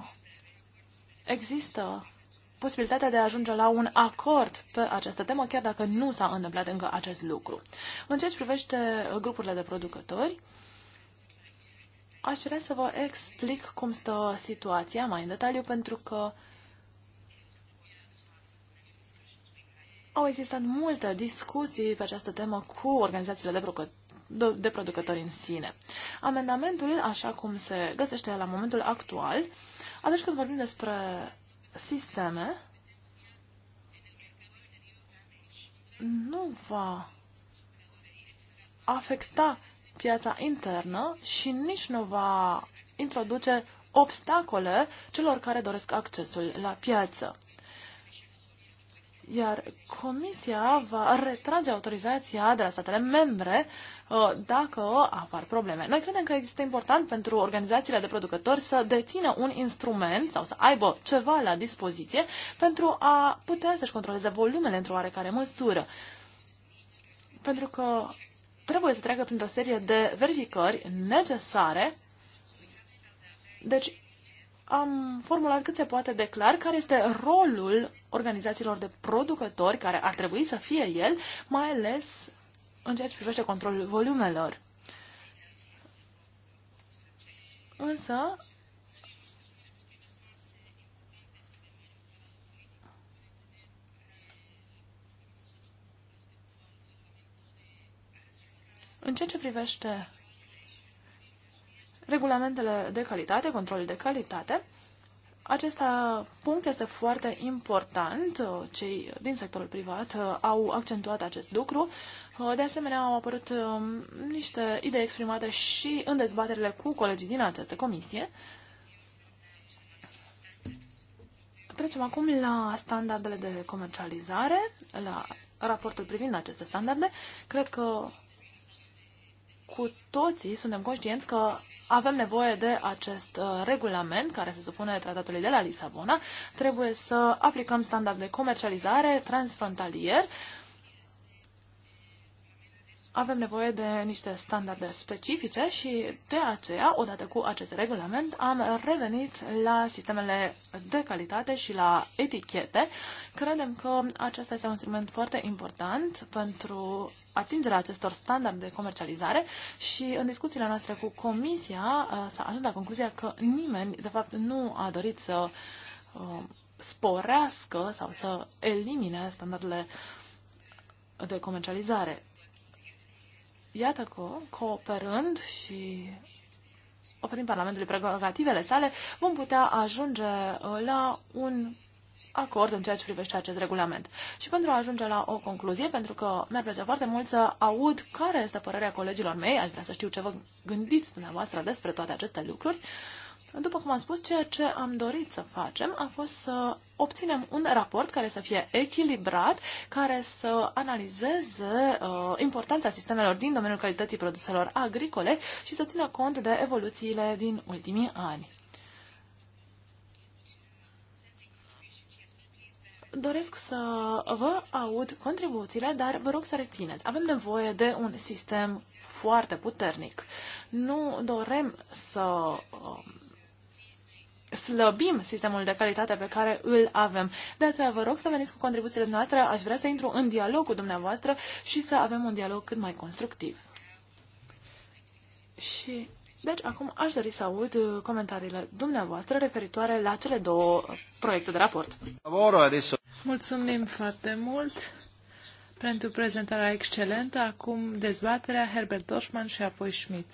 există posibilitatea de a ajunge la un acord pe această temă, chiar dacă nu s-a întâmplat încă acest lucru. În ceea ce privește grupurile de producători, aș vrea să vă explic cum stă situația mai în detaliu, pentru că uh, Au existat multe discuții pe această temă cu organizațiile de producători de producători în sine. Amendamentul, așa cum se găsește la momentul actual, atunci când vorbim despre sisteme, nu va afecta piața internă și nici nu va introduce obstacole celor care doresc accesul la piață. Iar Comisia va retrage autorizația de la statele membre uh, dacă apar probleme. Noi credem că există important pentru organizațiile de producători să dețină un instrument sau să aibă ceva la dispoziție pentru a putea să-și controleze volumele într-o oarecare măsură. Pentru că trebuie să treacă printr-o serie de verificări necesare. Deci, am formulat cât se poate de clar care este rolul organizațiilor de producători, care ar trebui să fie el, mai ales în ceea ce privește controlul volumelor. Însă, în ceea ce privește regulamentele de calitate, controlul de calitate. Acest punct este foarte important. Cei din sectorul privat uh, au accentuat acest lucru. Uh, de asemenea, au apărut um, niște idei exprimate și în dezbaterile cu colegii din această comisie. Trecem acum la standardele de comercializare, la raportul privind aceste standarde. Cred că cu toții suntem conștienți că avem nevoie de acest uh, regulament care se supune tratatului de la Lisabona. Trebuie să aplicăm standarde de comercializare transfrontalier. Avem nevoie de niște standarde specifice și de aceea, odată cu acest regulament, am revenit la sistemele de calitate și la etichete. Credem că acesta este un instrument foarte important pentru atingerea acestor standarde de comercializare și în discuțiile noastre cu Comisia uh, s-a ajuns la concluzia că nimeni, de fapt, nu a dorit să uh, sporească sau să elimine standardele de comercializare. Iată că, cooperând și oferind Parlamentului prerogativele sale, vom putea ajunge uh, la un acord în ceea ce privește acest regulament. Și pentru a ajunge la o concluzie, pentru că mi-ar plăcea foarte mult să aud care este părerea colegilor mei, aș vrea să știu ce vă gândiți dumneavoastră despre toate aceste lucruri, după cum am spus, ceea ce am dorit să facem a fost să obținem un raport care să fie echilibrat, care să analizeze uh, importanța sistemelor din domeniul calității produselor agricole și să țină cont de evoluțiile din ultimii ani. doresc să vă aud contribuțiile, dar vă rog să rețineți. Avem nevoie de un sistem foarte puternic. Nu dorem să um, slăbim sistemul de calitate pe care îl avem. De aceea vă rog să veniți cu contribuțiile noastre. Aș vrea să intru în dialog cu dumneavoastră și să avem un dialog cât mai constructiv. Și deci, acum aș dori să aud uh, comentariile dumneavoastră referitoare la cele două proiecte de raport. Mulțumim foarte mult pentru prezentarea excelentă. Acum dezbaterea Herbert Dorfman și apoi Schmidt.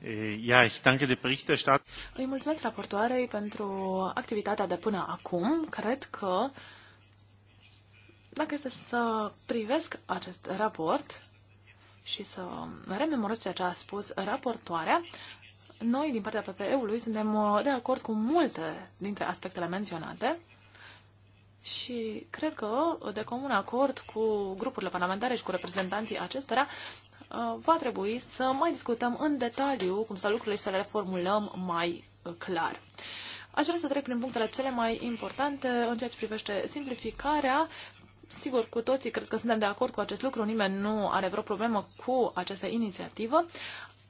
Eh, ja, ich danke der Berichterstatter. Îi mulțumesc raportoarei pentru activitatea de până acum. Cred că dacă este să privesc acest raport, și să rememorez ceea ce a spus raportoarea, noi, din partea PPE-ului, suntem uh, de acord cu multe dintre aspectele menționate și cred că, de comun acord cu grupurile parlamentare și cu reprezentanții acestora, uh, va trebui să mai discutăm în detaliu cum să lucrurile și să le reformulăm mai uh, clar. Aș vrea să trec prin punctele cele mai importante în ceea ce privește simplificarea Sigur, cu toții cred că suntem de acord cu acest lucru, nimeni nu are vreo problemă cu această inițiativă.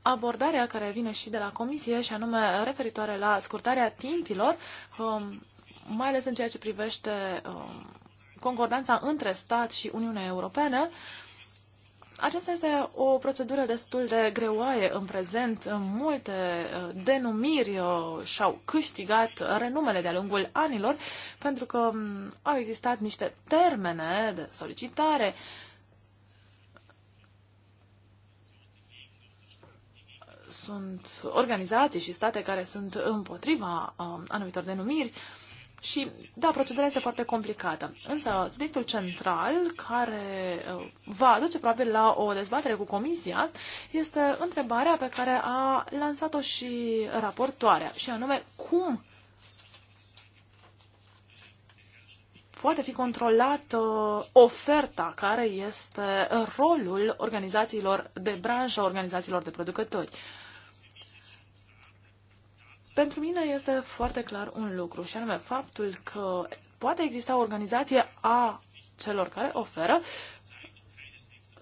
Abordarea care vine și de la Comisie, și anume referitoare la scurtarea timpilor, um, mai ales în ceea ce privește um, concordanța între stat și Uniunea Europeană, aceasta este o procedură destul de greoaie în prezent. Multe uh, denumiri uh, și-au câștigat renumele de-a lungul anilor pentru că um, au existat niște termene de solicitare. Sunt organizații și state care sunt împotriva uh, anumitor denumiri. Uh, și, da, procedura este foarte complicată. Însă, subiectul central, care uh, va aduce probabil la o dezbatere cu Comisia, este întrebarea pe care a lansat-o și raportoarea, și anume cum poate fi controlată uh, oferta care este rolul organizațiilor de branșă, organizațiilor de producători. Pentru mine este foarte clar un lucru, și anume faptul că poate exista o organizație a celor care oferă,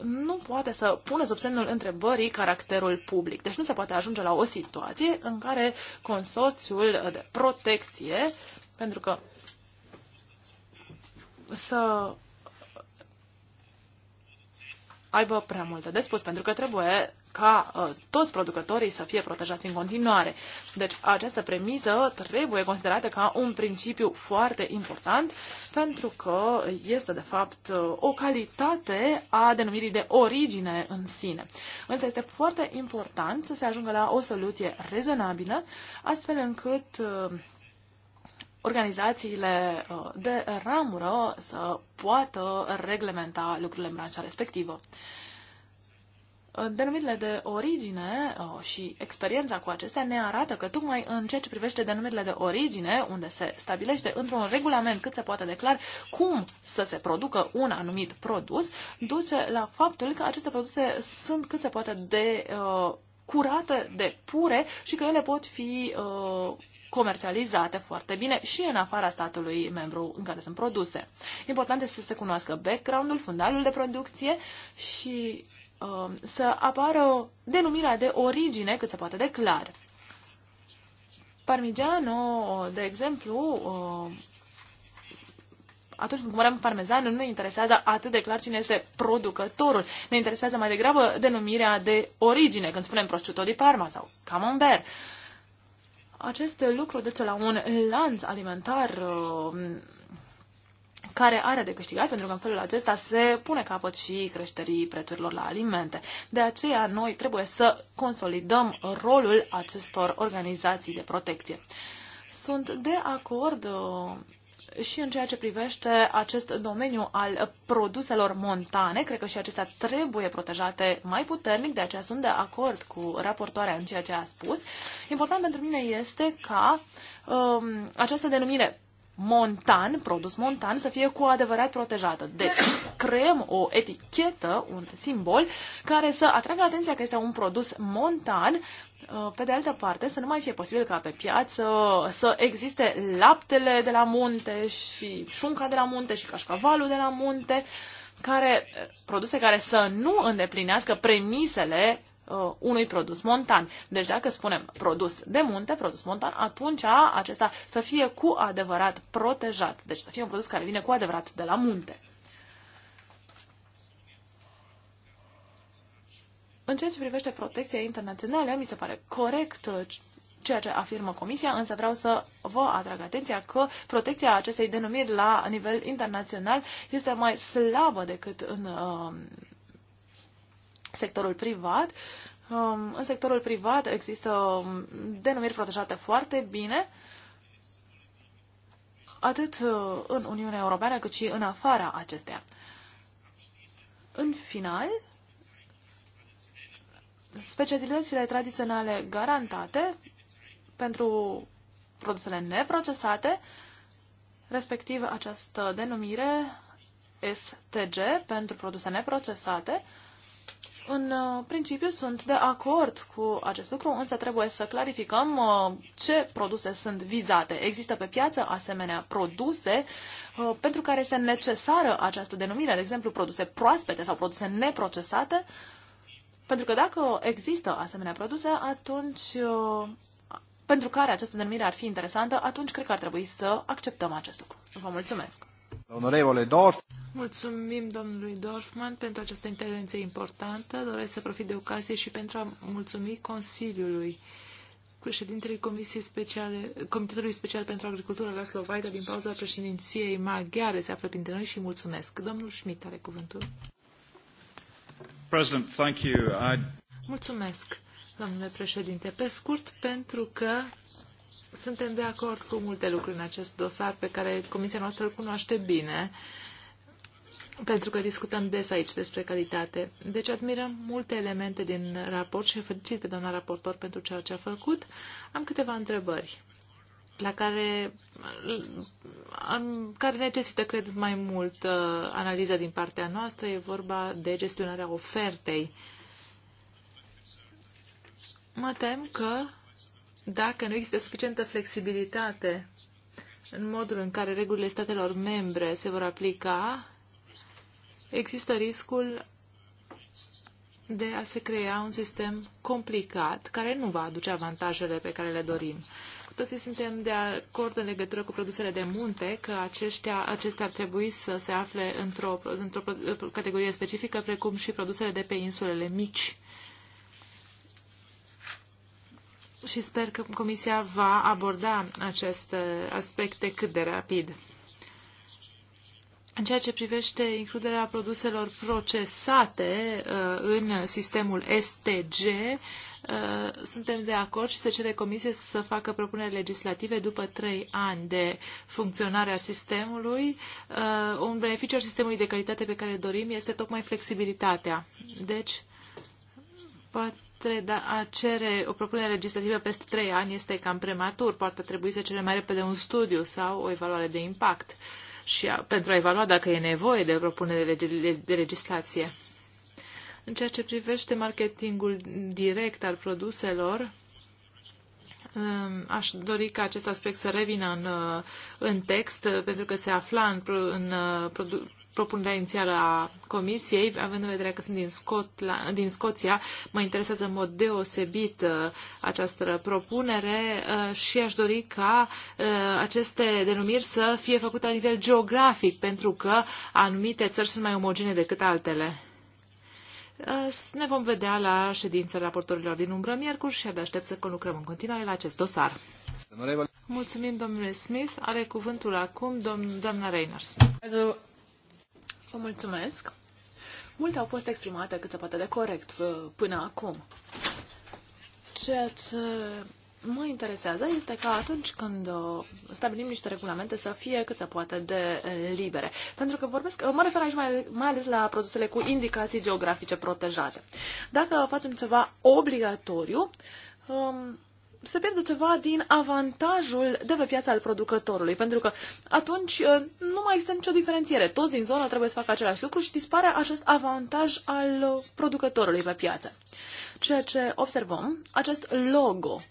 nu poate să pună sub semnul întrebării caracterul public. Deci nu se poate ajunge la o situație în care consorțiul de protecție, pentru că să aibă prea multe de spus, pentru că trebuie ca uh, toți producătorii să fie protejați în continuare. Deci această premisă trebuie considerată ca un principiu foarte important pentru că este de fapt ă, o calitate a denumirii de origine în sine. Însă este foarte important să se ajungă la o soluție rezonabilă astfel încât uh, organizațiile de ramură să poată reglementa lucrurile în branșa respectivă. Denumirile de origine și experiența cu acestea ne arată că tocmai în ceea ce privește denumirile de origine, unde se stabilește într-un regulament cât se poate declar cum să se producă un anumit produs, duce la faptul că aceste produse sunt cât se poate de curate, de pure și că ele pot fi comercializate foarte bine și în afara statului membru în care sunt produse. Important este să se cunoască background-ul, fundalul de producție și Um, să apară denumirea de origine cât se poate de clar. Parmigiano, de exemplu, um, atunci când cumpărăm parmezan, nu ne interesează atât de clar cine este producătorul. Ne interesează mai degrabă denumirea de origine, când spunem prosciutto di Parma sau camembert. Acest lucru duce la un lanț alimentar uh, care are de câștigat, pentru că în felul acesta se pune capăt și creșterii prețurilor la alimente. De aceea, noi trebuie să consolidăm rolul acestor organizații de protecție. Sunt de acord uh, și în ceea ce privește acest domeniu al produselor montane, cred că și acestea trebuie protejate mai puternic, de aceea sunt de acord cu raportoarea în ceea ce a spus. Important pentru mine este ca um, această denumire montan, produs montan, să fie cu adevărat protejată. Deci, creăm o etichetă, un simbol, care să atragă atenția că este un produs montan, uh, pe de altă parte, să nu mai fie posibil ca pe piață să existe laptele de la munte și șunca de la munte și cașcavalul de la munte, care, uh, produse care să nu îndeplinească premisele uh, unui produs montan. Deci dacă spunem produs de munte, produs montan, atunci acesta să fie cu adevărat protejat. Deci să fie un produs care vine cu adevărat de la munte. În ceea ce privește protecția internațională, mi se pare corect uh, ceea ce afirmă Comisia, însă vreau să vă atrag atenția că protecția acestei denumiri la nivel internațional este mai slabă decât în uh, sectorul privat. Um, în sectorul privat există um, denumiri protejate foarte bine, atât uh, în Uniunea Europeană cât și în afara acesteia. În final, specialitățile tradiționale garantate pentru produsele neprocesate, respectiv această denumire STG pentru produse neprocesate, uh, în uh, principiu sunt de acord cu acest lucru, însă trebuie să clarificăm uh, ce produse sunt vizate. Există pe piață asemenea produse uh, pentru care este necesară această denumire, de exemplu produse proaspete sau produse neprocesate, pentru că dacă există asemenea produse, atunci pentru care această denumire ar fi interesantă, atunci cred că ar trebui să acceptăm acest lucru. Vă mulțumesc! Onorevole Dorf. Mulțumim domnului Dorfman pentru această intervenție importantă. Doresc să profit de ocazie și pentru a mulțumi Consiliului președintele Comisiei Speciale, Comitetului Special pentru Agricultură la Slovacia din pauza președinției maghiare se află printre noi și mulțumesc. Domnul Schmidt are cuvântul. President, thank you. I... Mulțumesc, domnule președinte. Pe scurt, pentru că suntem de acord cu multe lucruri în acest dosar pe care Comisia noastră îl cunoaște bine pentru că discutăm des aici despre calitate. Deci admirăm multe elemente din raport și felicit pe doamna raportor pentru ceea ce a făcut. Am câteva întrebări la care, care necesită, cred, mai mult uh, analiza din partea noastră. E vorba de gestionarea ofertei. Mă tem că dacă nu există suficientă flexibilitate în modul în care regulile statelor membre se vor aplica, există riscul de a se crea un sistem complicat care nu va aduce avantajele pe care le dorim. Cu toții suntem de acord în legătură cu produsele de munte că aceștia, acestea ar trebui să se afle într-o, într, -o, categorie specifică, precum și produsele de pe insulele mici. Și sper că Comisia va aborda aceste aspecte cât de rapid. În ceea ce privește includerea produselor procesate uh, în sistemul STG, uh, suntem de acord și se cere comisie să facă propuneri legislative după trei ani de funcționare a sistemului. Uh, un beneficiu al sistemului de calitate pe care dorim este tocmai flexibilitatea. Deci, poate da, a cere o propunere legislativă peste trei ani este cam prematur. Poate trebui să cere mai repede un studiu sau o evaluare de impact. Uh, și a, pentru a evalua dacă e nevoie de o propunere de, de legislație. În ceea ce privește marketingul direct al produselor, um, Aș dori ca acest aspect să revină în, uh, în text, uh, pentru că se afla în, în uh, propunerea inițială a comisiei, având în vedere că sunt din, Scotland, din Scoția, mă interesează în mod deosebit uh, această propunere uh, și aș dori ca uh, aceste denumiri să fie făcute la nivel geografic, pentru că anumite țări sunt mai omogene decât altele. Ne vom vedea la ședința raportorilor din umbră miercuri și abia aștept să conlucrăm în continuare la acest dosar. Mulțumim, domnule Smith. Are cuvântul acum domn, doamna Reiners. Also, Vă mulțumesc. Multe au fost exprimate cât se poate de corect uh, până acum. Ceea ce mă interesează este că atunci când uh, stabilim niște regulamente să fie cât se poate de uh, libere. Pentru că vorbesc, mă refer aici mai, mai ales la produsele cu indicații geografice protejate. Dacă facem ceva obligatoriu, um, se pierde ceva din avantajul de pe piața al producătorului, pentru că atunci uh, nu mai există nicio diferențiere. Toți din zonă trebuie să facă același lucru și dispare acest avantaj al uh, producătorului pe piață. Ceea ce observăm, acest logo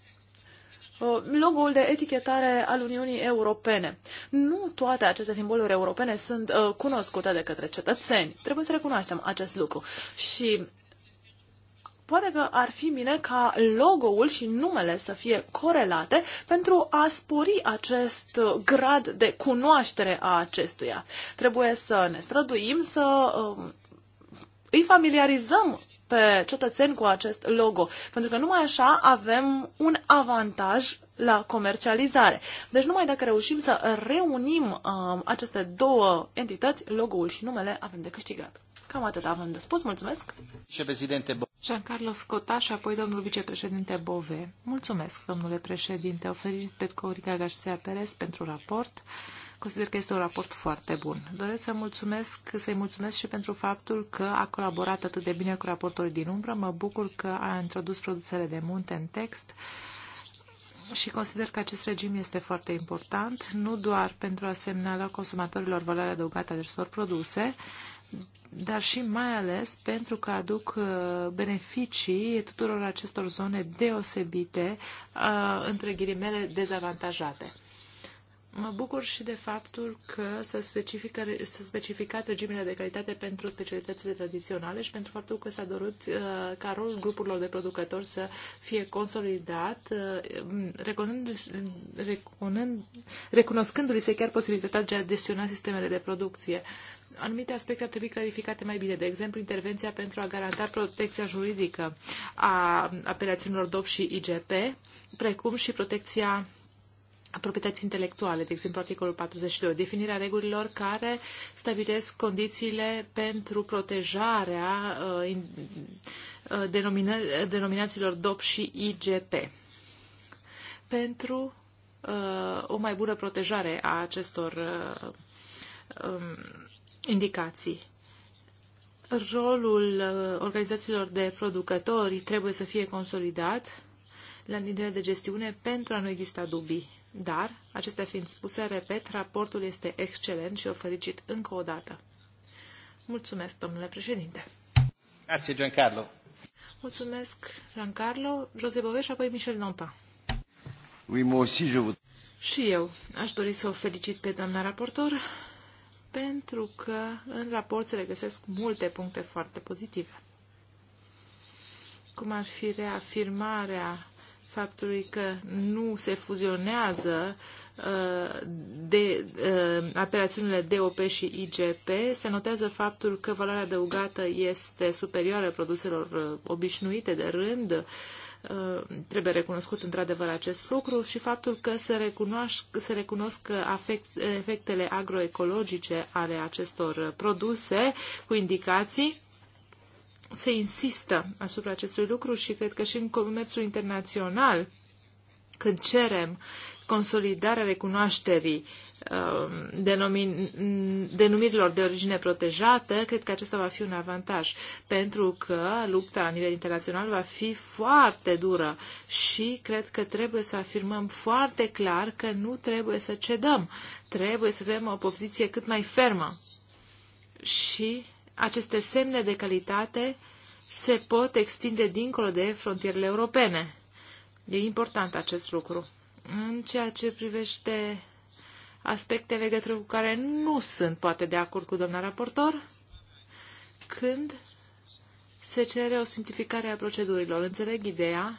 uh, logo-ul de etichetare al Uniunii Europene. Nu toate aceste simboluri europene sunt cunoscute de către cetățeni. Trebuie să recunoaștem acest lucru. Și poate că ar fi bine ca logo-ul și numele să fie corelate pentru a spori acest uh, grad de cunoaștere a acestuia. Trebuie să ne străduim să um, îi familiarizăm pe cetățeni cu acest logo, pentru că numai așa avem un avantaj la comercializare. Deci numai dacă reușim să reunim um, aceste două entități, logo-ul și numele, avem de câștigat. Cam atât avem de spus. Mulțumesc! Vicepreședinte Giancarlo Scotta și apoi domnul vicepreședinte Bove. Mulțumesc, domnule președinte. O felicit pe Corica Garcia Perez pentru raport. Consider că este un raport foarte bun. Doresc să mulțumesc, să-i mulțumesc și pentru faptul că a colaborat atât de bine cu raportorii din umbră. Mă bucur că a introdus produsele de munte în text și consider că acest regim este foarte important, nu doar pentru a semnala consumatorilor valoarea adăugată a acestor produse, dar și mai ales pentru că aduc uh, beneficii tuturor acestor zone deosebite, uh, între ghilimele dezavantajate. Mă bucur și de faptul că s-a specificat, specificat regimile de calitate pentru specialitățile tradiționale și pentru faptul că s-a dorit uh, ca rolul grupurilor de producători să fie consolidat, uh, recunând, recunoscându-li se chiar posibilitatea de a gestiona sistemele de producție. Uh, anumite aspecte ar trebui clarificate mai bine, de exemplu intervenția pentru a garanta protecția juridică a apelațiunilor DOP și IGP, precum și protecția proprietății intelectuale, de exemplu articolul 42, definirea regulilor care stabilesc condițiile pentru protejarea uh, uh denomina- denominațiilor DOP și IGP. Pentru uh, o mai bună protejare a acestor uh, um, indicații. Rolul uh, organizațiilor de producători trebuie să fie consolidat la nivel de gestiune pentru a nu exista dubii. Dar, acestea fiind spuse, repet, raportul este excelent și o felicit încă o dată. Mulțumesc, domnule președinte. Grazie, Giancarlo. Mulțumesc, Giancarlo, Jose Bove și apoi Michel Nonta. Oui, moi aussi, je vous... Și eu aș dori să o felicit pe doamna raportor pentru că în raport se regăsesc multe puncte foarte pozitive. Cum ar fi reafirmarea faptului că nu se fuzionează uh, de operațiunile uh, DOP și IGP, se notează faptul că valoarea adăugată este superioară produselor uh, obișnuite de rând, Uh, trebuie recunoscut într-adevăr acest lucru și faptul că se, se recunosc afect, efectele agroecologice ale acestor produse cu indicații se insistă asupra acestui lucru și cred că și în comerțul internațional, când cerem consolidarea recunoașterii Um, denumirilor de origine protejată, cred că acesta va fi un avantaj, pentru că lupta la nivel internațional va fi foarte dură și cred că trebuie să afirmăm foarte clar că nu trebuie să cedăm, trebuie să avem o poziție cât mai fermă. Și aceste semne de calitate se pot extinde dincolo de frontierele europene. E important acest lucru. În ceea ce privește aspecte legături cu care nu sunt poate de acord cu doamna raportor când se cere o simplificare a procedurilor. Înțeleg ideea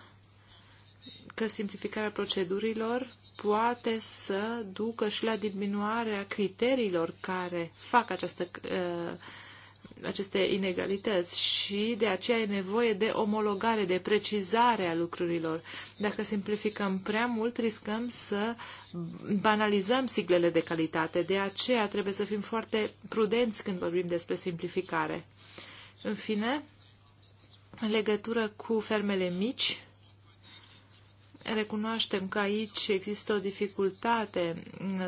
că simplificarea procedurilor poate să ducă și la diminuarea criteriilor care fac această uh, aceste inegalități și de aceea e nevoie de omologare, de precizare a lucrurilor. Dacă simplificăm prea mult, riscăm să banalizăm siglele de calitate. De aceea trebuie să fim foarte prudenți când vorbim despre simplificare. În fine, în legătură cu fermele mici, Recunoaștem că aici există o dificultate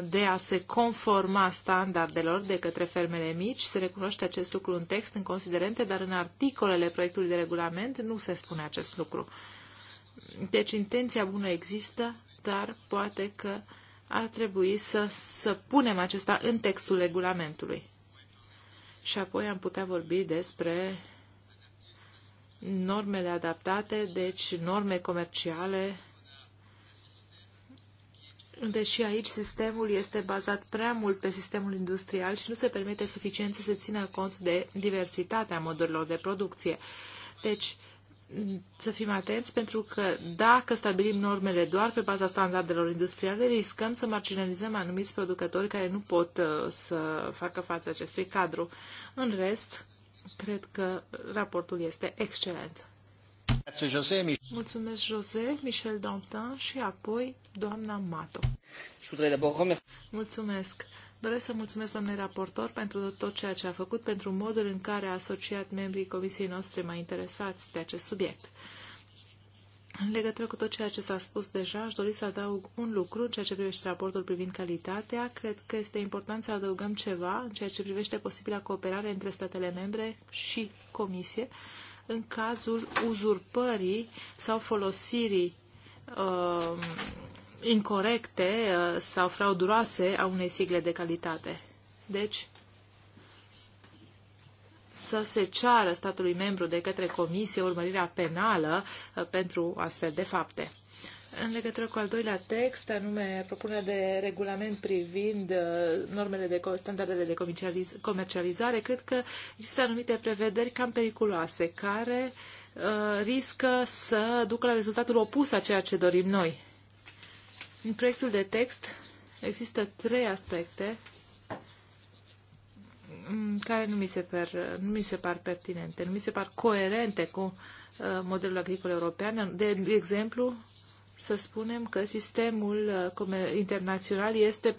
de a se conforma standardelor de către fermele mici. Se recunoaște acest lucru în text, în considerente, dar în articolele proiectului de regulament nu se spune acest lucru. Deci intenția bună există, dar poate că ar trebui să, să punem acesta în textul regulamentului. Și apoi am putea vorbi despre normele adaptate, deci norme comerciale Deși aici sistemul este bazat prea mult pe sistemul industrial și nu se permite suficient să se țină cont de diversitatea modurilor de producție. Deci, să fim atenți pentru că dacă stabilim normele doar pe baza standardelor industriale, riscăm să marginalizăm anumiți producători care nu pot uh, să facă față acestui cadru. În rest, cred că raportul este excelent. Mulțumesc, José, Michel Dantin și apoi Doamna Mato. Mulțumesc. Doresc să mulțumesc doamnei raportor pentru tot ceea ce a făcut, pentru modul în care a asociat membrii comisiei noastre mai interesați de acest subiect. În legătură cu tot ceea ce s-a spus deja, aș dori să adaug un lucru în ceea ce privește raportul privind calitatea. Cred că este important să adăugăm ceva în ceea ce privește posibila cooperare între statele membre și comisie în cazul uzurpării sau folosirii uh, incorrecte uh, sau frauduroase a unei sigle de calitate. Deci, să se ceară statului membru de către comisie urmărirea penală uh, pentru astfel de fapte. În legătură cu al doilea text, anume propunerea de regulament privind uh, normele de standardele de comercializare, cred că există anumite prevederi cam periculoase care uh, riscă să ducă la rezultatul opus a ceea ce dorim noi. În proiectul de text există trei aspecte care nu mi, se par, nu mi se par pertinente, nu mi se par coerente cu uh, modelul agricol european. De exemplu, să spunem că sistemul uh, internațional este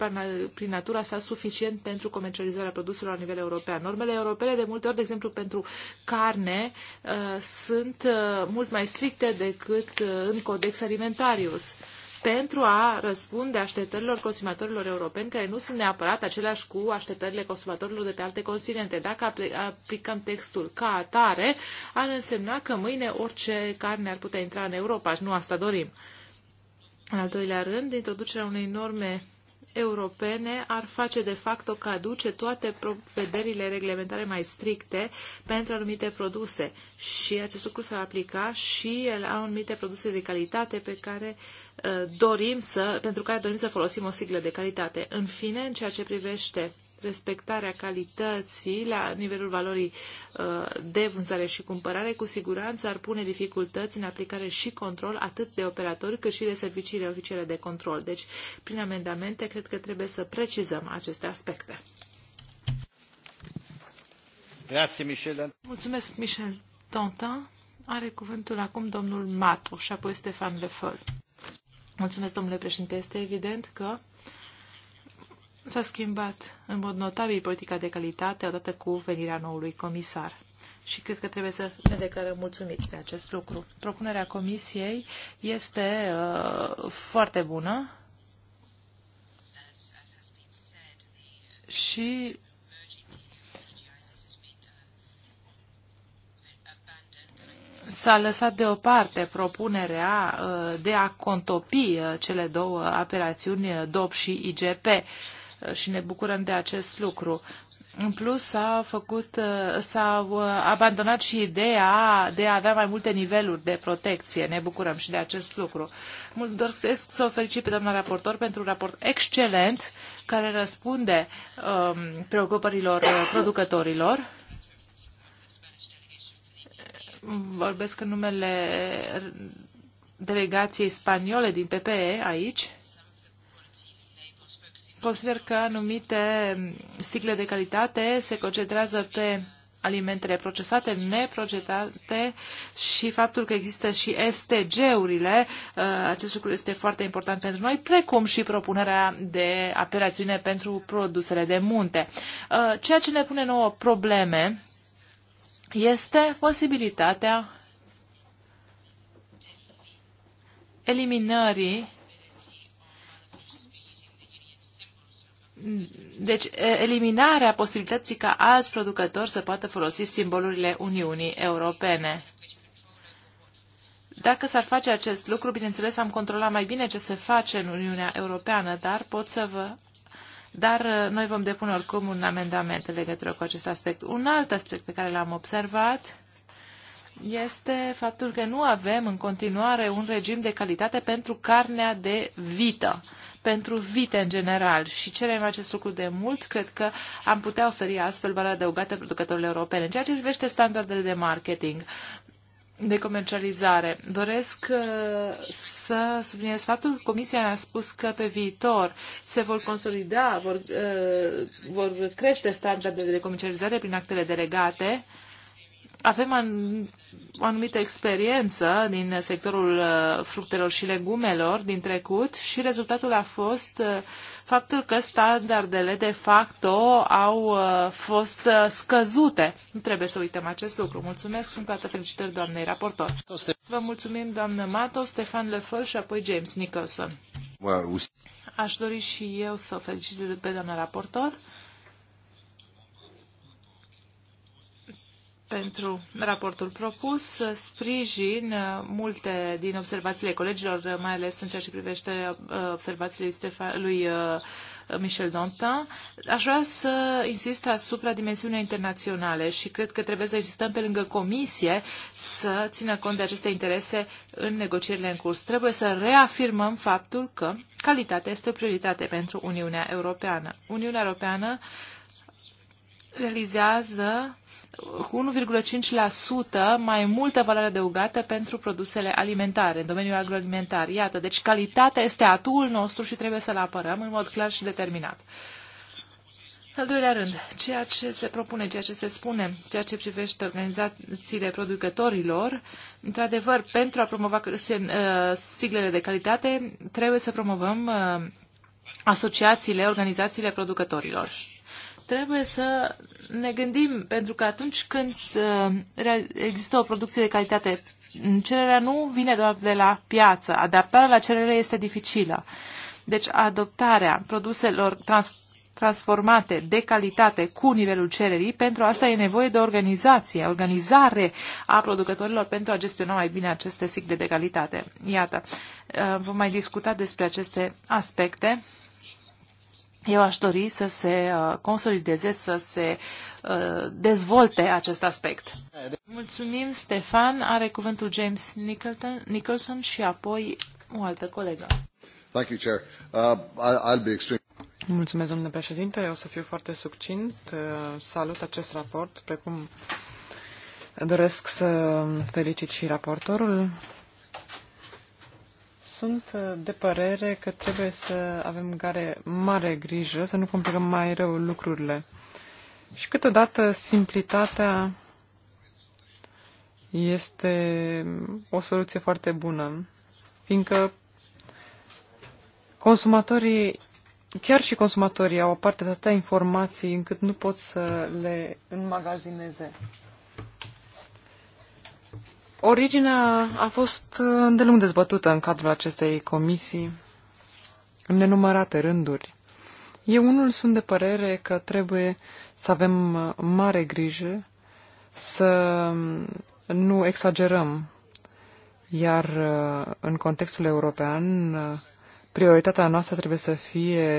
prin natura sa suficient pentru comercializarea produselor la nivel european. Normele europene, de multe ori, de exemplu, pentru carne, uh, sunt mult mai stricte decât în codex alimentarius pentru a răspunde așteptărilor consumatorilor europeni, care nu sunt neapărat aceleași cu așteptările consumatorilor de pe alte continente. Dacă aplicăm textul ca atare, ar însemna că mâine orice carne ar putea intra în Europa și nu asta dorim. În al doilea rând, introducerea unei norme europene ar face de fapt o caduce toate prevederile reglementare mai stricte pentru anumite produse și acest lucru s-ar aplica și la anumite produse de calitate pe care uh, dorim să, pentru care dorim să folosim o siglă de calitate. În fine, în ceea ce privește respectarea calității la nivelul valorii uh, de vânzare și cumpărare, cu siguranță ar pune dificultăți în aplicare și control atât de operatori cât și de serviciile oficiale de control. Deci, prin amendamente, cred că trebuie să precizăm aceste aspecte. Grazie, Michel. Mulțumesc, Michel Dantin. Are cuvântul acum domnul Matu și apoi Stefan Lefol. Mulțumesc, domnule președinte. Este evident că S-a schimbat în mod notabil politica de calitate odată cu venirea noului comisar. Și cred că trebuie să ne declarăm mulțumiți de acest lucru. Propunerea comisiei este uh, foarte bună și s-a lăsat deoparte propunerea uh, de a contopi uh, cele două operațiuni uh, DOP și IGP și ne bucurăm de acest lucru. În plus, s-a făcut, uh, s-a uh, abandonat și ideea de a avea mai multe niveluri de protecție. Ne bucurăm și de acest lucru. Mult doresc să o felicit pe doamna raportor pentru un raport excelent care răspunde um, preocupărilor uh, producătorilor. Vorbesc în numele delegației spaniole din PPE aici Consider că anumite sticle de calitate se concentrează pe alimentele procesate, neprocesate și faptul că există și STG-urile, uh, acest lucru este foarte important pentru noi, precum și propunerea de apelațiune pentru produsele de munte. Uh, ceea ce ne pune nouă probleme este posibilitatea eliminării Deci, eliminarea posibilității ca alți producători să poată folosi simbolurile Uniunii Europene. Dacă s-ar face acest lucru, bineînțeles, am controla mai bine ce se face în Uniunea Europeană, dar pot să vă dar noi vom depune oricum un amendament în legătură cu acest aspect. Un alt aspect pe care l-am observat este faptul că nu avem în continuare un regim de calitate pentru carnea de vită, pentru vite în general și cerem acest lucru de mult, cred că am putea oferi astfel valoare adăugată producătorilor europene. În ceea ce privește standardele de marketing, de comercializare. Doresc uh, să subliniez faptul că Comisia a spus că pe viitor se vor consolida, vor, uh, vor crește standardele de comercializare prin actele delegate avem an, o anumită experiență din sectorul uh, fructelor și legumelor din trecut și rezultatul a fost uh, faptul că standardele de facto au uh, fost scăzute. Nu trebuie să uităm acest lucru. Mulțumesc, sunt toate felicitări doamnei raportor. Vă mulțumim, doamnă Mato, Stefan Lefăl și apoi James Nicholson. Aș dori și eu să o felicit pe doamna raportor pentru raportul propus. Sprijin uh, multe din observațiile colegilor, uh, mai ales în ceea ce privește uh, observațiile lui lui Michel Dantin. Aș vrea să insist asupra dimensiunii internaționale și cred că trebuie să insistăm pe lângă comisie să țină cont de aceste interese în negocierile în curs. Trebuie să reafirmăm faptul că calitatea este o prioritate pentru Uniunea Europeană. Uniunea Europeană realizează cu 1,5% mai multă valoare adăugată pentru produsele alimentare, în domeniul agroalimentar. Iată, deci calitatea este atul nostru și trebuie să-l apărăm în mod clar și determinat. Al doilea rând, ceea ce se propune, ceea ce se spune, ceea ce privește organizațiile producătorilor, într-adevăr, pentru a promova uh, siglele de calitate, trebuie să promovăm uh, asociațiile, organizațiile producătorilor trebuie să ne gândim, pentru că atunci când uh, există o producție de calitate, cererea nu vine doar de la piață. Adaptarea la cerere este dificilă. Deci adoptarea produselor trans transformate de calitate cu nivelul cererii, pentru asta e nevoie de organizație, organizare a producătorilor pentru a gestiona mai bine aceste sigle de calitate. Iată, uh, vom mai discuta despre aceste aspecte eu aș dori să se uh, consolideze, să se uh, dezvolte acest aspect. Mulțumim, Stefan. Are cuvântul James Nicholson, și apoi o altă colegă. Thank you, Chair. Uh, I'll be extreme. Mulțumesc, domnule președinte. Eu o să fiu foarte succint. Uh, salut acest raport, precum doresc să felicit și raportorul. Sunt de părere că trebuie să avem care mare grijă, să nu complicăm mai rău lucrurile. Și câteodată simplitatea este o soluție foarte bună, fiindcă consumatorii, chiar și consumatorii au o parte de atâtea informații încât nu pot să le înmagazineze. Originea a fost uh, îndelung dezbătută în cadrul acestei comisii, în nenumărate rânduri. Eu unul sunt de părere că trebuie să avem uh, mare grijă să um, nu exagerăm, iar uh, în contextul european prioritatea noastră trebuie să fie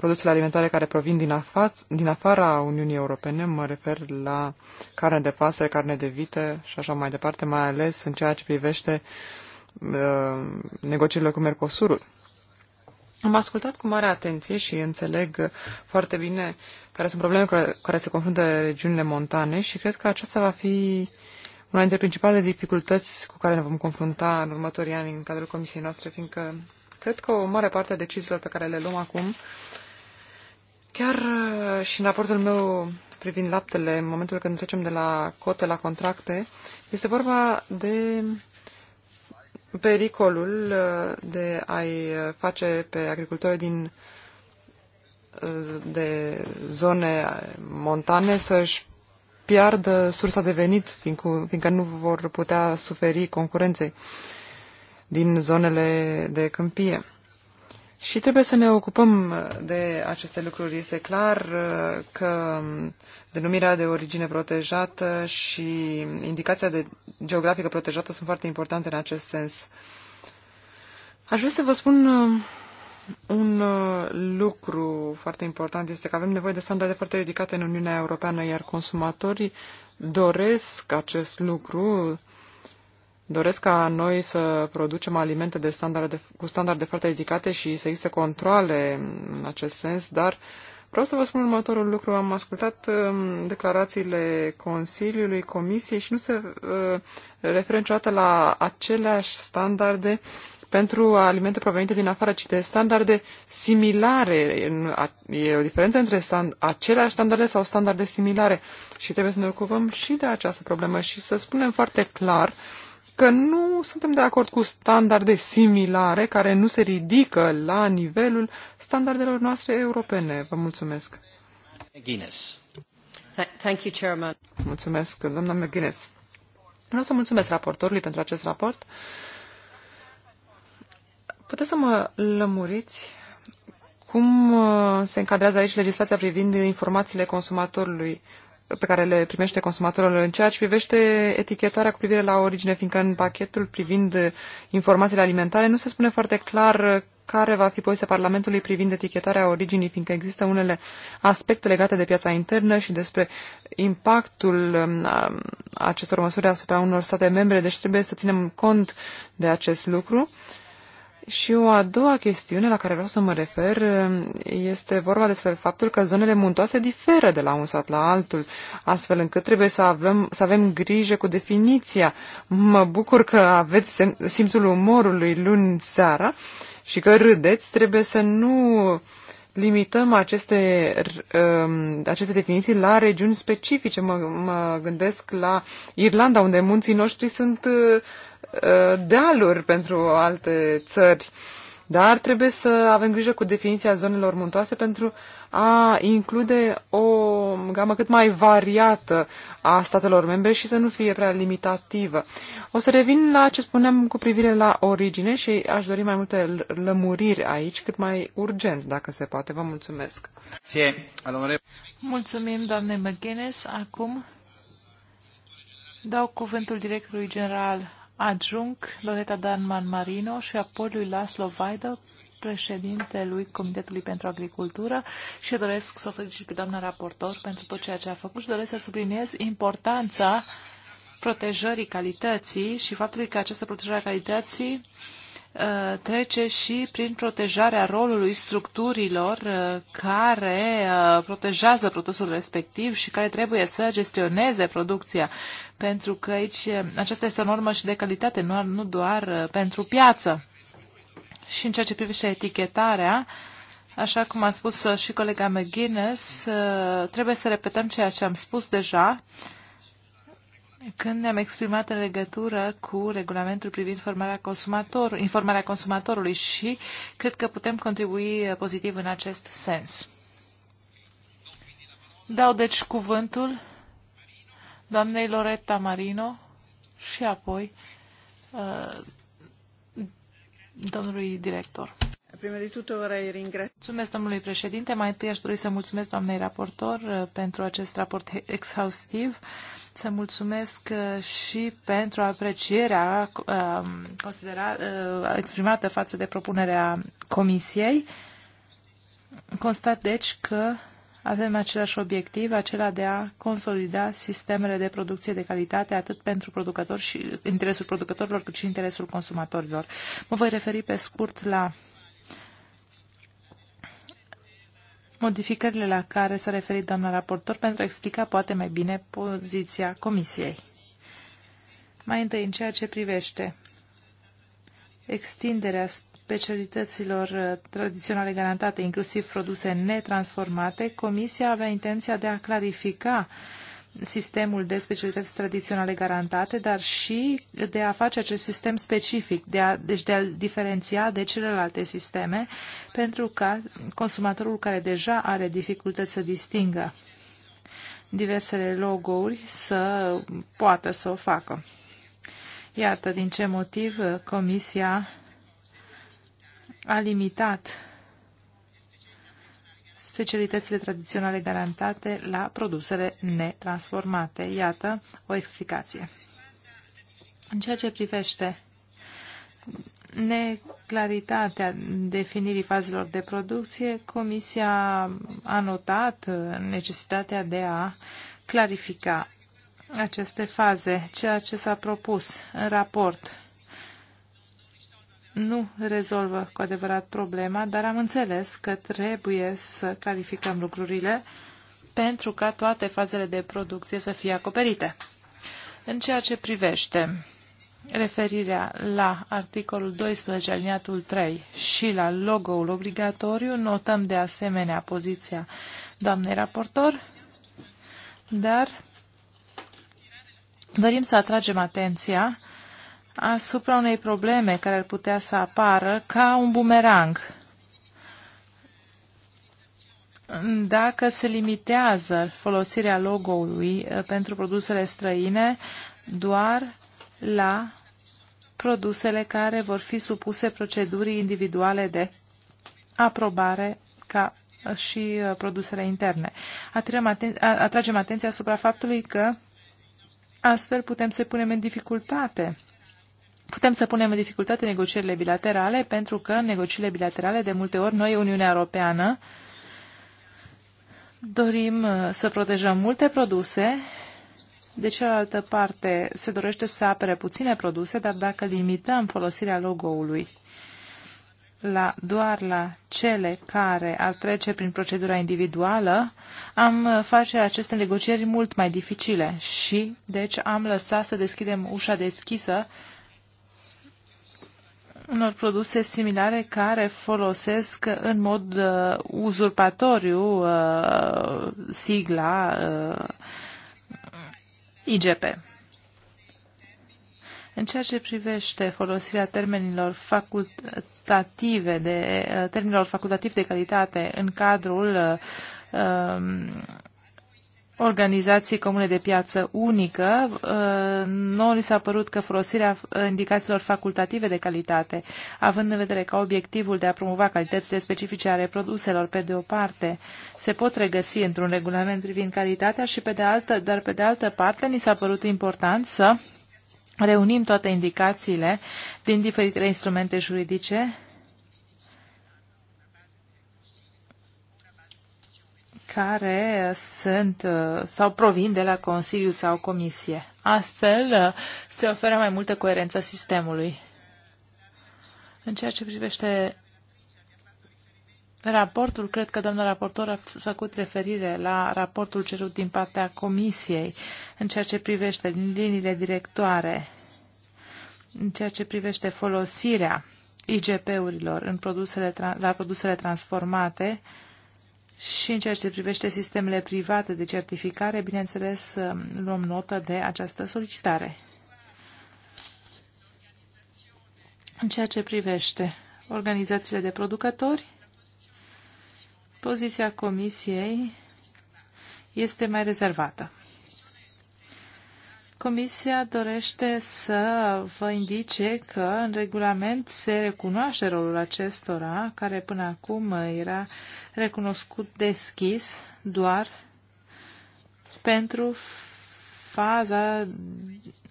produsele alimentare care provin din, afa- din afara Uniunii Europene, mă refer la carne de pasăre, carne de vite și așa mai departe, mai ales în ceea ce privește uh, negocierile cu Mercosurul. Am ascultat cu mare atenție și înțeleg foarte bine care sunt probleme cu care, care se confruntă regiunile montane și cred că aceasta va fi una dintre principalele dificultăți cu care ne vom confrunta în următorii ani în cadrul comisiei noastre, fiindcă cred că o mare parte a deciziilor pe care le luăm acum Chiar uh, și în raportul meu privind laptele, în momentul când trecem de la cote la contracte, este vorba de pericolul uh, de a-i face pe agricultori din uh, de zone montane să-și piardă sursa de venit, fiindcă nu vor putea suferi concurenței din zonele de câmpie. Și trebuie să ne ocupăm uh, de aceste lucruri. Este clar uh, că um, denumirea de origine protejată și indicația de geografică protejată sunt foarte importante în acest sens. Aș vrea să vă spun uh, un lucru foarte important este că avem nevoie de standarde foarte ridicate în Uniunea Europeană, iar consumatorii doresc acest lucru, Doresc ca noi să producem alimente de standarde, cu standarde foarte ridicate și să existe controle în acest sens, dar vreau să vă spun următorul lucru. Am ascultat um, declarațiile Consiliului, Comisiei și nu se uh, referă niciodată la aceleași standarde pentru alimente provenite din afară, ci de standarde similare. E o diferență între stand, aceleași standarde sau standarde similare. Și trebuie să ne ocupăm și de această problemă și să spunem foarte clar uh, că nu suntem de acord cu standarde similare care nu se ridică la nivelul standardelor noastre europene. Vă mulțumesc. Guinness. Thank you, Chairman. Mulțumesc, doamna McGuinness. Vreau să mulțumesc raportorului pentru acest raport. Puteți să mă lămuriți cum uh, se încadrează aici legislația privind informațiile consumatorului? pe care le primește consumatorul în ceea ce privește etichetarea cu privire la origine, fiindcă în pachetul privind informațiile alimentare nu se spune foarte clar care va fi poziția Parlamentului privind etichetarea originii, fiindcă există unele aspecte legate de piața internă și despre impactul um, acestor măsuri asupra unor state membre, deci trebuie să ținem cont de acest lucru și o a doua chestiune la care vreau să mă refer eh, este vorba despre faptul că zonele muntoase diferă de la un sat la altul, astfel încât trebuie să avem, să avem grijă cu definiția. Mă bucur că aveți simțul umorului luni seara și că râdeți, trebuie să nu limităm aceste, eh, aceste definiții la regiuni specifice. Mă, mă gândesc la Irlanda, unde munții noștri sunt eh, Uh, dealuri pentru alte țări. Dar trebuie să avem grijă cu definiția zonelor muntoase pentru a include o gamă cât mai variată a statelor membre și să nu fie prea limitativă. O să revin la ce spuneam cu privire la origine și aș dori mai multe lămuriri aici, cât mai urgent, dacă se poate. Vă mulțumesc. Mulțumim, doamne McGuinness. Acum dau cuvântul directorului general adjunct Loreta Darman Marino și apoi lui Laszlo Vaidă, președintelui Comitetului pentru Agricultură și doresc să o felicit pe doamna raportor pentru tot ceea ce a făcut și doresc să subliniez importanța protejării calității și faptului că această protejare a calității Uh, trece și prin protejarea rolului structurilor uh, care uh, protejează produsul respectiv și care trebuie să gestioneze producția, pentru că aici aceasta este o normă și de calitate, nu doar pentru piață. Și în ceea ce privește etichetarea, așa cum a spus și colega McGuinness, trebuie să repetăm ceea ce am spus deja, când ne-am exprimat în legătură cu regulamentul privind formarea consumator, informarea consumatorului și cred că putem contribui pozitiv în acest sens. Dau deci cuvântul doamnei Loretta Marino și apoi uh, domnului director domnului președinte. Mai întâi aș dori să mulțumesc doamnei raportor uh, pentru acest raport exhaustiv, să mulțumesc uh, și pentru aprecierea um, considera, uh, exprimată față de propunerea Comisiei. Constat, deci, că avem același obiectiv, acela de a consolida sistemele de producție de calitate atât pentru producători și interesul producătorilor cât și interesul consumatorilor. Mă voi referi pe scurt la modificările la care s-a referit doamna raportor pentru a explica poate mai bine poziția Comisiei. Mai întâi, în ceea ce privește extinderea specialităților uh, tradiționale garantate, inclusiv produse netransformate, Comisia avea intenția de a clarifica uh, sistemul de specialități tradiționale garantate, dar și de a face acest sistem specific, de a, deci de a diferenția de celelalte sisteme, pentru ca consumatorul care deja are dificultăți să distingă diversele logo-uri să poată să o facă. Iată din ce motiv Comisia a limitat specialitățile tradiționale garantate la produsele netransformate. Iată o explicație. În ceea ce privește neclaritatea definirii fazelor de producție, Comisia a notat necesitatea de a clarifica aceste faze, ceea ce s-a propus în raport nu rezolvă cu adevărat problema, dar am înțeles că trebuie să calificăm lucrurile pentru ca toate fazele de producție să fie acoperite. În ceea ce privește referirea la articolul 12 aliniatul 3 și la logo-ul obligatoriu, notăm de asemenea poziția doamnei raportor, dar dorim să atragem atenția asupra unei probleme care ar putea să apară ca un bumerang. Dacă se limitează folosirea logo-ului uh, pentru produsele străine doar la produsele care vor fi supuse procedurii individuale de aprobare ca uh, și uh, produsele interne. Atragem atenția asupra faptului că astfel putem să punem în dificultate putem să punem în dificultate negocierile bilaterale, pentru că în negocierile bilaterale, de multe ori, noi, Uniunea Europeană, dorim uh, să protejăm multe produse, de cealaltă parte se dorește să apere puține produse, dar dacă limităm folosirea logo-ului la, doar la cele care ar trece prin procedura individuală, am uh, face aceste negocieri mult mai dificile și, deci, am lăsat să deschidem ușa deschisă unor produse similare care folosesc în mod uh, uzurpatoriu uh, sigla uh, IGP. În ceea ce privește folosirea termenilor facultative de, uh, termenilor facultativ de calitate în cadrul uh, um, Organizației Comune de Piață Unică, uh, nouă ni s-a părut că folosirea uh, indicațiilor facultative de calitate, având în vedere ca obiectivul de a promova calitățile specifice ale produselor, pe de o parte, se pot regăsi într-un regulament privind calitatea și pe de altă, dar pe de altă parte, ni s-a părut important să reunim toate indicațiile din diferitele instrumente juridice care sunt uh, sau provin de la Consiliu sau Comisie. Astfel uh, se oferă mai multă coerență sistemului. În ceea ce privește raportul, cred că doamna raportor a făcut referire la raportul cerut din partea Comisiei în ceea ce privește liniile directoare, în ceea ce privește folosirea IGP-urilor în produsele, la produsele transformate, și în ceea ce privește sistemele private de certificare, bineînțeles, um, luăm notă de această solicitare. În ceea ce privește organizațiile de producători, poziția Comisiei este mai rezervată. Comisia dorește să vă indice că în regulament se recunoaște rolul acestora, care până acum era uh, recunoscut deschis doar pentru faza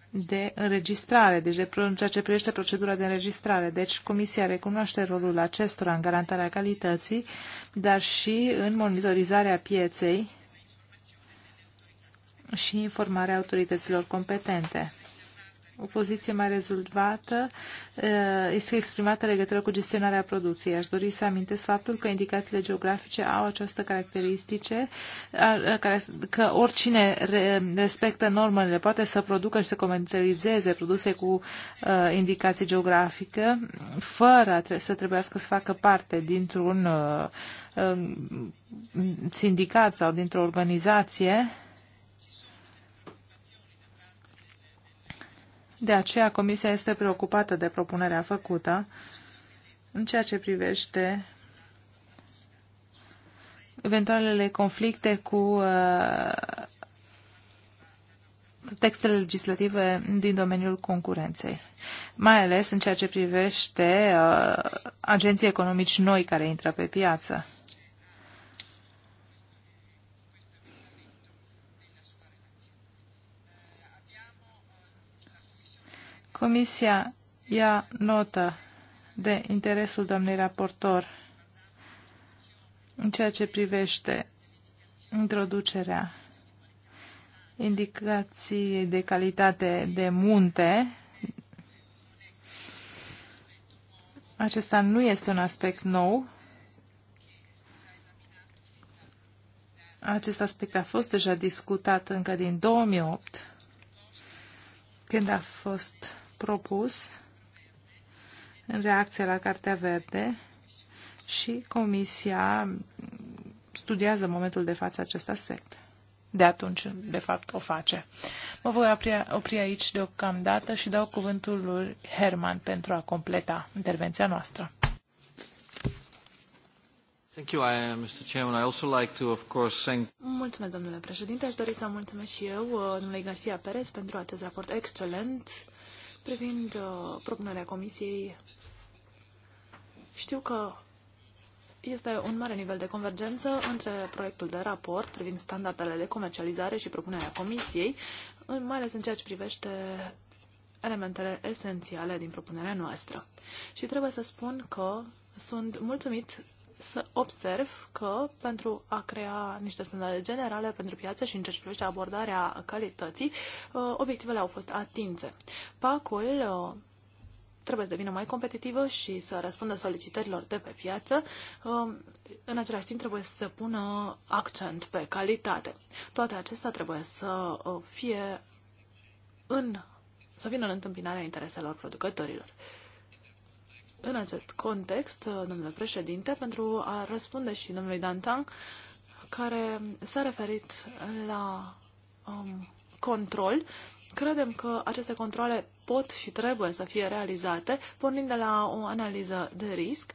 de înregistrare, deci de în ceea ce privește procedura de înregistrare. Deci Comisia recunoaște rolul acestora în garantarea calității, dar și în monitorizarea pieței și informarea autorităților competente o poziție mai rezolvată uh, este exprimată legătură cu gestionarea producției. Aș dori să amintesc faptul că indicațiile geografice au această caracteristice, că oricine respectă normele poate să producă și să comercializeze produse cu uh, indicații geografică, fără să trebuiască să facă parte dintr-un uh, sindicat sau dintr-o organizație De aceea, Comisia este preocupată de propunerea făcută în ceea ce privește eventualele conflicte cu uh, textele legislative din domeniul concurenței, mai ales în ceea ce privește uh, agenții economici noi care intră pe piață. Comisia ia notă de interesul doamnei raportor în ceea ce privește introducerea indicației de calitate de munte. Acesta nu este un aspect nou. Acest aspect a fost deja discutat încă din 2008, când a fost propus în reacție la Cartea Verde și Comisia studiază în momentul de față acest aspect. De atunci, de fapt, o face. Mă voi opri, opri aici deocamdată și dau cuvântul lui Herman pentru a completa intervenția noastră. Mulțumesc, domnule președinte. Aș dori să mulțumesc și eu, uh, domnului Garcia Perez, pentru acest raport excelent privind uh, propunerea Comisiei, știu că este un mare nivel de convergență între proiectul de raport privind standardele de comercializare și propunerea Comisiei, mai ales în ceea ce privește elementele esențiale din propunerea noastră. Și trebuie să spun că sunt mulțumit să observ că pentru a crea niște standarde generale pentru piață și în ce privește abordarea calității, uh, obiectivele au fost atinse. Pacul uh, trebuie să devină mai competitivă și să răspundă solicitărilor de pe piață. Uh, în același timp trebuie să se pună accent pe calitate. Toate acestea trebuie să fie în, să vină în întâmpinarea intereselor producătorilor în acest context, uh, domnule președinte, pentru a răspunde și domnului Dantan, care s-a referit la um, control. Credem că aceste controle pot și trebuie să fie realizate, pornind de la o analiză de risc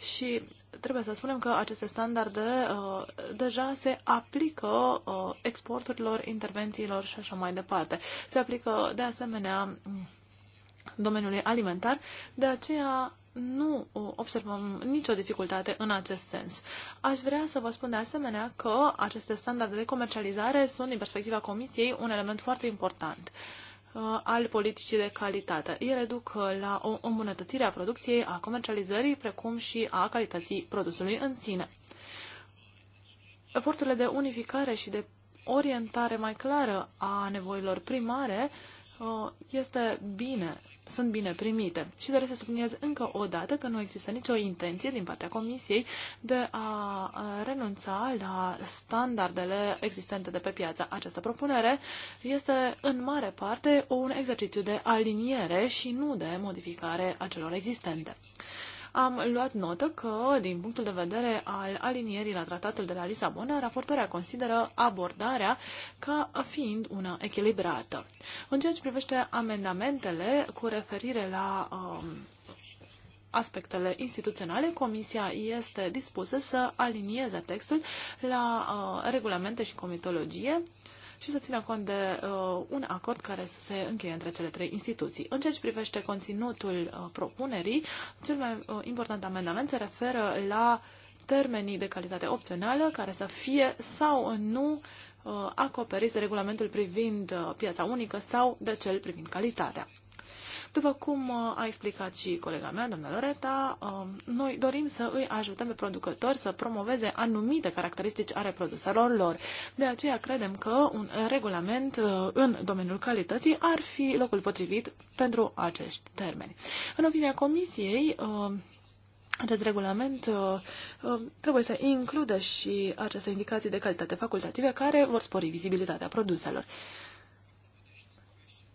și trebuie să spunem că aceste standarde uh, deja se aplică uh, exporturilor, intervențiilor și așa mai departe. Se aplică de asemenea mm, domeniului alimentar, de aceea nu observăm nicio dificultate în acest sens. Aș vrea să vă spun de asemenea că aceste standarde de comercializare sunt, din perspectiva Comisiei, un element foarte important uh, al politicii de calitate. Ele duc la o îmbunătățire a producției, a comercializării, precum și a calității produsului în sine. Eforturile de unificare și de orientare mai clară a nevoilor primare uh, este bine sunt bine primite. Și doresc să subliniez încă o dată că nu există nicio intenție din partea Comisiei de a renunța la standardele existente de pe piață. Această propunere este în mare parte un exercițiu de aliniere și nu de modificare a celor existente. Am luat notă că, din punctul de vedere al alinierii la tratatul de la Lisabona, raportoarea consideră abordarea ca fiind una echilibrată. În ceea ce privește amendamentele cu referire la um, aspectele instituționale, Comisia este dispusă să alinieze textul la uh, regulamente și comitologie și să țină cont de uh, un acord care să se încheie între cele trei instituții. În ceea ce privește conținutul uh, propunerii, cel mai uh, important amendament se referă la termenii de calitate opțională care să fie sau nu uh, acoperiți de regulamentul privind uh, piața unică sau de cel privind calitatea. După cum uh, a explicat și colega mea, doamna Loreta, um, noi dorim să îi ajutăm pe producători să promoveze anumite caracteristici ale produselor lor. De aceea credem că un regulament uh, în domeniul calității ar fi locul potrivit pentru acești termeni. În opinia Comisiei, uh, acest regulament trebuie să includă și aceste indicații de calitate facultative care vor spori vizibilitatea produselor.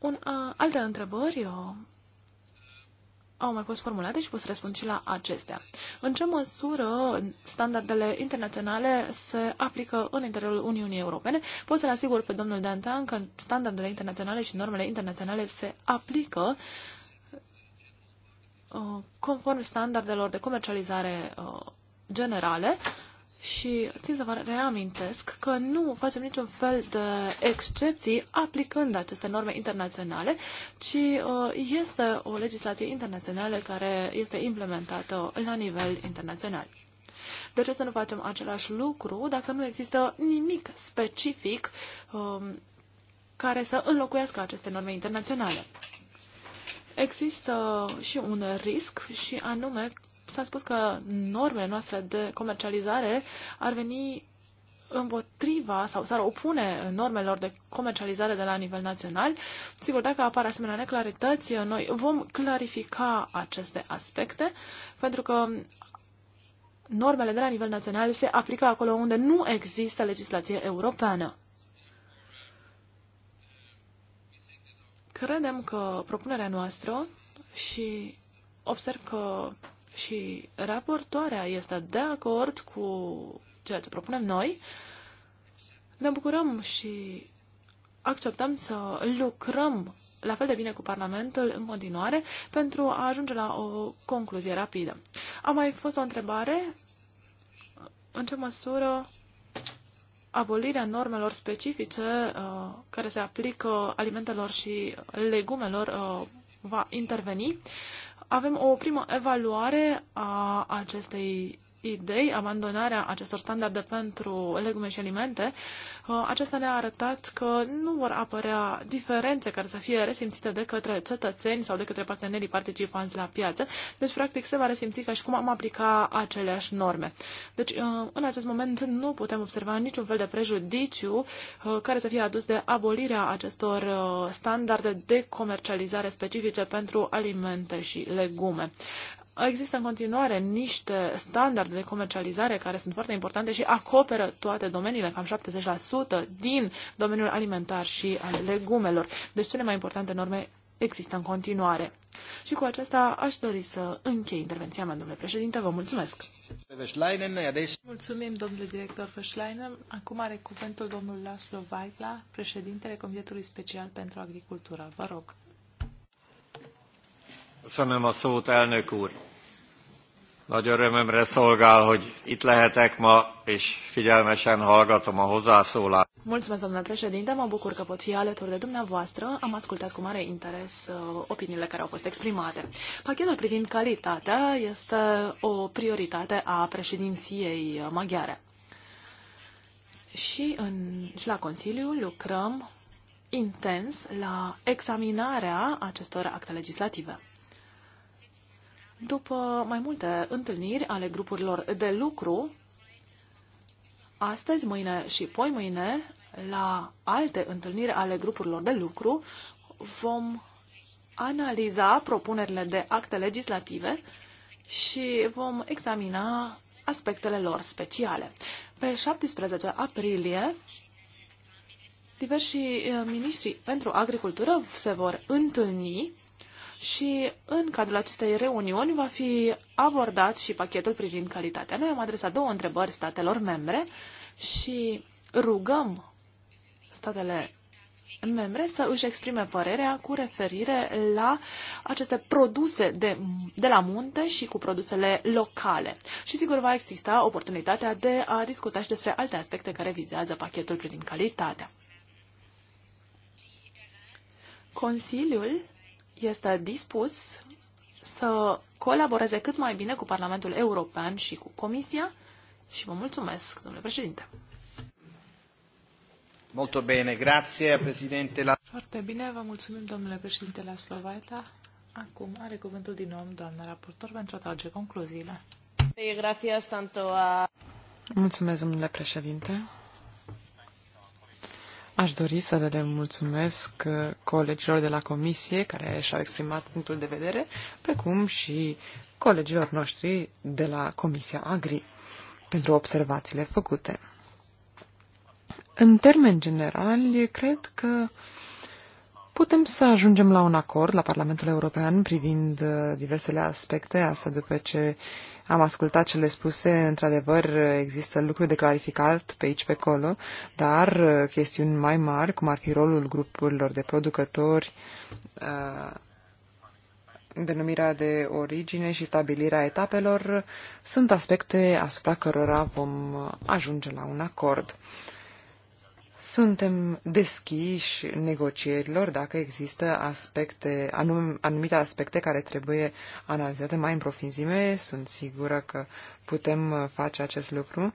Un, uh, alte întrebări uh, au mai fost formulate și pot să răspund și la acestea. În ce măsură standardele internaționale se aplică în interiorul Uniunii Europene? Pot să-l asigur pe domnul Dantan că standardele internaționale și normele internaționale se aplică uh, conform standardelor de comercializare uh, generale și țin să vă reamintesc că nu facem niciun fel de excepții aplicând aceste norme internaționale, ci uh, este o legislație internațională care este implementată la nivel internațional. De ce să nu facem același lucru dacă nu există nimic specific um, care să înlocuiască aceste norme internaționale? Există și un risc și anume s-a spus că normele noastre de comercializare ar veni împotriva sau s-ar opune normelor de comercializare de la nivel național. Sigur, dacă apar asemenea neclarități, noi vom clarifica aceste aspecte, pentru că normele de la nivel național se aplică acolo unde nu există legislație europeană. Credem că propunerea noastră și observ că și raportoarea este de acord cu ceea ce propunem noi, ne bucurăm și acceptăm să lucrăm la fel de bine cu Parlamentul în continuare pentru a ajunge la o concluzie rapidă. A mai fost o întrebare în ce măsură abolirea normelor specifice uh, care se aplică alimentelor și legumelor uh, va interveni avem o primă evaluare a acestei idei, abandonarea acestor standarde pentru legume și alimente, uh, acesta ne-a arătat că nu vor apărea diferențe care să fie resimțite de către cetățeni sau de către partenerii participanți la piață, deci practic se va resimți ca și cum am aplica aceleași norme. Deci uh, în acest moment nu putem observa niciun fel de prejudiciu uh, care să fie adus de abolirea acestor standarde de comercializare specifice pentru alimente și legume există în continuare niște standarde de comercializare care sunt foarte importante și acoperă toate domeniile, cam 70% din domeniul alimentar și al legumelor. Deci cele mai importante norme există în continuare. Și cu acesta aș dori să închei intervenția mea, domnule președinte. Vă mulțumesc! Mulțumim, domnule director Veșlainen. Acum are cuvântul domnul Laszlo Weigla, președintele Comitetului Special pentru Agricultură. Vă rog. Köszönöm a szót, elnök úr. Nagy örömömre szolgál, hogy itt lehetek ma, és figyelmesen hallgatom a hozzászólást. Mulțumesc, domnule președinte, mă bucur că pot fi alături de dumneavoastră. Am ascultat cu mare interes uh, opiniile care au fost exprimate. Pachetul privind calitatea este o prioritate a președinției maghiare. Și, în, și la Consiliu lucrăm intens la examinarea acestor acte legislative. După mai multe întâlniri ale grupurilor de lucru, astăzi, mâine și poi mâine, la alte întâlniri ale grupurilor de lucru, vom analiza propunerile de acte legislative și vom examina aspectele lor speciale. Pe 17 aprilie, diversi eh, miniștri pentru agricultură se vor întâlni și în cadrul acestei reuniuni va fi abordat și pachetul privind calitatea. Noi am adresat două întrebări statelor membre și rugăm statele membre să își exprime părerea cu referire la aceste produse de, de la munte și cu produsele locale. Și sigur va exista oportunitatea de a discuta și despre alte aspecte care vizează pachetul privind calitatea. Consiliul este dispus să colaboreze cât mai bine cu Parlamentul European și cu Comisia și vă mulțumesc, domnule președinte. Molto bene, grazie, președinte. La... Foarte bine, vă mulțumim, domnule președinte la Slovaita. Acum are cuvântul din nou doamna raportor pentru a trage concluziile. Mulțumesc, domnule președinte. Aș dori să le mulțumesc uh, colegilor de la comisie care și-au exprimat punctul de vedere, precum și colegilor noștri de la Comisia Agri pentru observațiile făcute. În termen general, cred că putem să ajungem la un acord la Parlamentul European privind uh, diversele aspecte, asta după ce am ascultat cele spuse, într-adevăr există lucruri de clarificat pe aici, pe acolo, dar uh, chestiuni mai mari, cum ar fi rolul grupurilor de producători, uh, denumirea de origine și stabilirea etapelor, sunt aspecte asupra cărora vom uh, ajunge la un acord. Suntem deschiși negocierilor dacă există aspecte, anum, anumite aspecte care trebuie analizate mai în profunzime. Sunt sigură că putem face acest lucru.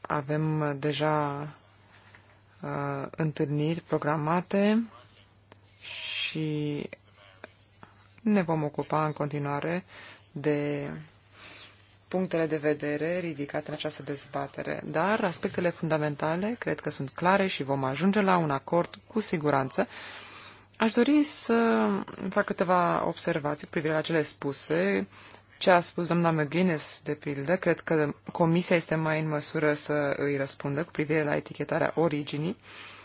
Avem deja uh, întâlniri programate și ne vom ocupa în continuare de punctele de vedere ridicate în această dezbatere, dar aspectele fundamentale cred că sunt clare și vom ajunge la un acord cu siguranță. Aș dori să fac câteva observații cu privire la cele spuse. Ce a spus doamna McGuinness, de pildă, cred că comisia este mai în măsură să îi răspundă cu privire la etichetarea originii. Uh,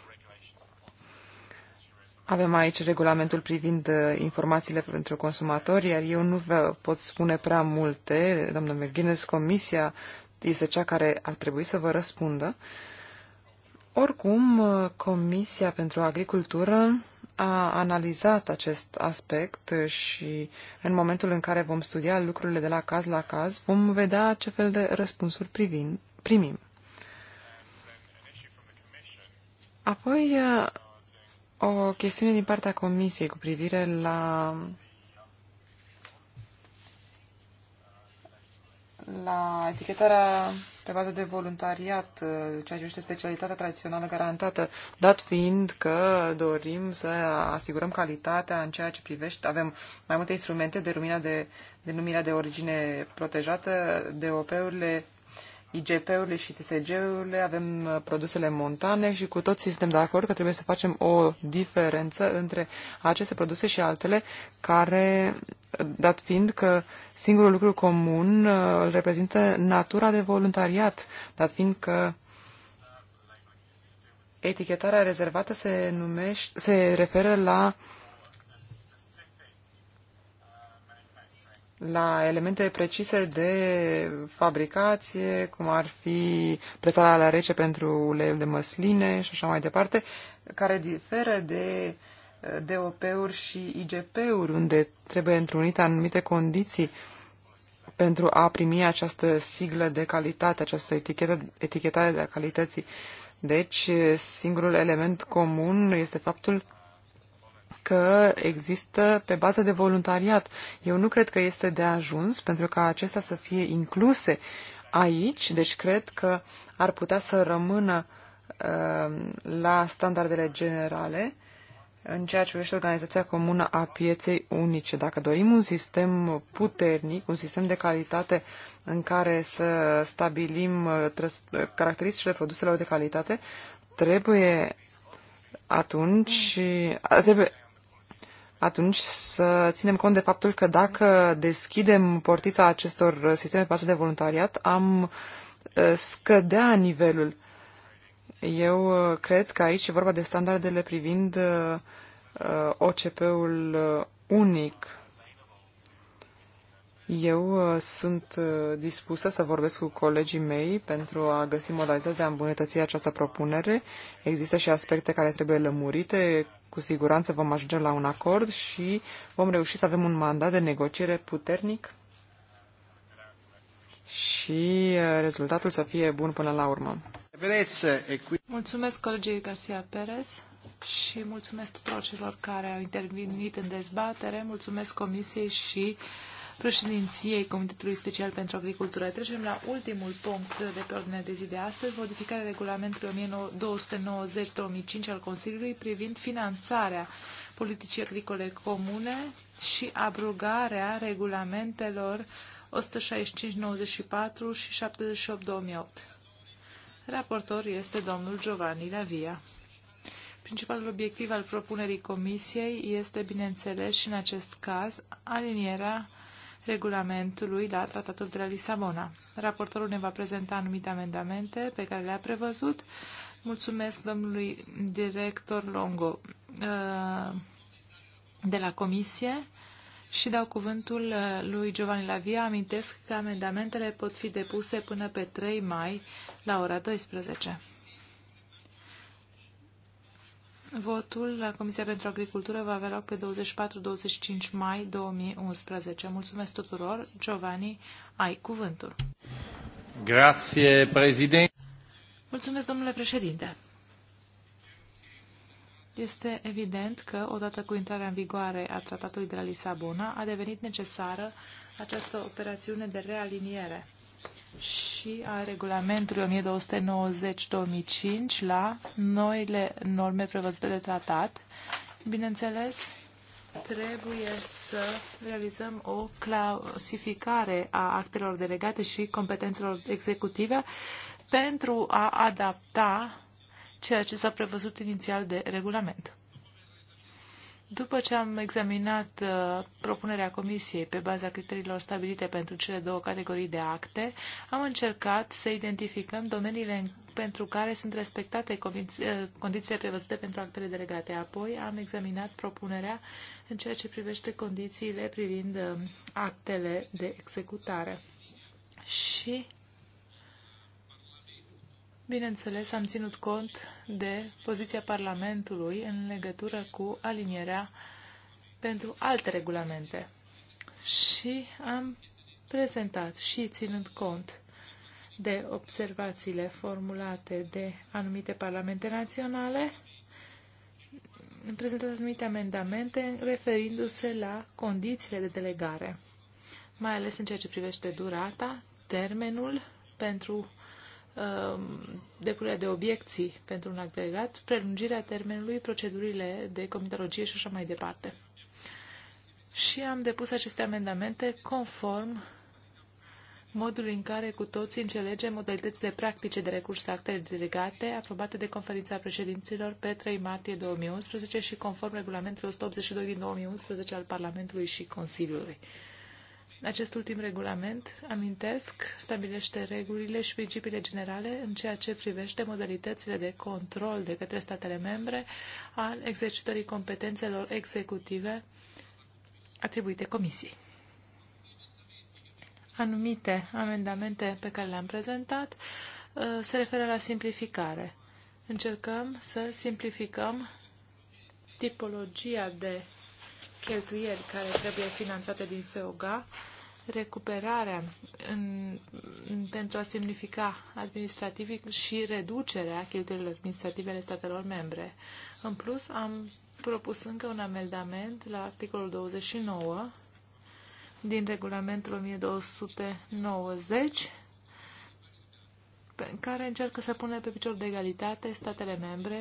avem aici regulamentul privind uh, informațiile pentru consumatori, iar eu nu vă pot spune prea multe. Domnul Merghines, comisia este cea care ar trebui să vă răspundă. Oricum, uh, Comisia pentru Agricultură a analizat acest aspect și în momentul în care vom studia lucrurile de la caz la caz, vom vedea ce fel de răspunsuri privin, primim. Apoi uh, o chestiune din partea Comisiei cu privire la la etichetarea pe bază de voluntariat, ceea ce este specialitatea tradițională garantată, dat fiind că dorim să asigurăm calitatea în ceea ce privește, avem mai multe instrumente de, de denumirea de origine protejată, op urile IGP-urile și TSG-urile, avem uh, produsele montane și cu toții suntem de acord că trebuie să facem o diferență între aceste produse și altele care, dat fiind că singurul lucru comun uh, îl reprezintă natura de voluntariat, dat fiind că etichetarea rezervată se, numește, se referă la uh, la elemente precise de fabricație, cum ar fi presarea la rece pentru uleiul de măsline și așa mai departe, care diferă de DOP-uri și IGP-uri, unde trebuie întrunite anumite condiții pentru a primi această siglă de calitate, această etichetă, etichetare de calității. Deci, singurul element comun este faptul că există pe bază de voluntariat. Eu nu cred că este de ajuns pentru ca acestea să fie incluse aici, deci cred că ar putea să rămână uh, la standardele generale în ceea ce privește organizația comună a pieței unice. Dacă dorim un sistem puternic, un sistem de calitate în care să stabilim uh, uh, caracteristicile produselor de calitate, trebuie atunci, uh, trebuie, atunci să ținem cont de faptul că dacă deschidem portița acestor sisteme pasă de voluntariat, am uh, scădea nivelul. Eu uh, cred că aici e vorba de standardele privind uh, OCP-ul unic. Eu sunt dispusă să vorbesc cu colegii mei pentru a găsi modalități de a îmbunătăți această propunere. Există și aspecte care trebuie lămurite, cu siguranță vom ajunge la un acord și vom reuși să avem un mandat de negociere puternic și uh, rezultatul să fie bun până la urmă. Mulțumesc colegii Garcia Perez și mulțumesc tuturor celor care au intervenit în dezbatere, mulțumesc comisiei și președinției Comitetului Special pentru Agricultură. Trecem la ultimul punct de pe ordinea de zi de astăzi, modificarea regulamentului 1290-2005 al Consiliului privind finanțarea politicii agricole comune și abrogarea regulamentelor 165-94 și 78-2008. Raportor este domnul Giovanni Lavia. Principalul obiectiv al propunerii comisiei este, bineînțeles, și în acest caz, alinierea regulamentului la Tratatul de la Lisabona. Raportorul ne va prezenta anumite amendamente pe care le-a prevăzut. Mulțumesc domnului director Longo uh, de la Comisie și dau cuvântul uh, lui Giovanni Lavia. Amintesc că amendamentele pot fi depuse până pe 3 mai la ora 12. Votul la Comisia pentru Agricultură va avea loc pe 24-25 mai 2011. Mulțumesc tuturor. Giovanni, ai cuvântul. Grazie, președinte. Mulțumesc, domnule președinte. Este evident că, odată cu intrarea în vigoare a Tratatului de la Lisabona, a devenit necesară această operațiune de realiniere și a regulamentului 1290-2005 la noile norme prevăzute de tratat. Bineînțeles, trebuie să realizăm o clasificare a actelor delegate și competențelor executive pentru a adapta ceea ce s-a prevăzut inițial de regulament. După ce am examinat uh, propunerea Comisiei pe baza criteriilor stabilite pentru cele două categorii de acte, am încercat să identificăm domeniile în pentru care sunt respectate uh, condițiile prevăzute pentru actele delegate. Apoi am examinat propunerea în ceea ce privește condițiile privind uh, actele de executare. Și Bineînțeles, am ținut cont de poziția Parlamentului în legătură cu alinierea pentru alte regulamente și am prezentat și ținând cont de observațiile formulate de anumite parlamente naționale, am prezentat anumite amendamente referindu-se la condițiile de delegare, mai ales în ceea ce privește durata, termenul pentru Um, depunerea de obiecții pentru un act delegat, prelungirea termenului, procedurile de comitologie și așa mai departe. Și am depus aceste amendamente conform modul în care cu toții înțelegem modalitățile practice de recurs la actele delegate aprobate de conferința președinților pe 3 martie 2011 și conform regulamentului 182 din 2011 al Parlamentului și Consiliului. Acest ultim regulament, amintesc, stabilește regulile și principiile generale în ceea ce privește modalitățile de control de către statele membre al exercitării competențelor executive atribuite Comisiei. Anumite amendamente pe care le-am prezentat uh, se referă la simplificare. Încercăm să simplificăm tipologia de cheltuieli care trebuie finanțate din FEOGA recuperarea în, pentru a semnifica administrativ și reducerea cheltuielilor administrative ale statelor membre. În plus, am propus încă un amendament la articolul 29 din regulamentul 1290 care încearcă să pune pe picior de egalitate statele membre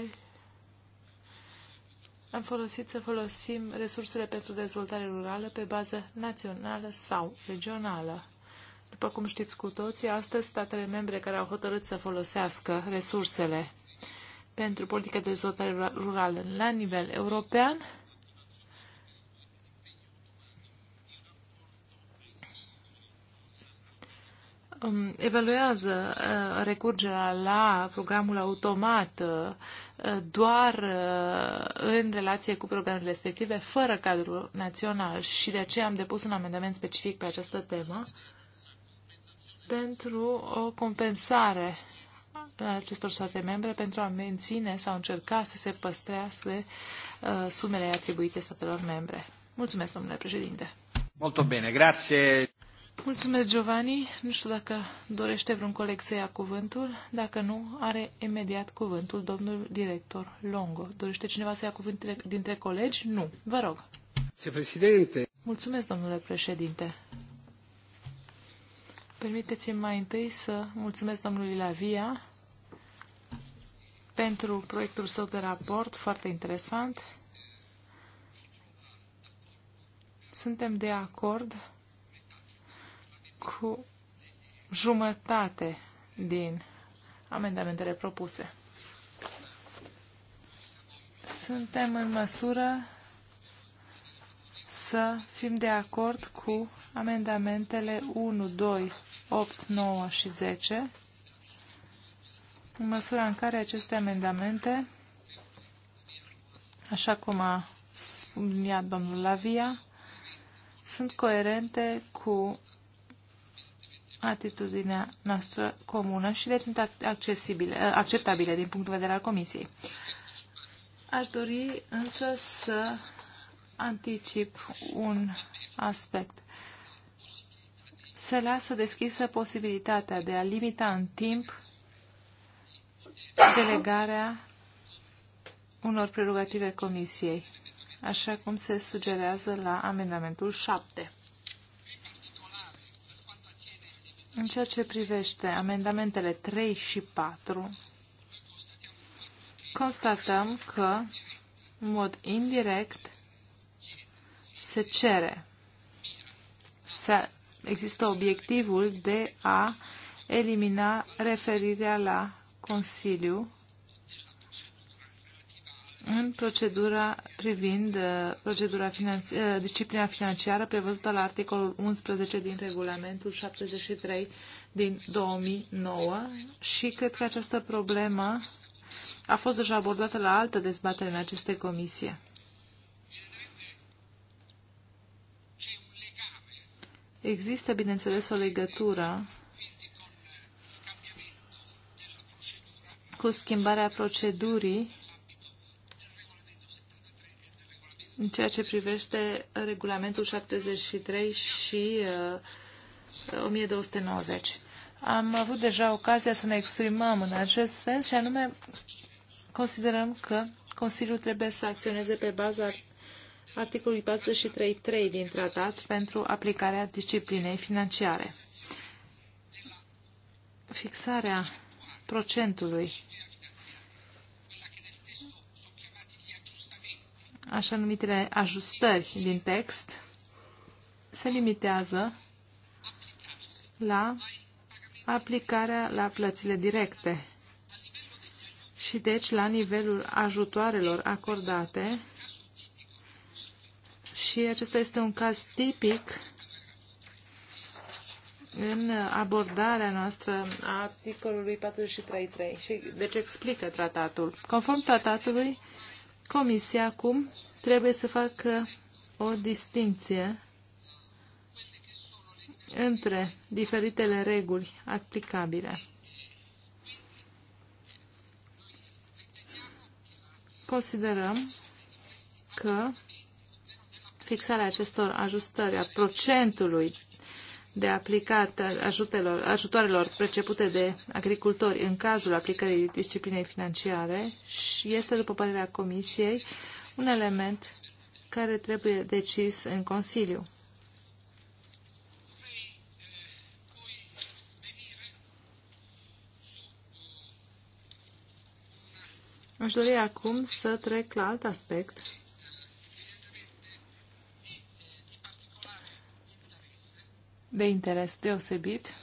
am folosit să folosim resursele pentru dezvoltare rurală pe bază națională sau regională. După cum știți cu toții, astăzi statele membre care au hotărât să folosească resursele pentru politică de dezvoltare rurală la nivel european um, evaluează uh, recurgerea la programul automat uh, doar uh, în relație cu programele respective, fără cadru național și de aceea am depus un amendament specific pe această temă pentru o compensare a acestor state membre pentru a menține sau încerca să se păstrească uh, sumele atribuite statelor membre. Mulțumesc, domnule președinte. Molto bene, grazie. Mulțumesc, Giovanni. Nu știu dacă dorește vreun coleg să ia cuvântul. Dacă nu, are imediat cuvântul domnul director Longo. Dorește cineva să ia cuvântul dintre colegi? Nu. Vă rog. Președinte. Mulțumesc, domnule președinte. Permiteți-mi mai întâi să mulțumesc domnului Lavia pentru proiectul său de raport, foarte interesant. Suntem de acord cu jumătate din amendamentele propuse. Suntem în măsură să fim de acord cu amendamentele 1, 2, 8, 9 și 10, în măsura în care aceste amendamente, așa cum a spunea domnul Lavia, sunt coerente cu atitudinea noastră comună și deci sunt accesibile, uh, acceptabile din punct de vedere al Comisiei. Aș dori însă să anticip un aspect. Se lasă deschisă posibilitatea de a limita în timp delegarea unor prerogative Comisiei, așa cum se sugerează la amendamentul 7. În ceea ce privește amendamentele 3 și 4, constatăm că, în mod indirect, se cere să există obiectivul de a elimina referirea la Consiliu în procedura privind uh, procedura finanț uh, disciplina financiară prevăzută la articolul 11 din regulamentul 73 din 2009 și cred că această problemă a fost deja abordată la altă dezbatere în aceste comisie. Există, bineînțeles, o legătură cu schimbarea procedurii În ceea ce privește regulamentul 73 și uh, 1290. Am avut deja ocazia să ne exprimăm în acest sens și anume considerăm că Consiliul trebuie să acționeze pe baza articolului 43.3 din tratat pentru aplicarea disciplinei financiare. Fixarea procentului așa numitele ajustări din text se limitează la aplicarea la plățile directe și deci la nivelul ajutoarelor acordate și acesta este un caz tipic în abordarea noastră a articolului 43.3 și deci explică tratatul. Conform tratatului, Comisia acum trebuie să facă o distinție între diferitele reguli aplicabile. Considerăm că fixarea acestor ajustări a procentului de aplicat ajutelor, ajutoarelor precepute de agricultori în cazul aplicării disciplinei financiare și este, după părerea Comisiei, un element care trebuie decis în Consiliu. Aș dori acum să trec la alt aspect de interes deosebit.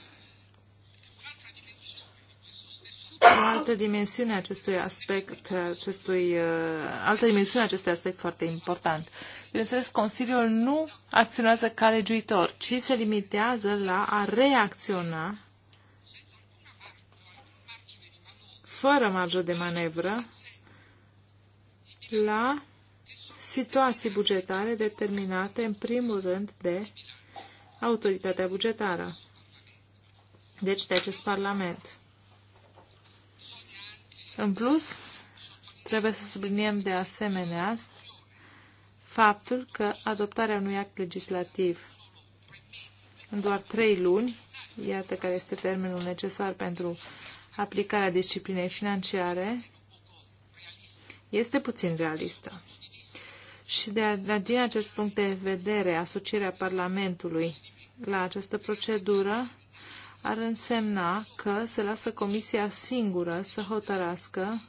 O altă dimensiune a acestui aspect, acestui, uh, altă dimensiune a acestui aspect foarte important. Bineînțeles, Consiliul nu acționează ca legiuitor, ci se limitează la a reacționa fără marjă de manevră la situații bugetare determinate în primul rând de autoritatea bugetară, deci de acest Parlament. În plus, trebuie să subliniem de asemenea faptul că adoptarea unui act legislativ în doar trei luni, iată care este termenul necesar pentru aplicarea disciplinei financiare, este puțin realistă. Și de, din acest punct de vedere, asocierea Parlamentului la această procedură ar însemna că se lasă comisia singură să hotărască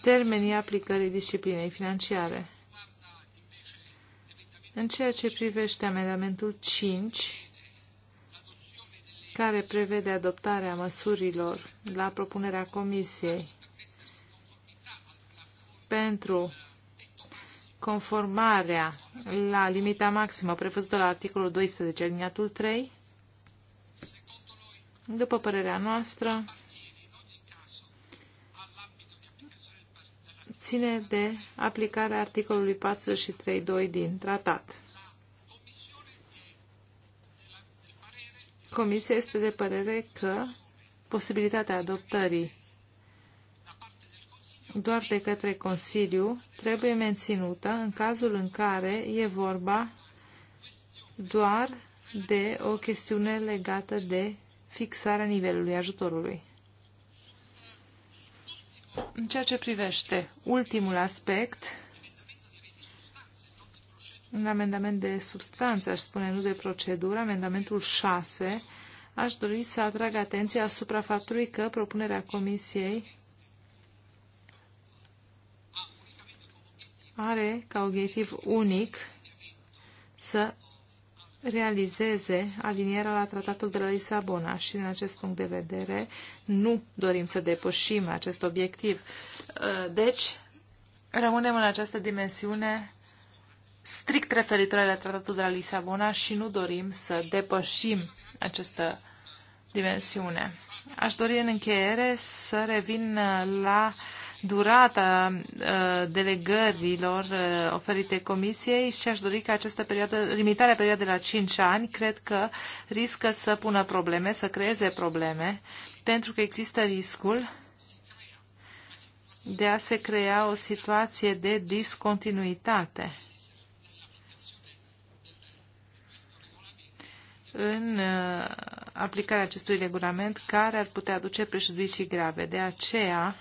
termenii aplicării disciplinei financiare. În ceea ce privește amendamentul 5, care prevede adoptarea măsurilor la propunerea Comisiei pentru conformarea la limita maximă prevăzută la articolul 12, aliniatul 3, după părerea noastră, ține de aplicarea articolului 43.2 din tratat. Comisia este de părere că posibilitatea adoptării doar de către Consiliu trebuie menținută în cazul în care e vorba doar de o chestiune legată de fixarea nivelului ajutorului. În ceea ce privește ultimul aspect, un amendament de substanță, aș spune, nu de procedură, amendamentul 6, aș dori să atrag atenția asupra faptului că propunerea Comisiei are ca obiectiv unic să realizeze alinierea la tratatul de la Lisabona și din acest punct de vedere nu dorim să depășim acest obiectiv. Uh, deci, rămânem în această dimensiune strict referitoare la tratatul de la Lisabona și nu dorim să depășim această dimensiune. Aș dori în încheiere să revin uh, la uh, durata uh, delegărilor uh, oferite comisiei și aș dori ca această perioadă, limitarea perioadei la 5 ani, cred că riscă să pună probleme, să creeze probleme, pentru că există riscul de a se crea o situație de discontinuitate. în uh, aplicarea acestui regulament care ar putea aduce prejudicii grave. De aceea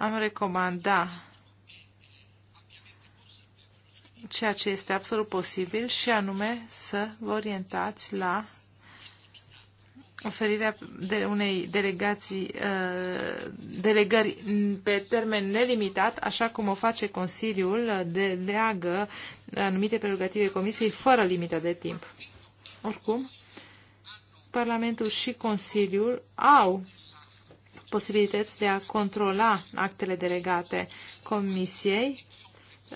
am recomanda ceea ce este absolut posibil și anume să vă orientați la oferirea de unei delegații, uh, delegări pe termen nelimitat, așa cum o face Consiliul, deleagă anumite prerogative Comisiei fără limită de timp. Oricum, Parlamentul și Consiliul au posibilități de a controla actele delegate Comisiei,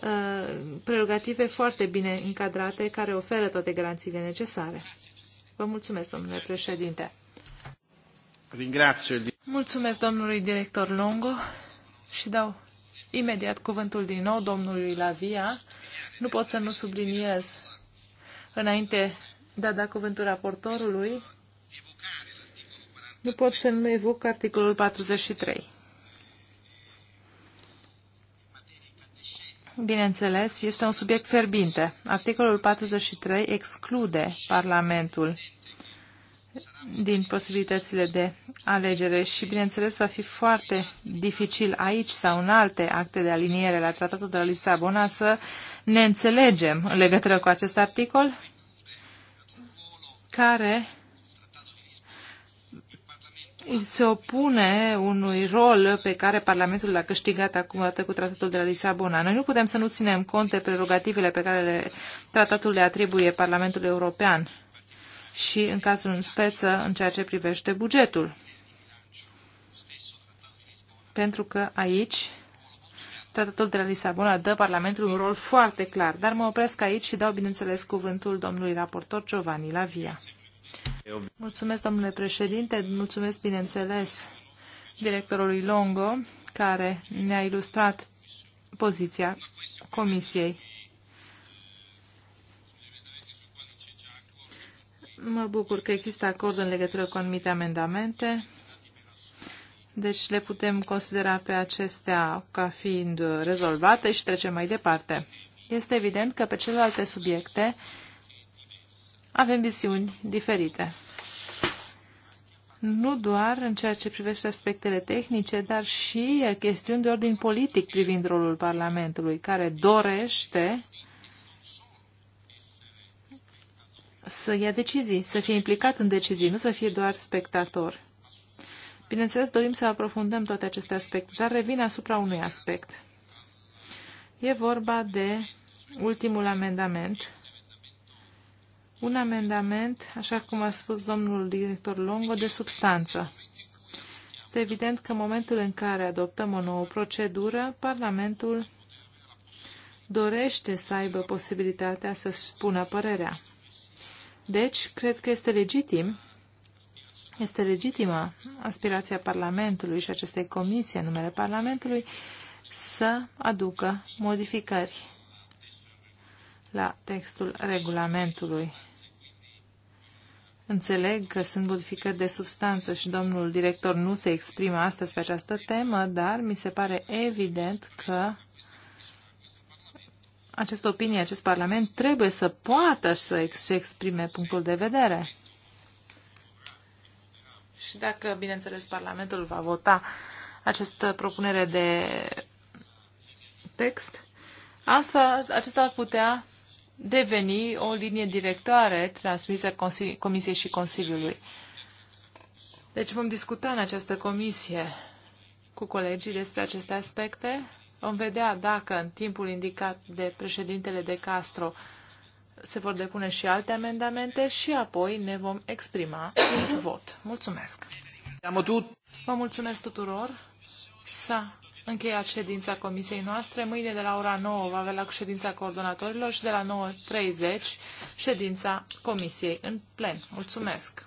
uh, prerogative foarte bine încadrate care oferă toate garanțiile necesare. Vă mulțumesc, domnule președinte. Mulțumesc domnului director Longo și dau imediat cuvântul din nou domnului Lavia. Nu pot să nu subliniez înainte de a da cuvântul raportorului nu pot să nu evoc articolul 43. Bineînțeles, este un subiect ferbinte. Articolul 43 exclude Parlamentul din posibilitățile de alegere și, bineînțeles, va fi foarte dificil aici sau în alte acte de aliniere la Tratatul de la Lisabona să ne înțelegem în legătură cu acest articol care se opune unui rol pe care Parlamentul l-a câștigat acum dată cu Tratatul de la Lisabona. Noi nu putem să nu ținem cont de prerogativele pe care le, Tratatul le atribuie Parlamentului European și, în cazul în speță, în ceea ce privește bugetul. Pentru că aici Tratatul de la Lisabona dă Parlamentului un rol foarte clar, dar mă opresc aici și dau, bineînțeles, cuvântul domnului raportor Giovanni Lavia. Mulțumesc, domnule președinte, mulțumesc, bineînțeles, directorului Longo, care ne-a ilustrat poziția Comisiei. Mă bucur că există acord în legătură cu anumite amendamente, deci le putem considera pe acestea ca fiind rezolvate și trecem mai departe. Este evident că pe celelalte subiecte avem visiuni diferite. Nu doar în ceea ce privește aspectele tehnice, dar și chestiuni de ordin politic privind rolul Parlamentului, care dorește să ia decizii, să fie implicat în decizii, nu să fie doar spectator. Bineînțeles, dorim să aprofundăm toate aceste aspecte, dar revin asupra unui aspect. E vorba de ultimul amendament un amendament, așa cum a spus domnul director Longo, de substanță. Este evident că în momentul în care adoptăm o nouă procedură, Parlamentul dorește să aibă posibilitatea să-și spună părerea. Deci, cred că este legitim, este legitimă aspirația Parlamentului și acestei comisii în numele Parlamentului să aducă modificări la textul regulamentului. Înțeleg că sunt modificări de substanță și domnul director nu se exprimă astăzi pe această temă, dar mi se pare evident că această opinie, acest Parlament trebuie să poată să exprime punctul de vedere. Și dacă, bineînțeles, Parlamentul va vota această propunere de text, asta, acesta ar putea deveni o linie directoare transmisă Comisiei și Consiliului. Deci vom discuta în această comisie cu colegii despre aceste aspecte. Vom vedea dacă în timpul indicat de președintele de Castro se vor depune și alte amendamente și apoi ne vom exprima în vot. Mulțumesc! Vă mulțumesc tuturor! S-a încheiat ședința comisiei noastre. Mâine de la ora 9 va avea la ședința coordonatorilor și de la 9.30 ședința comisiei în plen. Mulțumesc!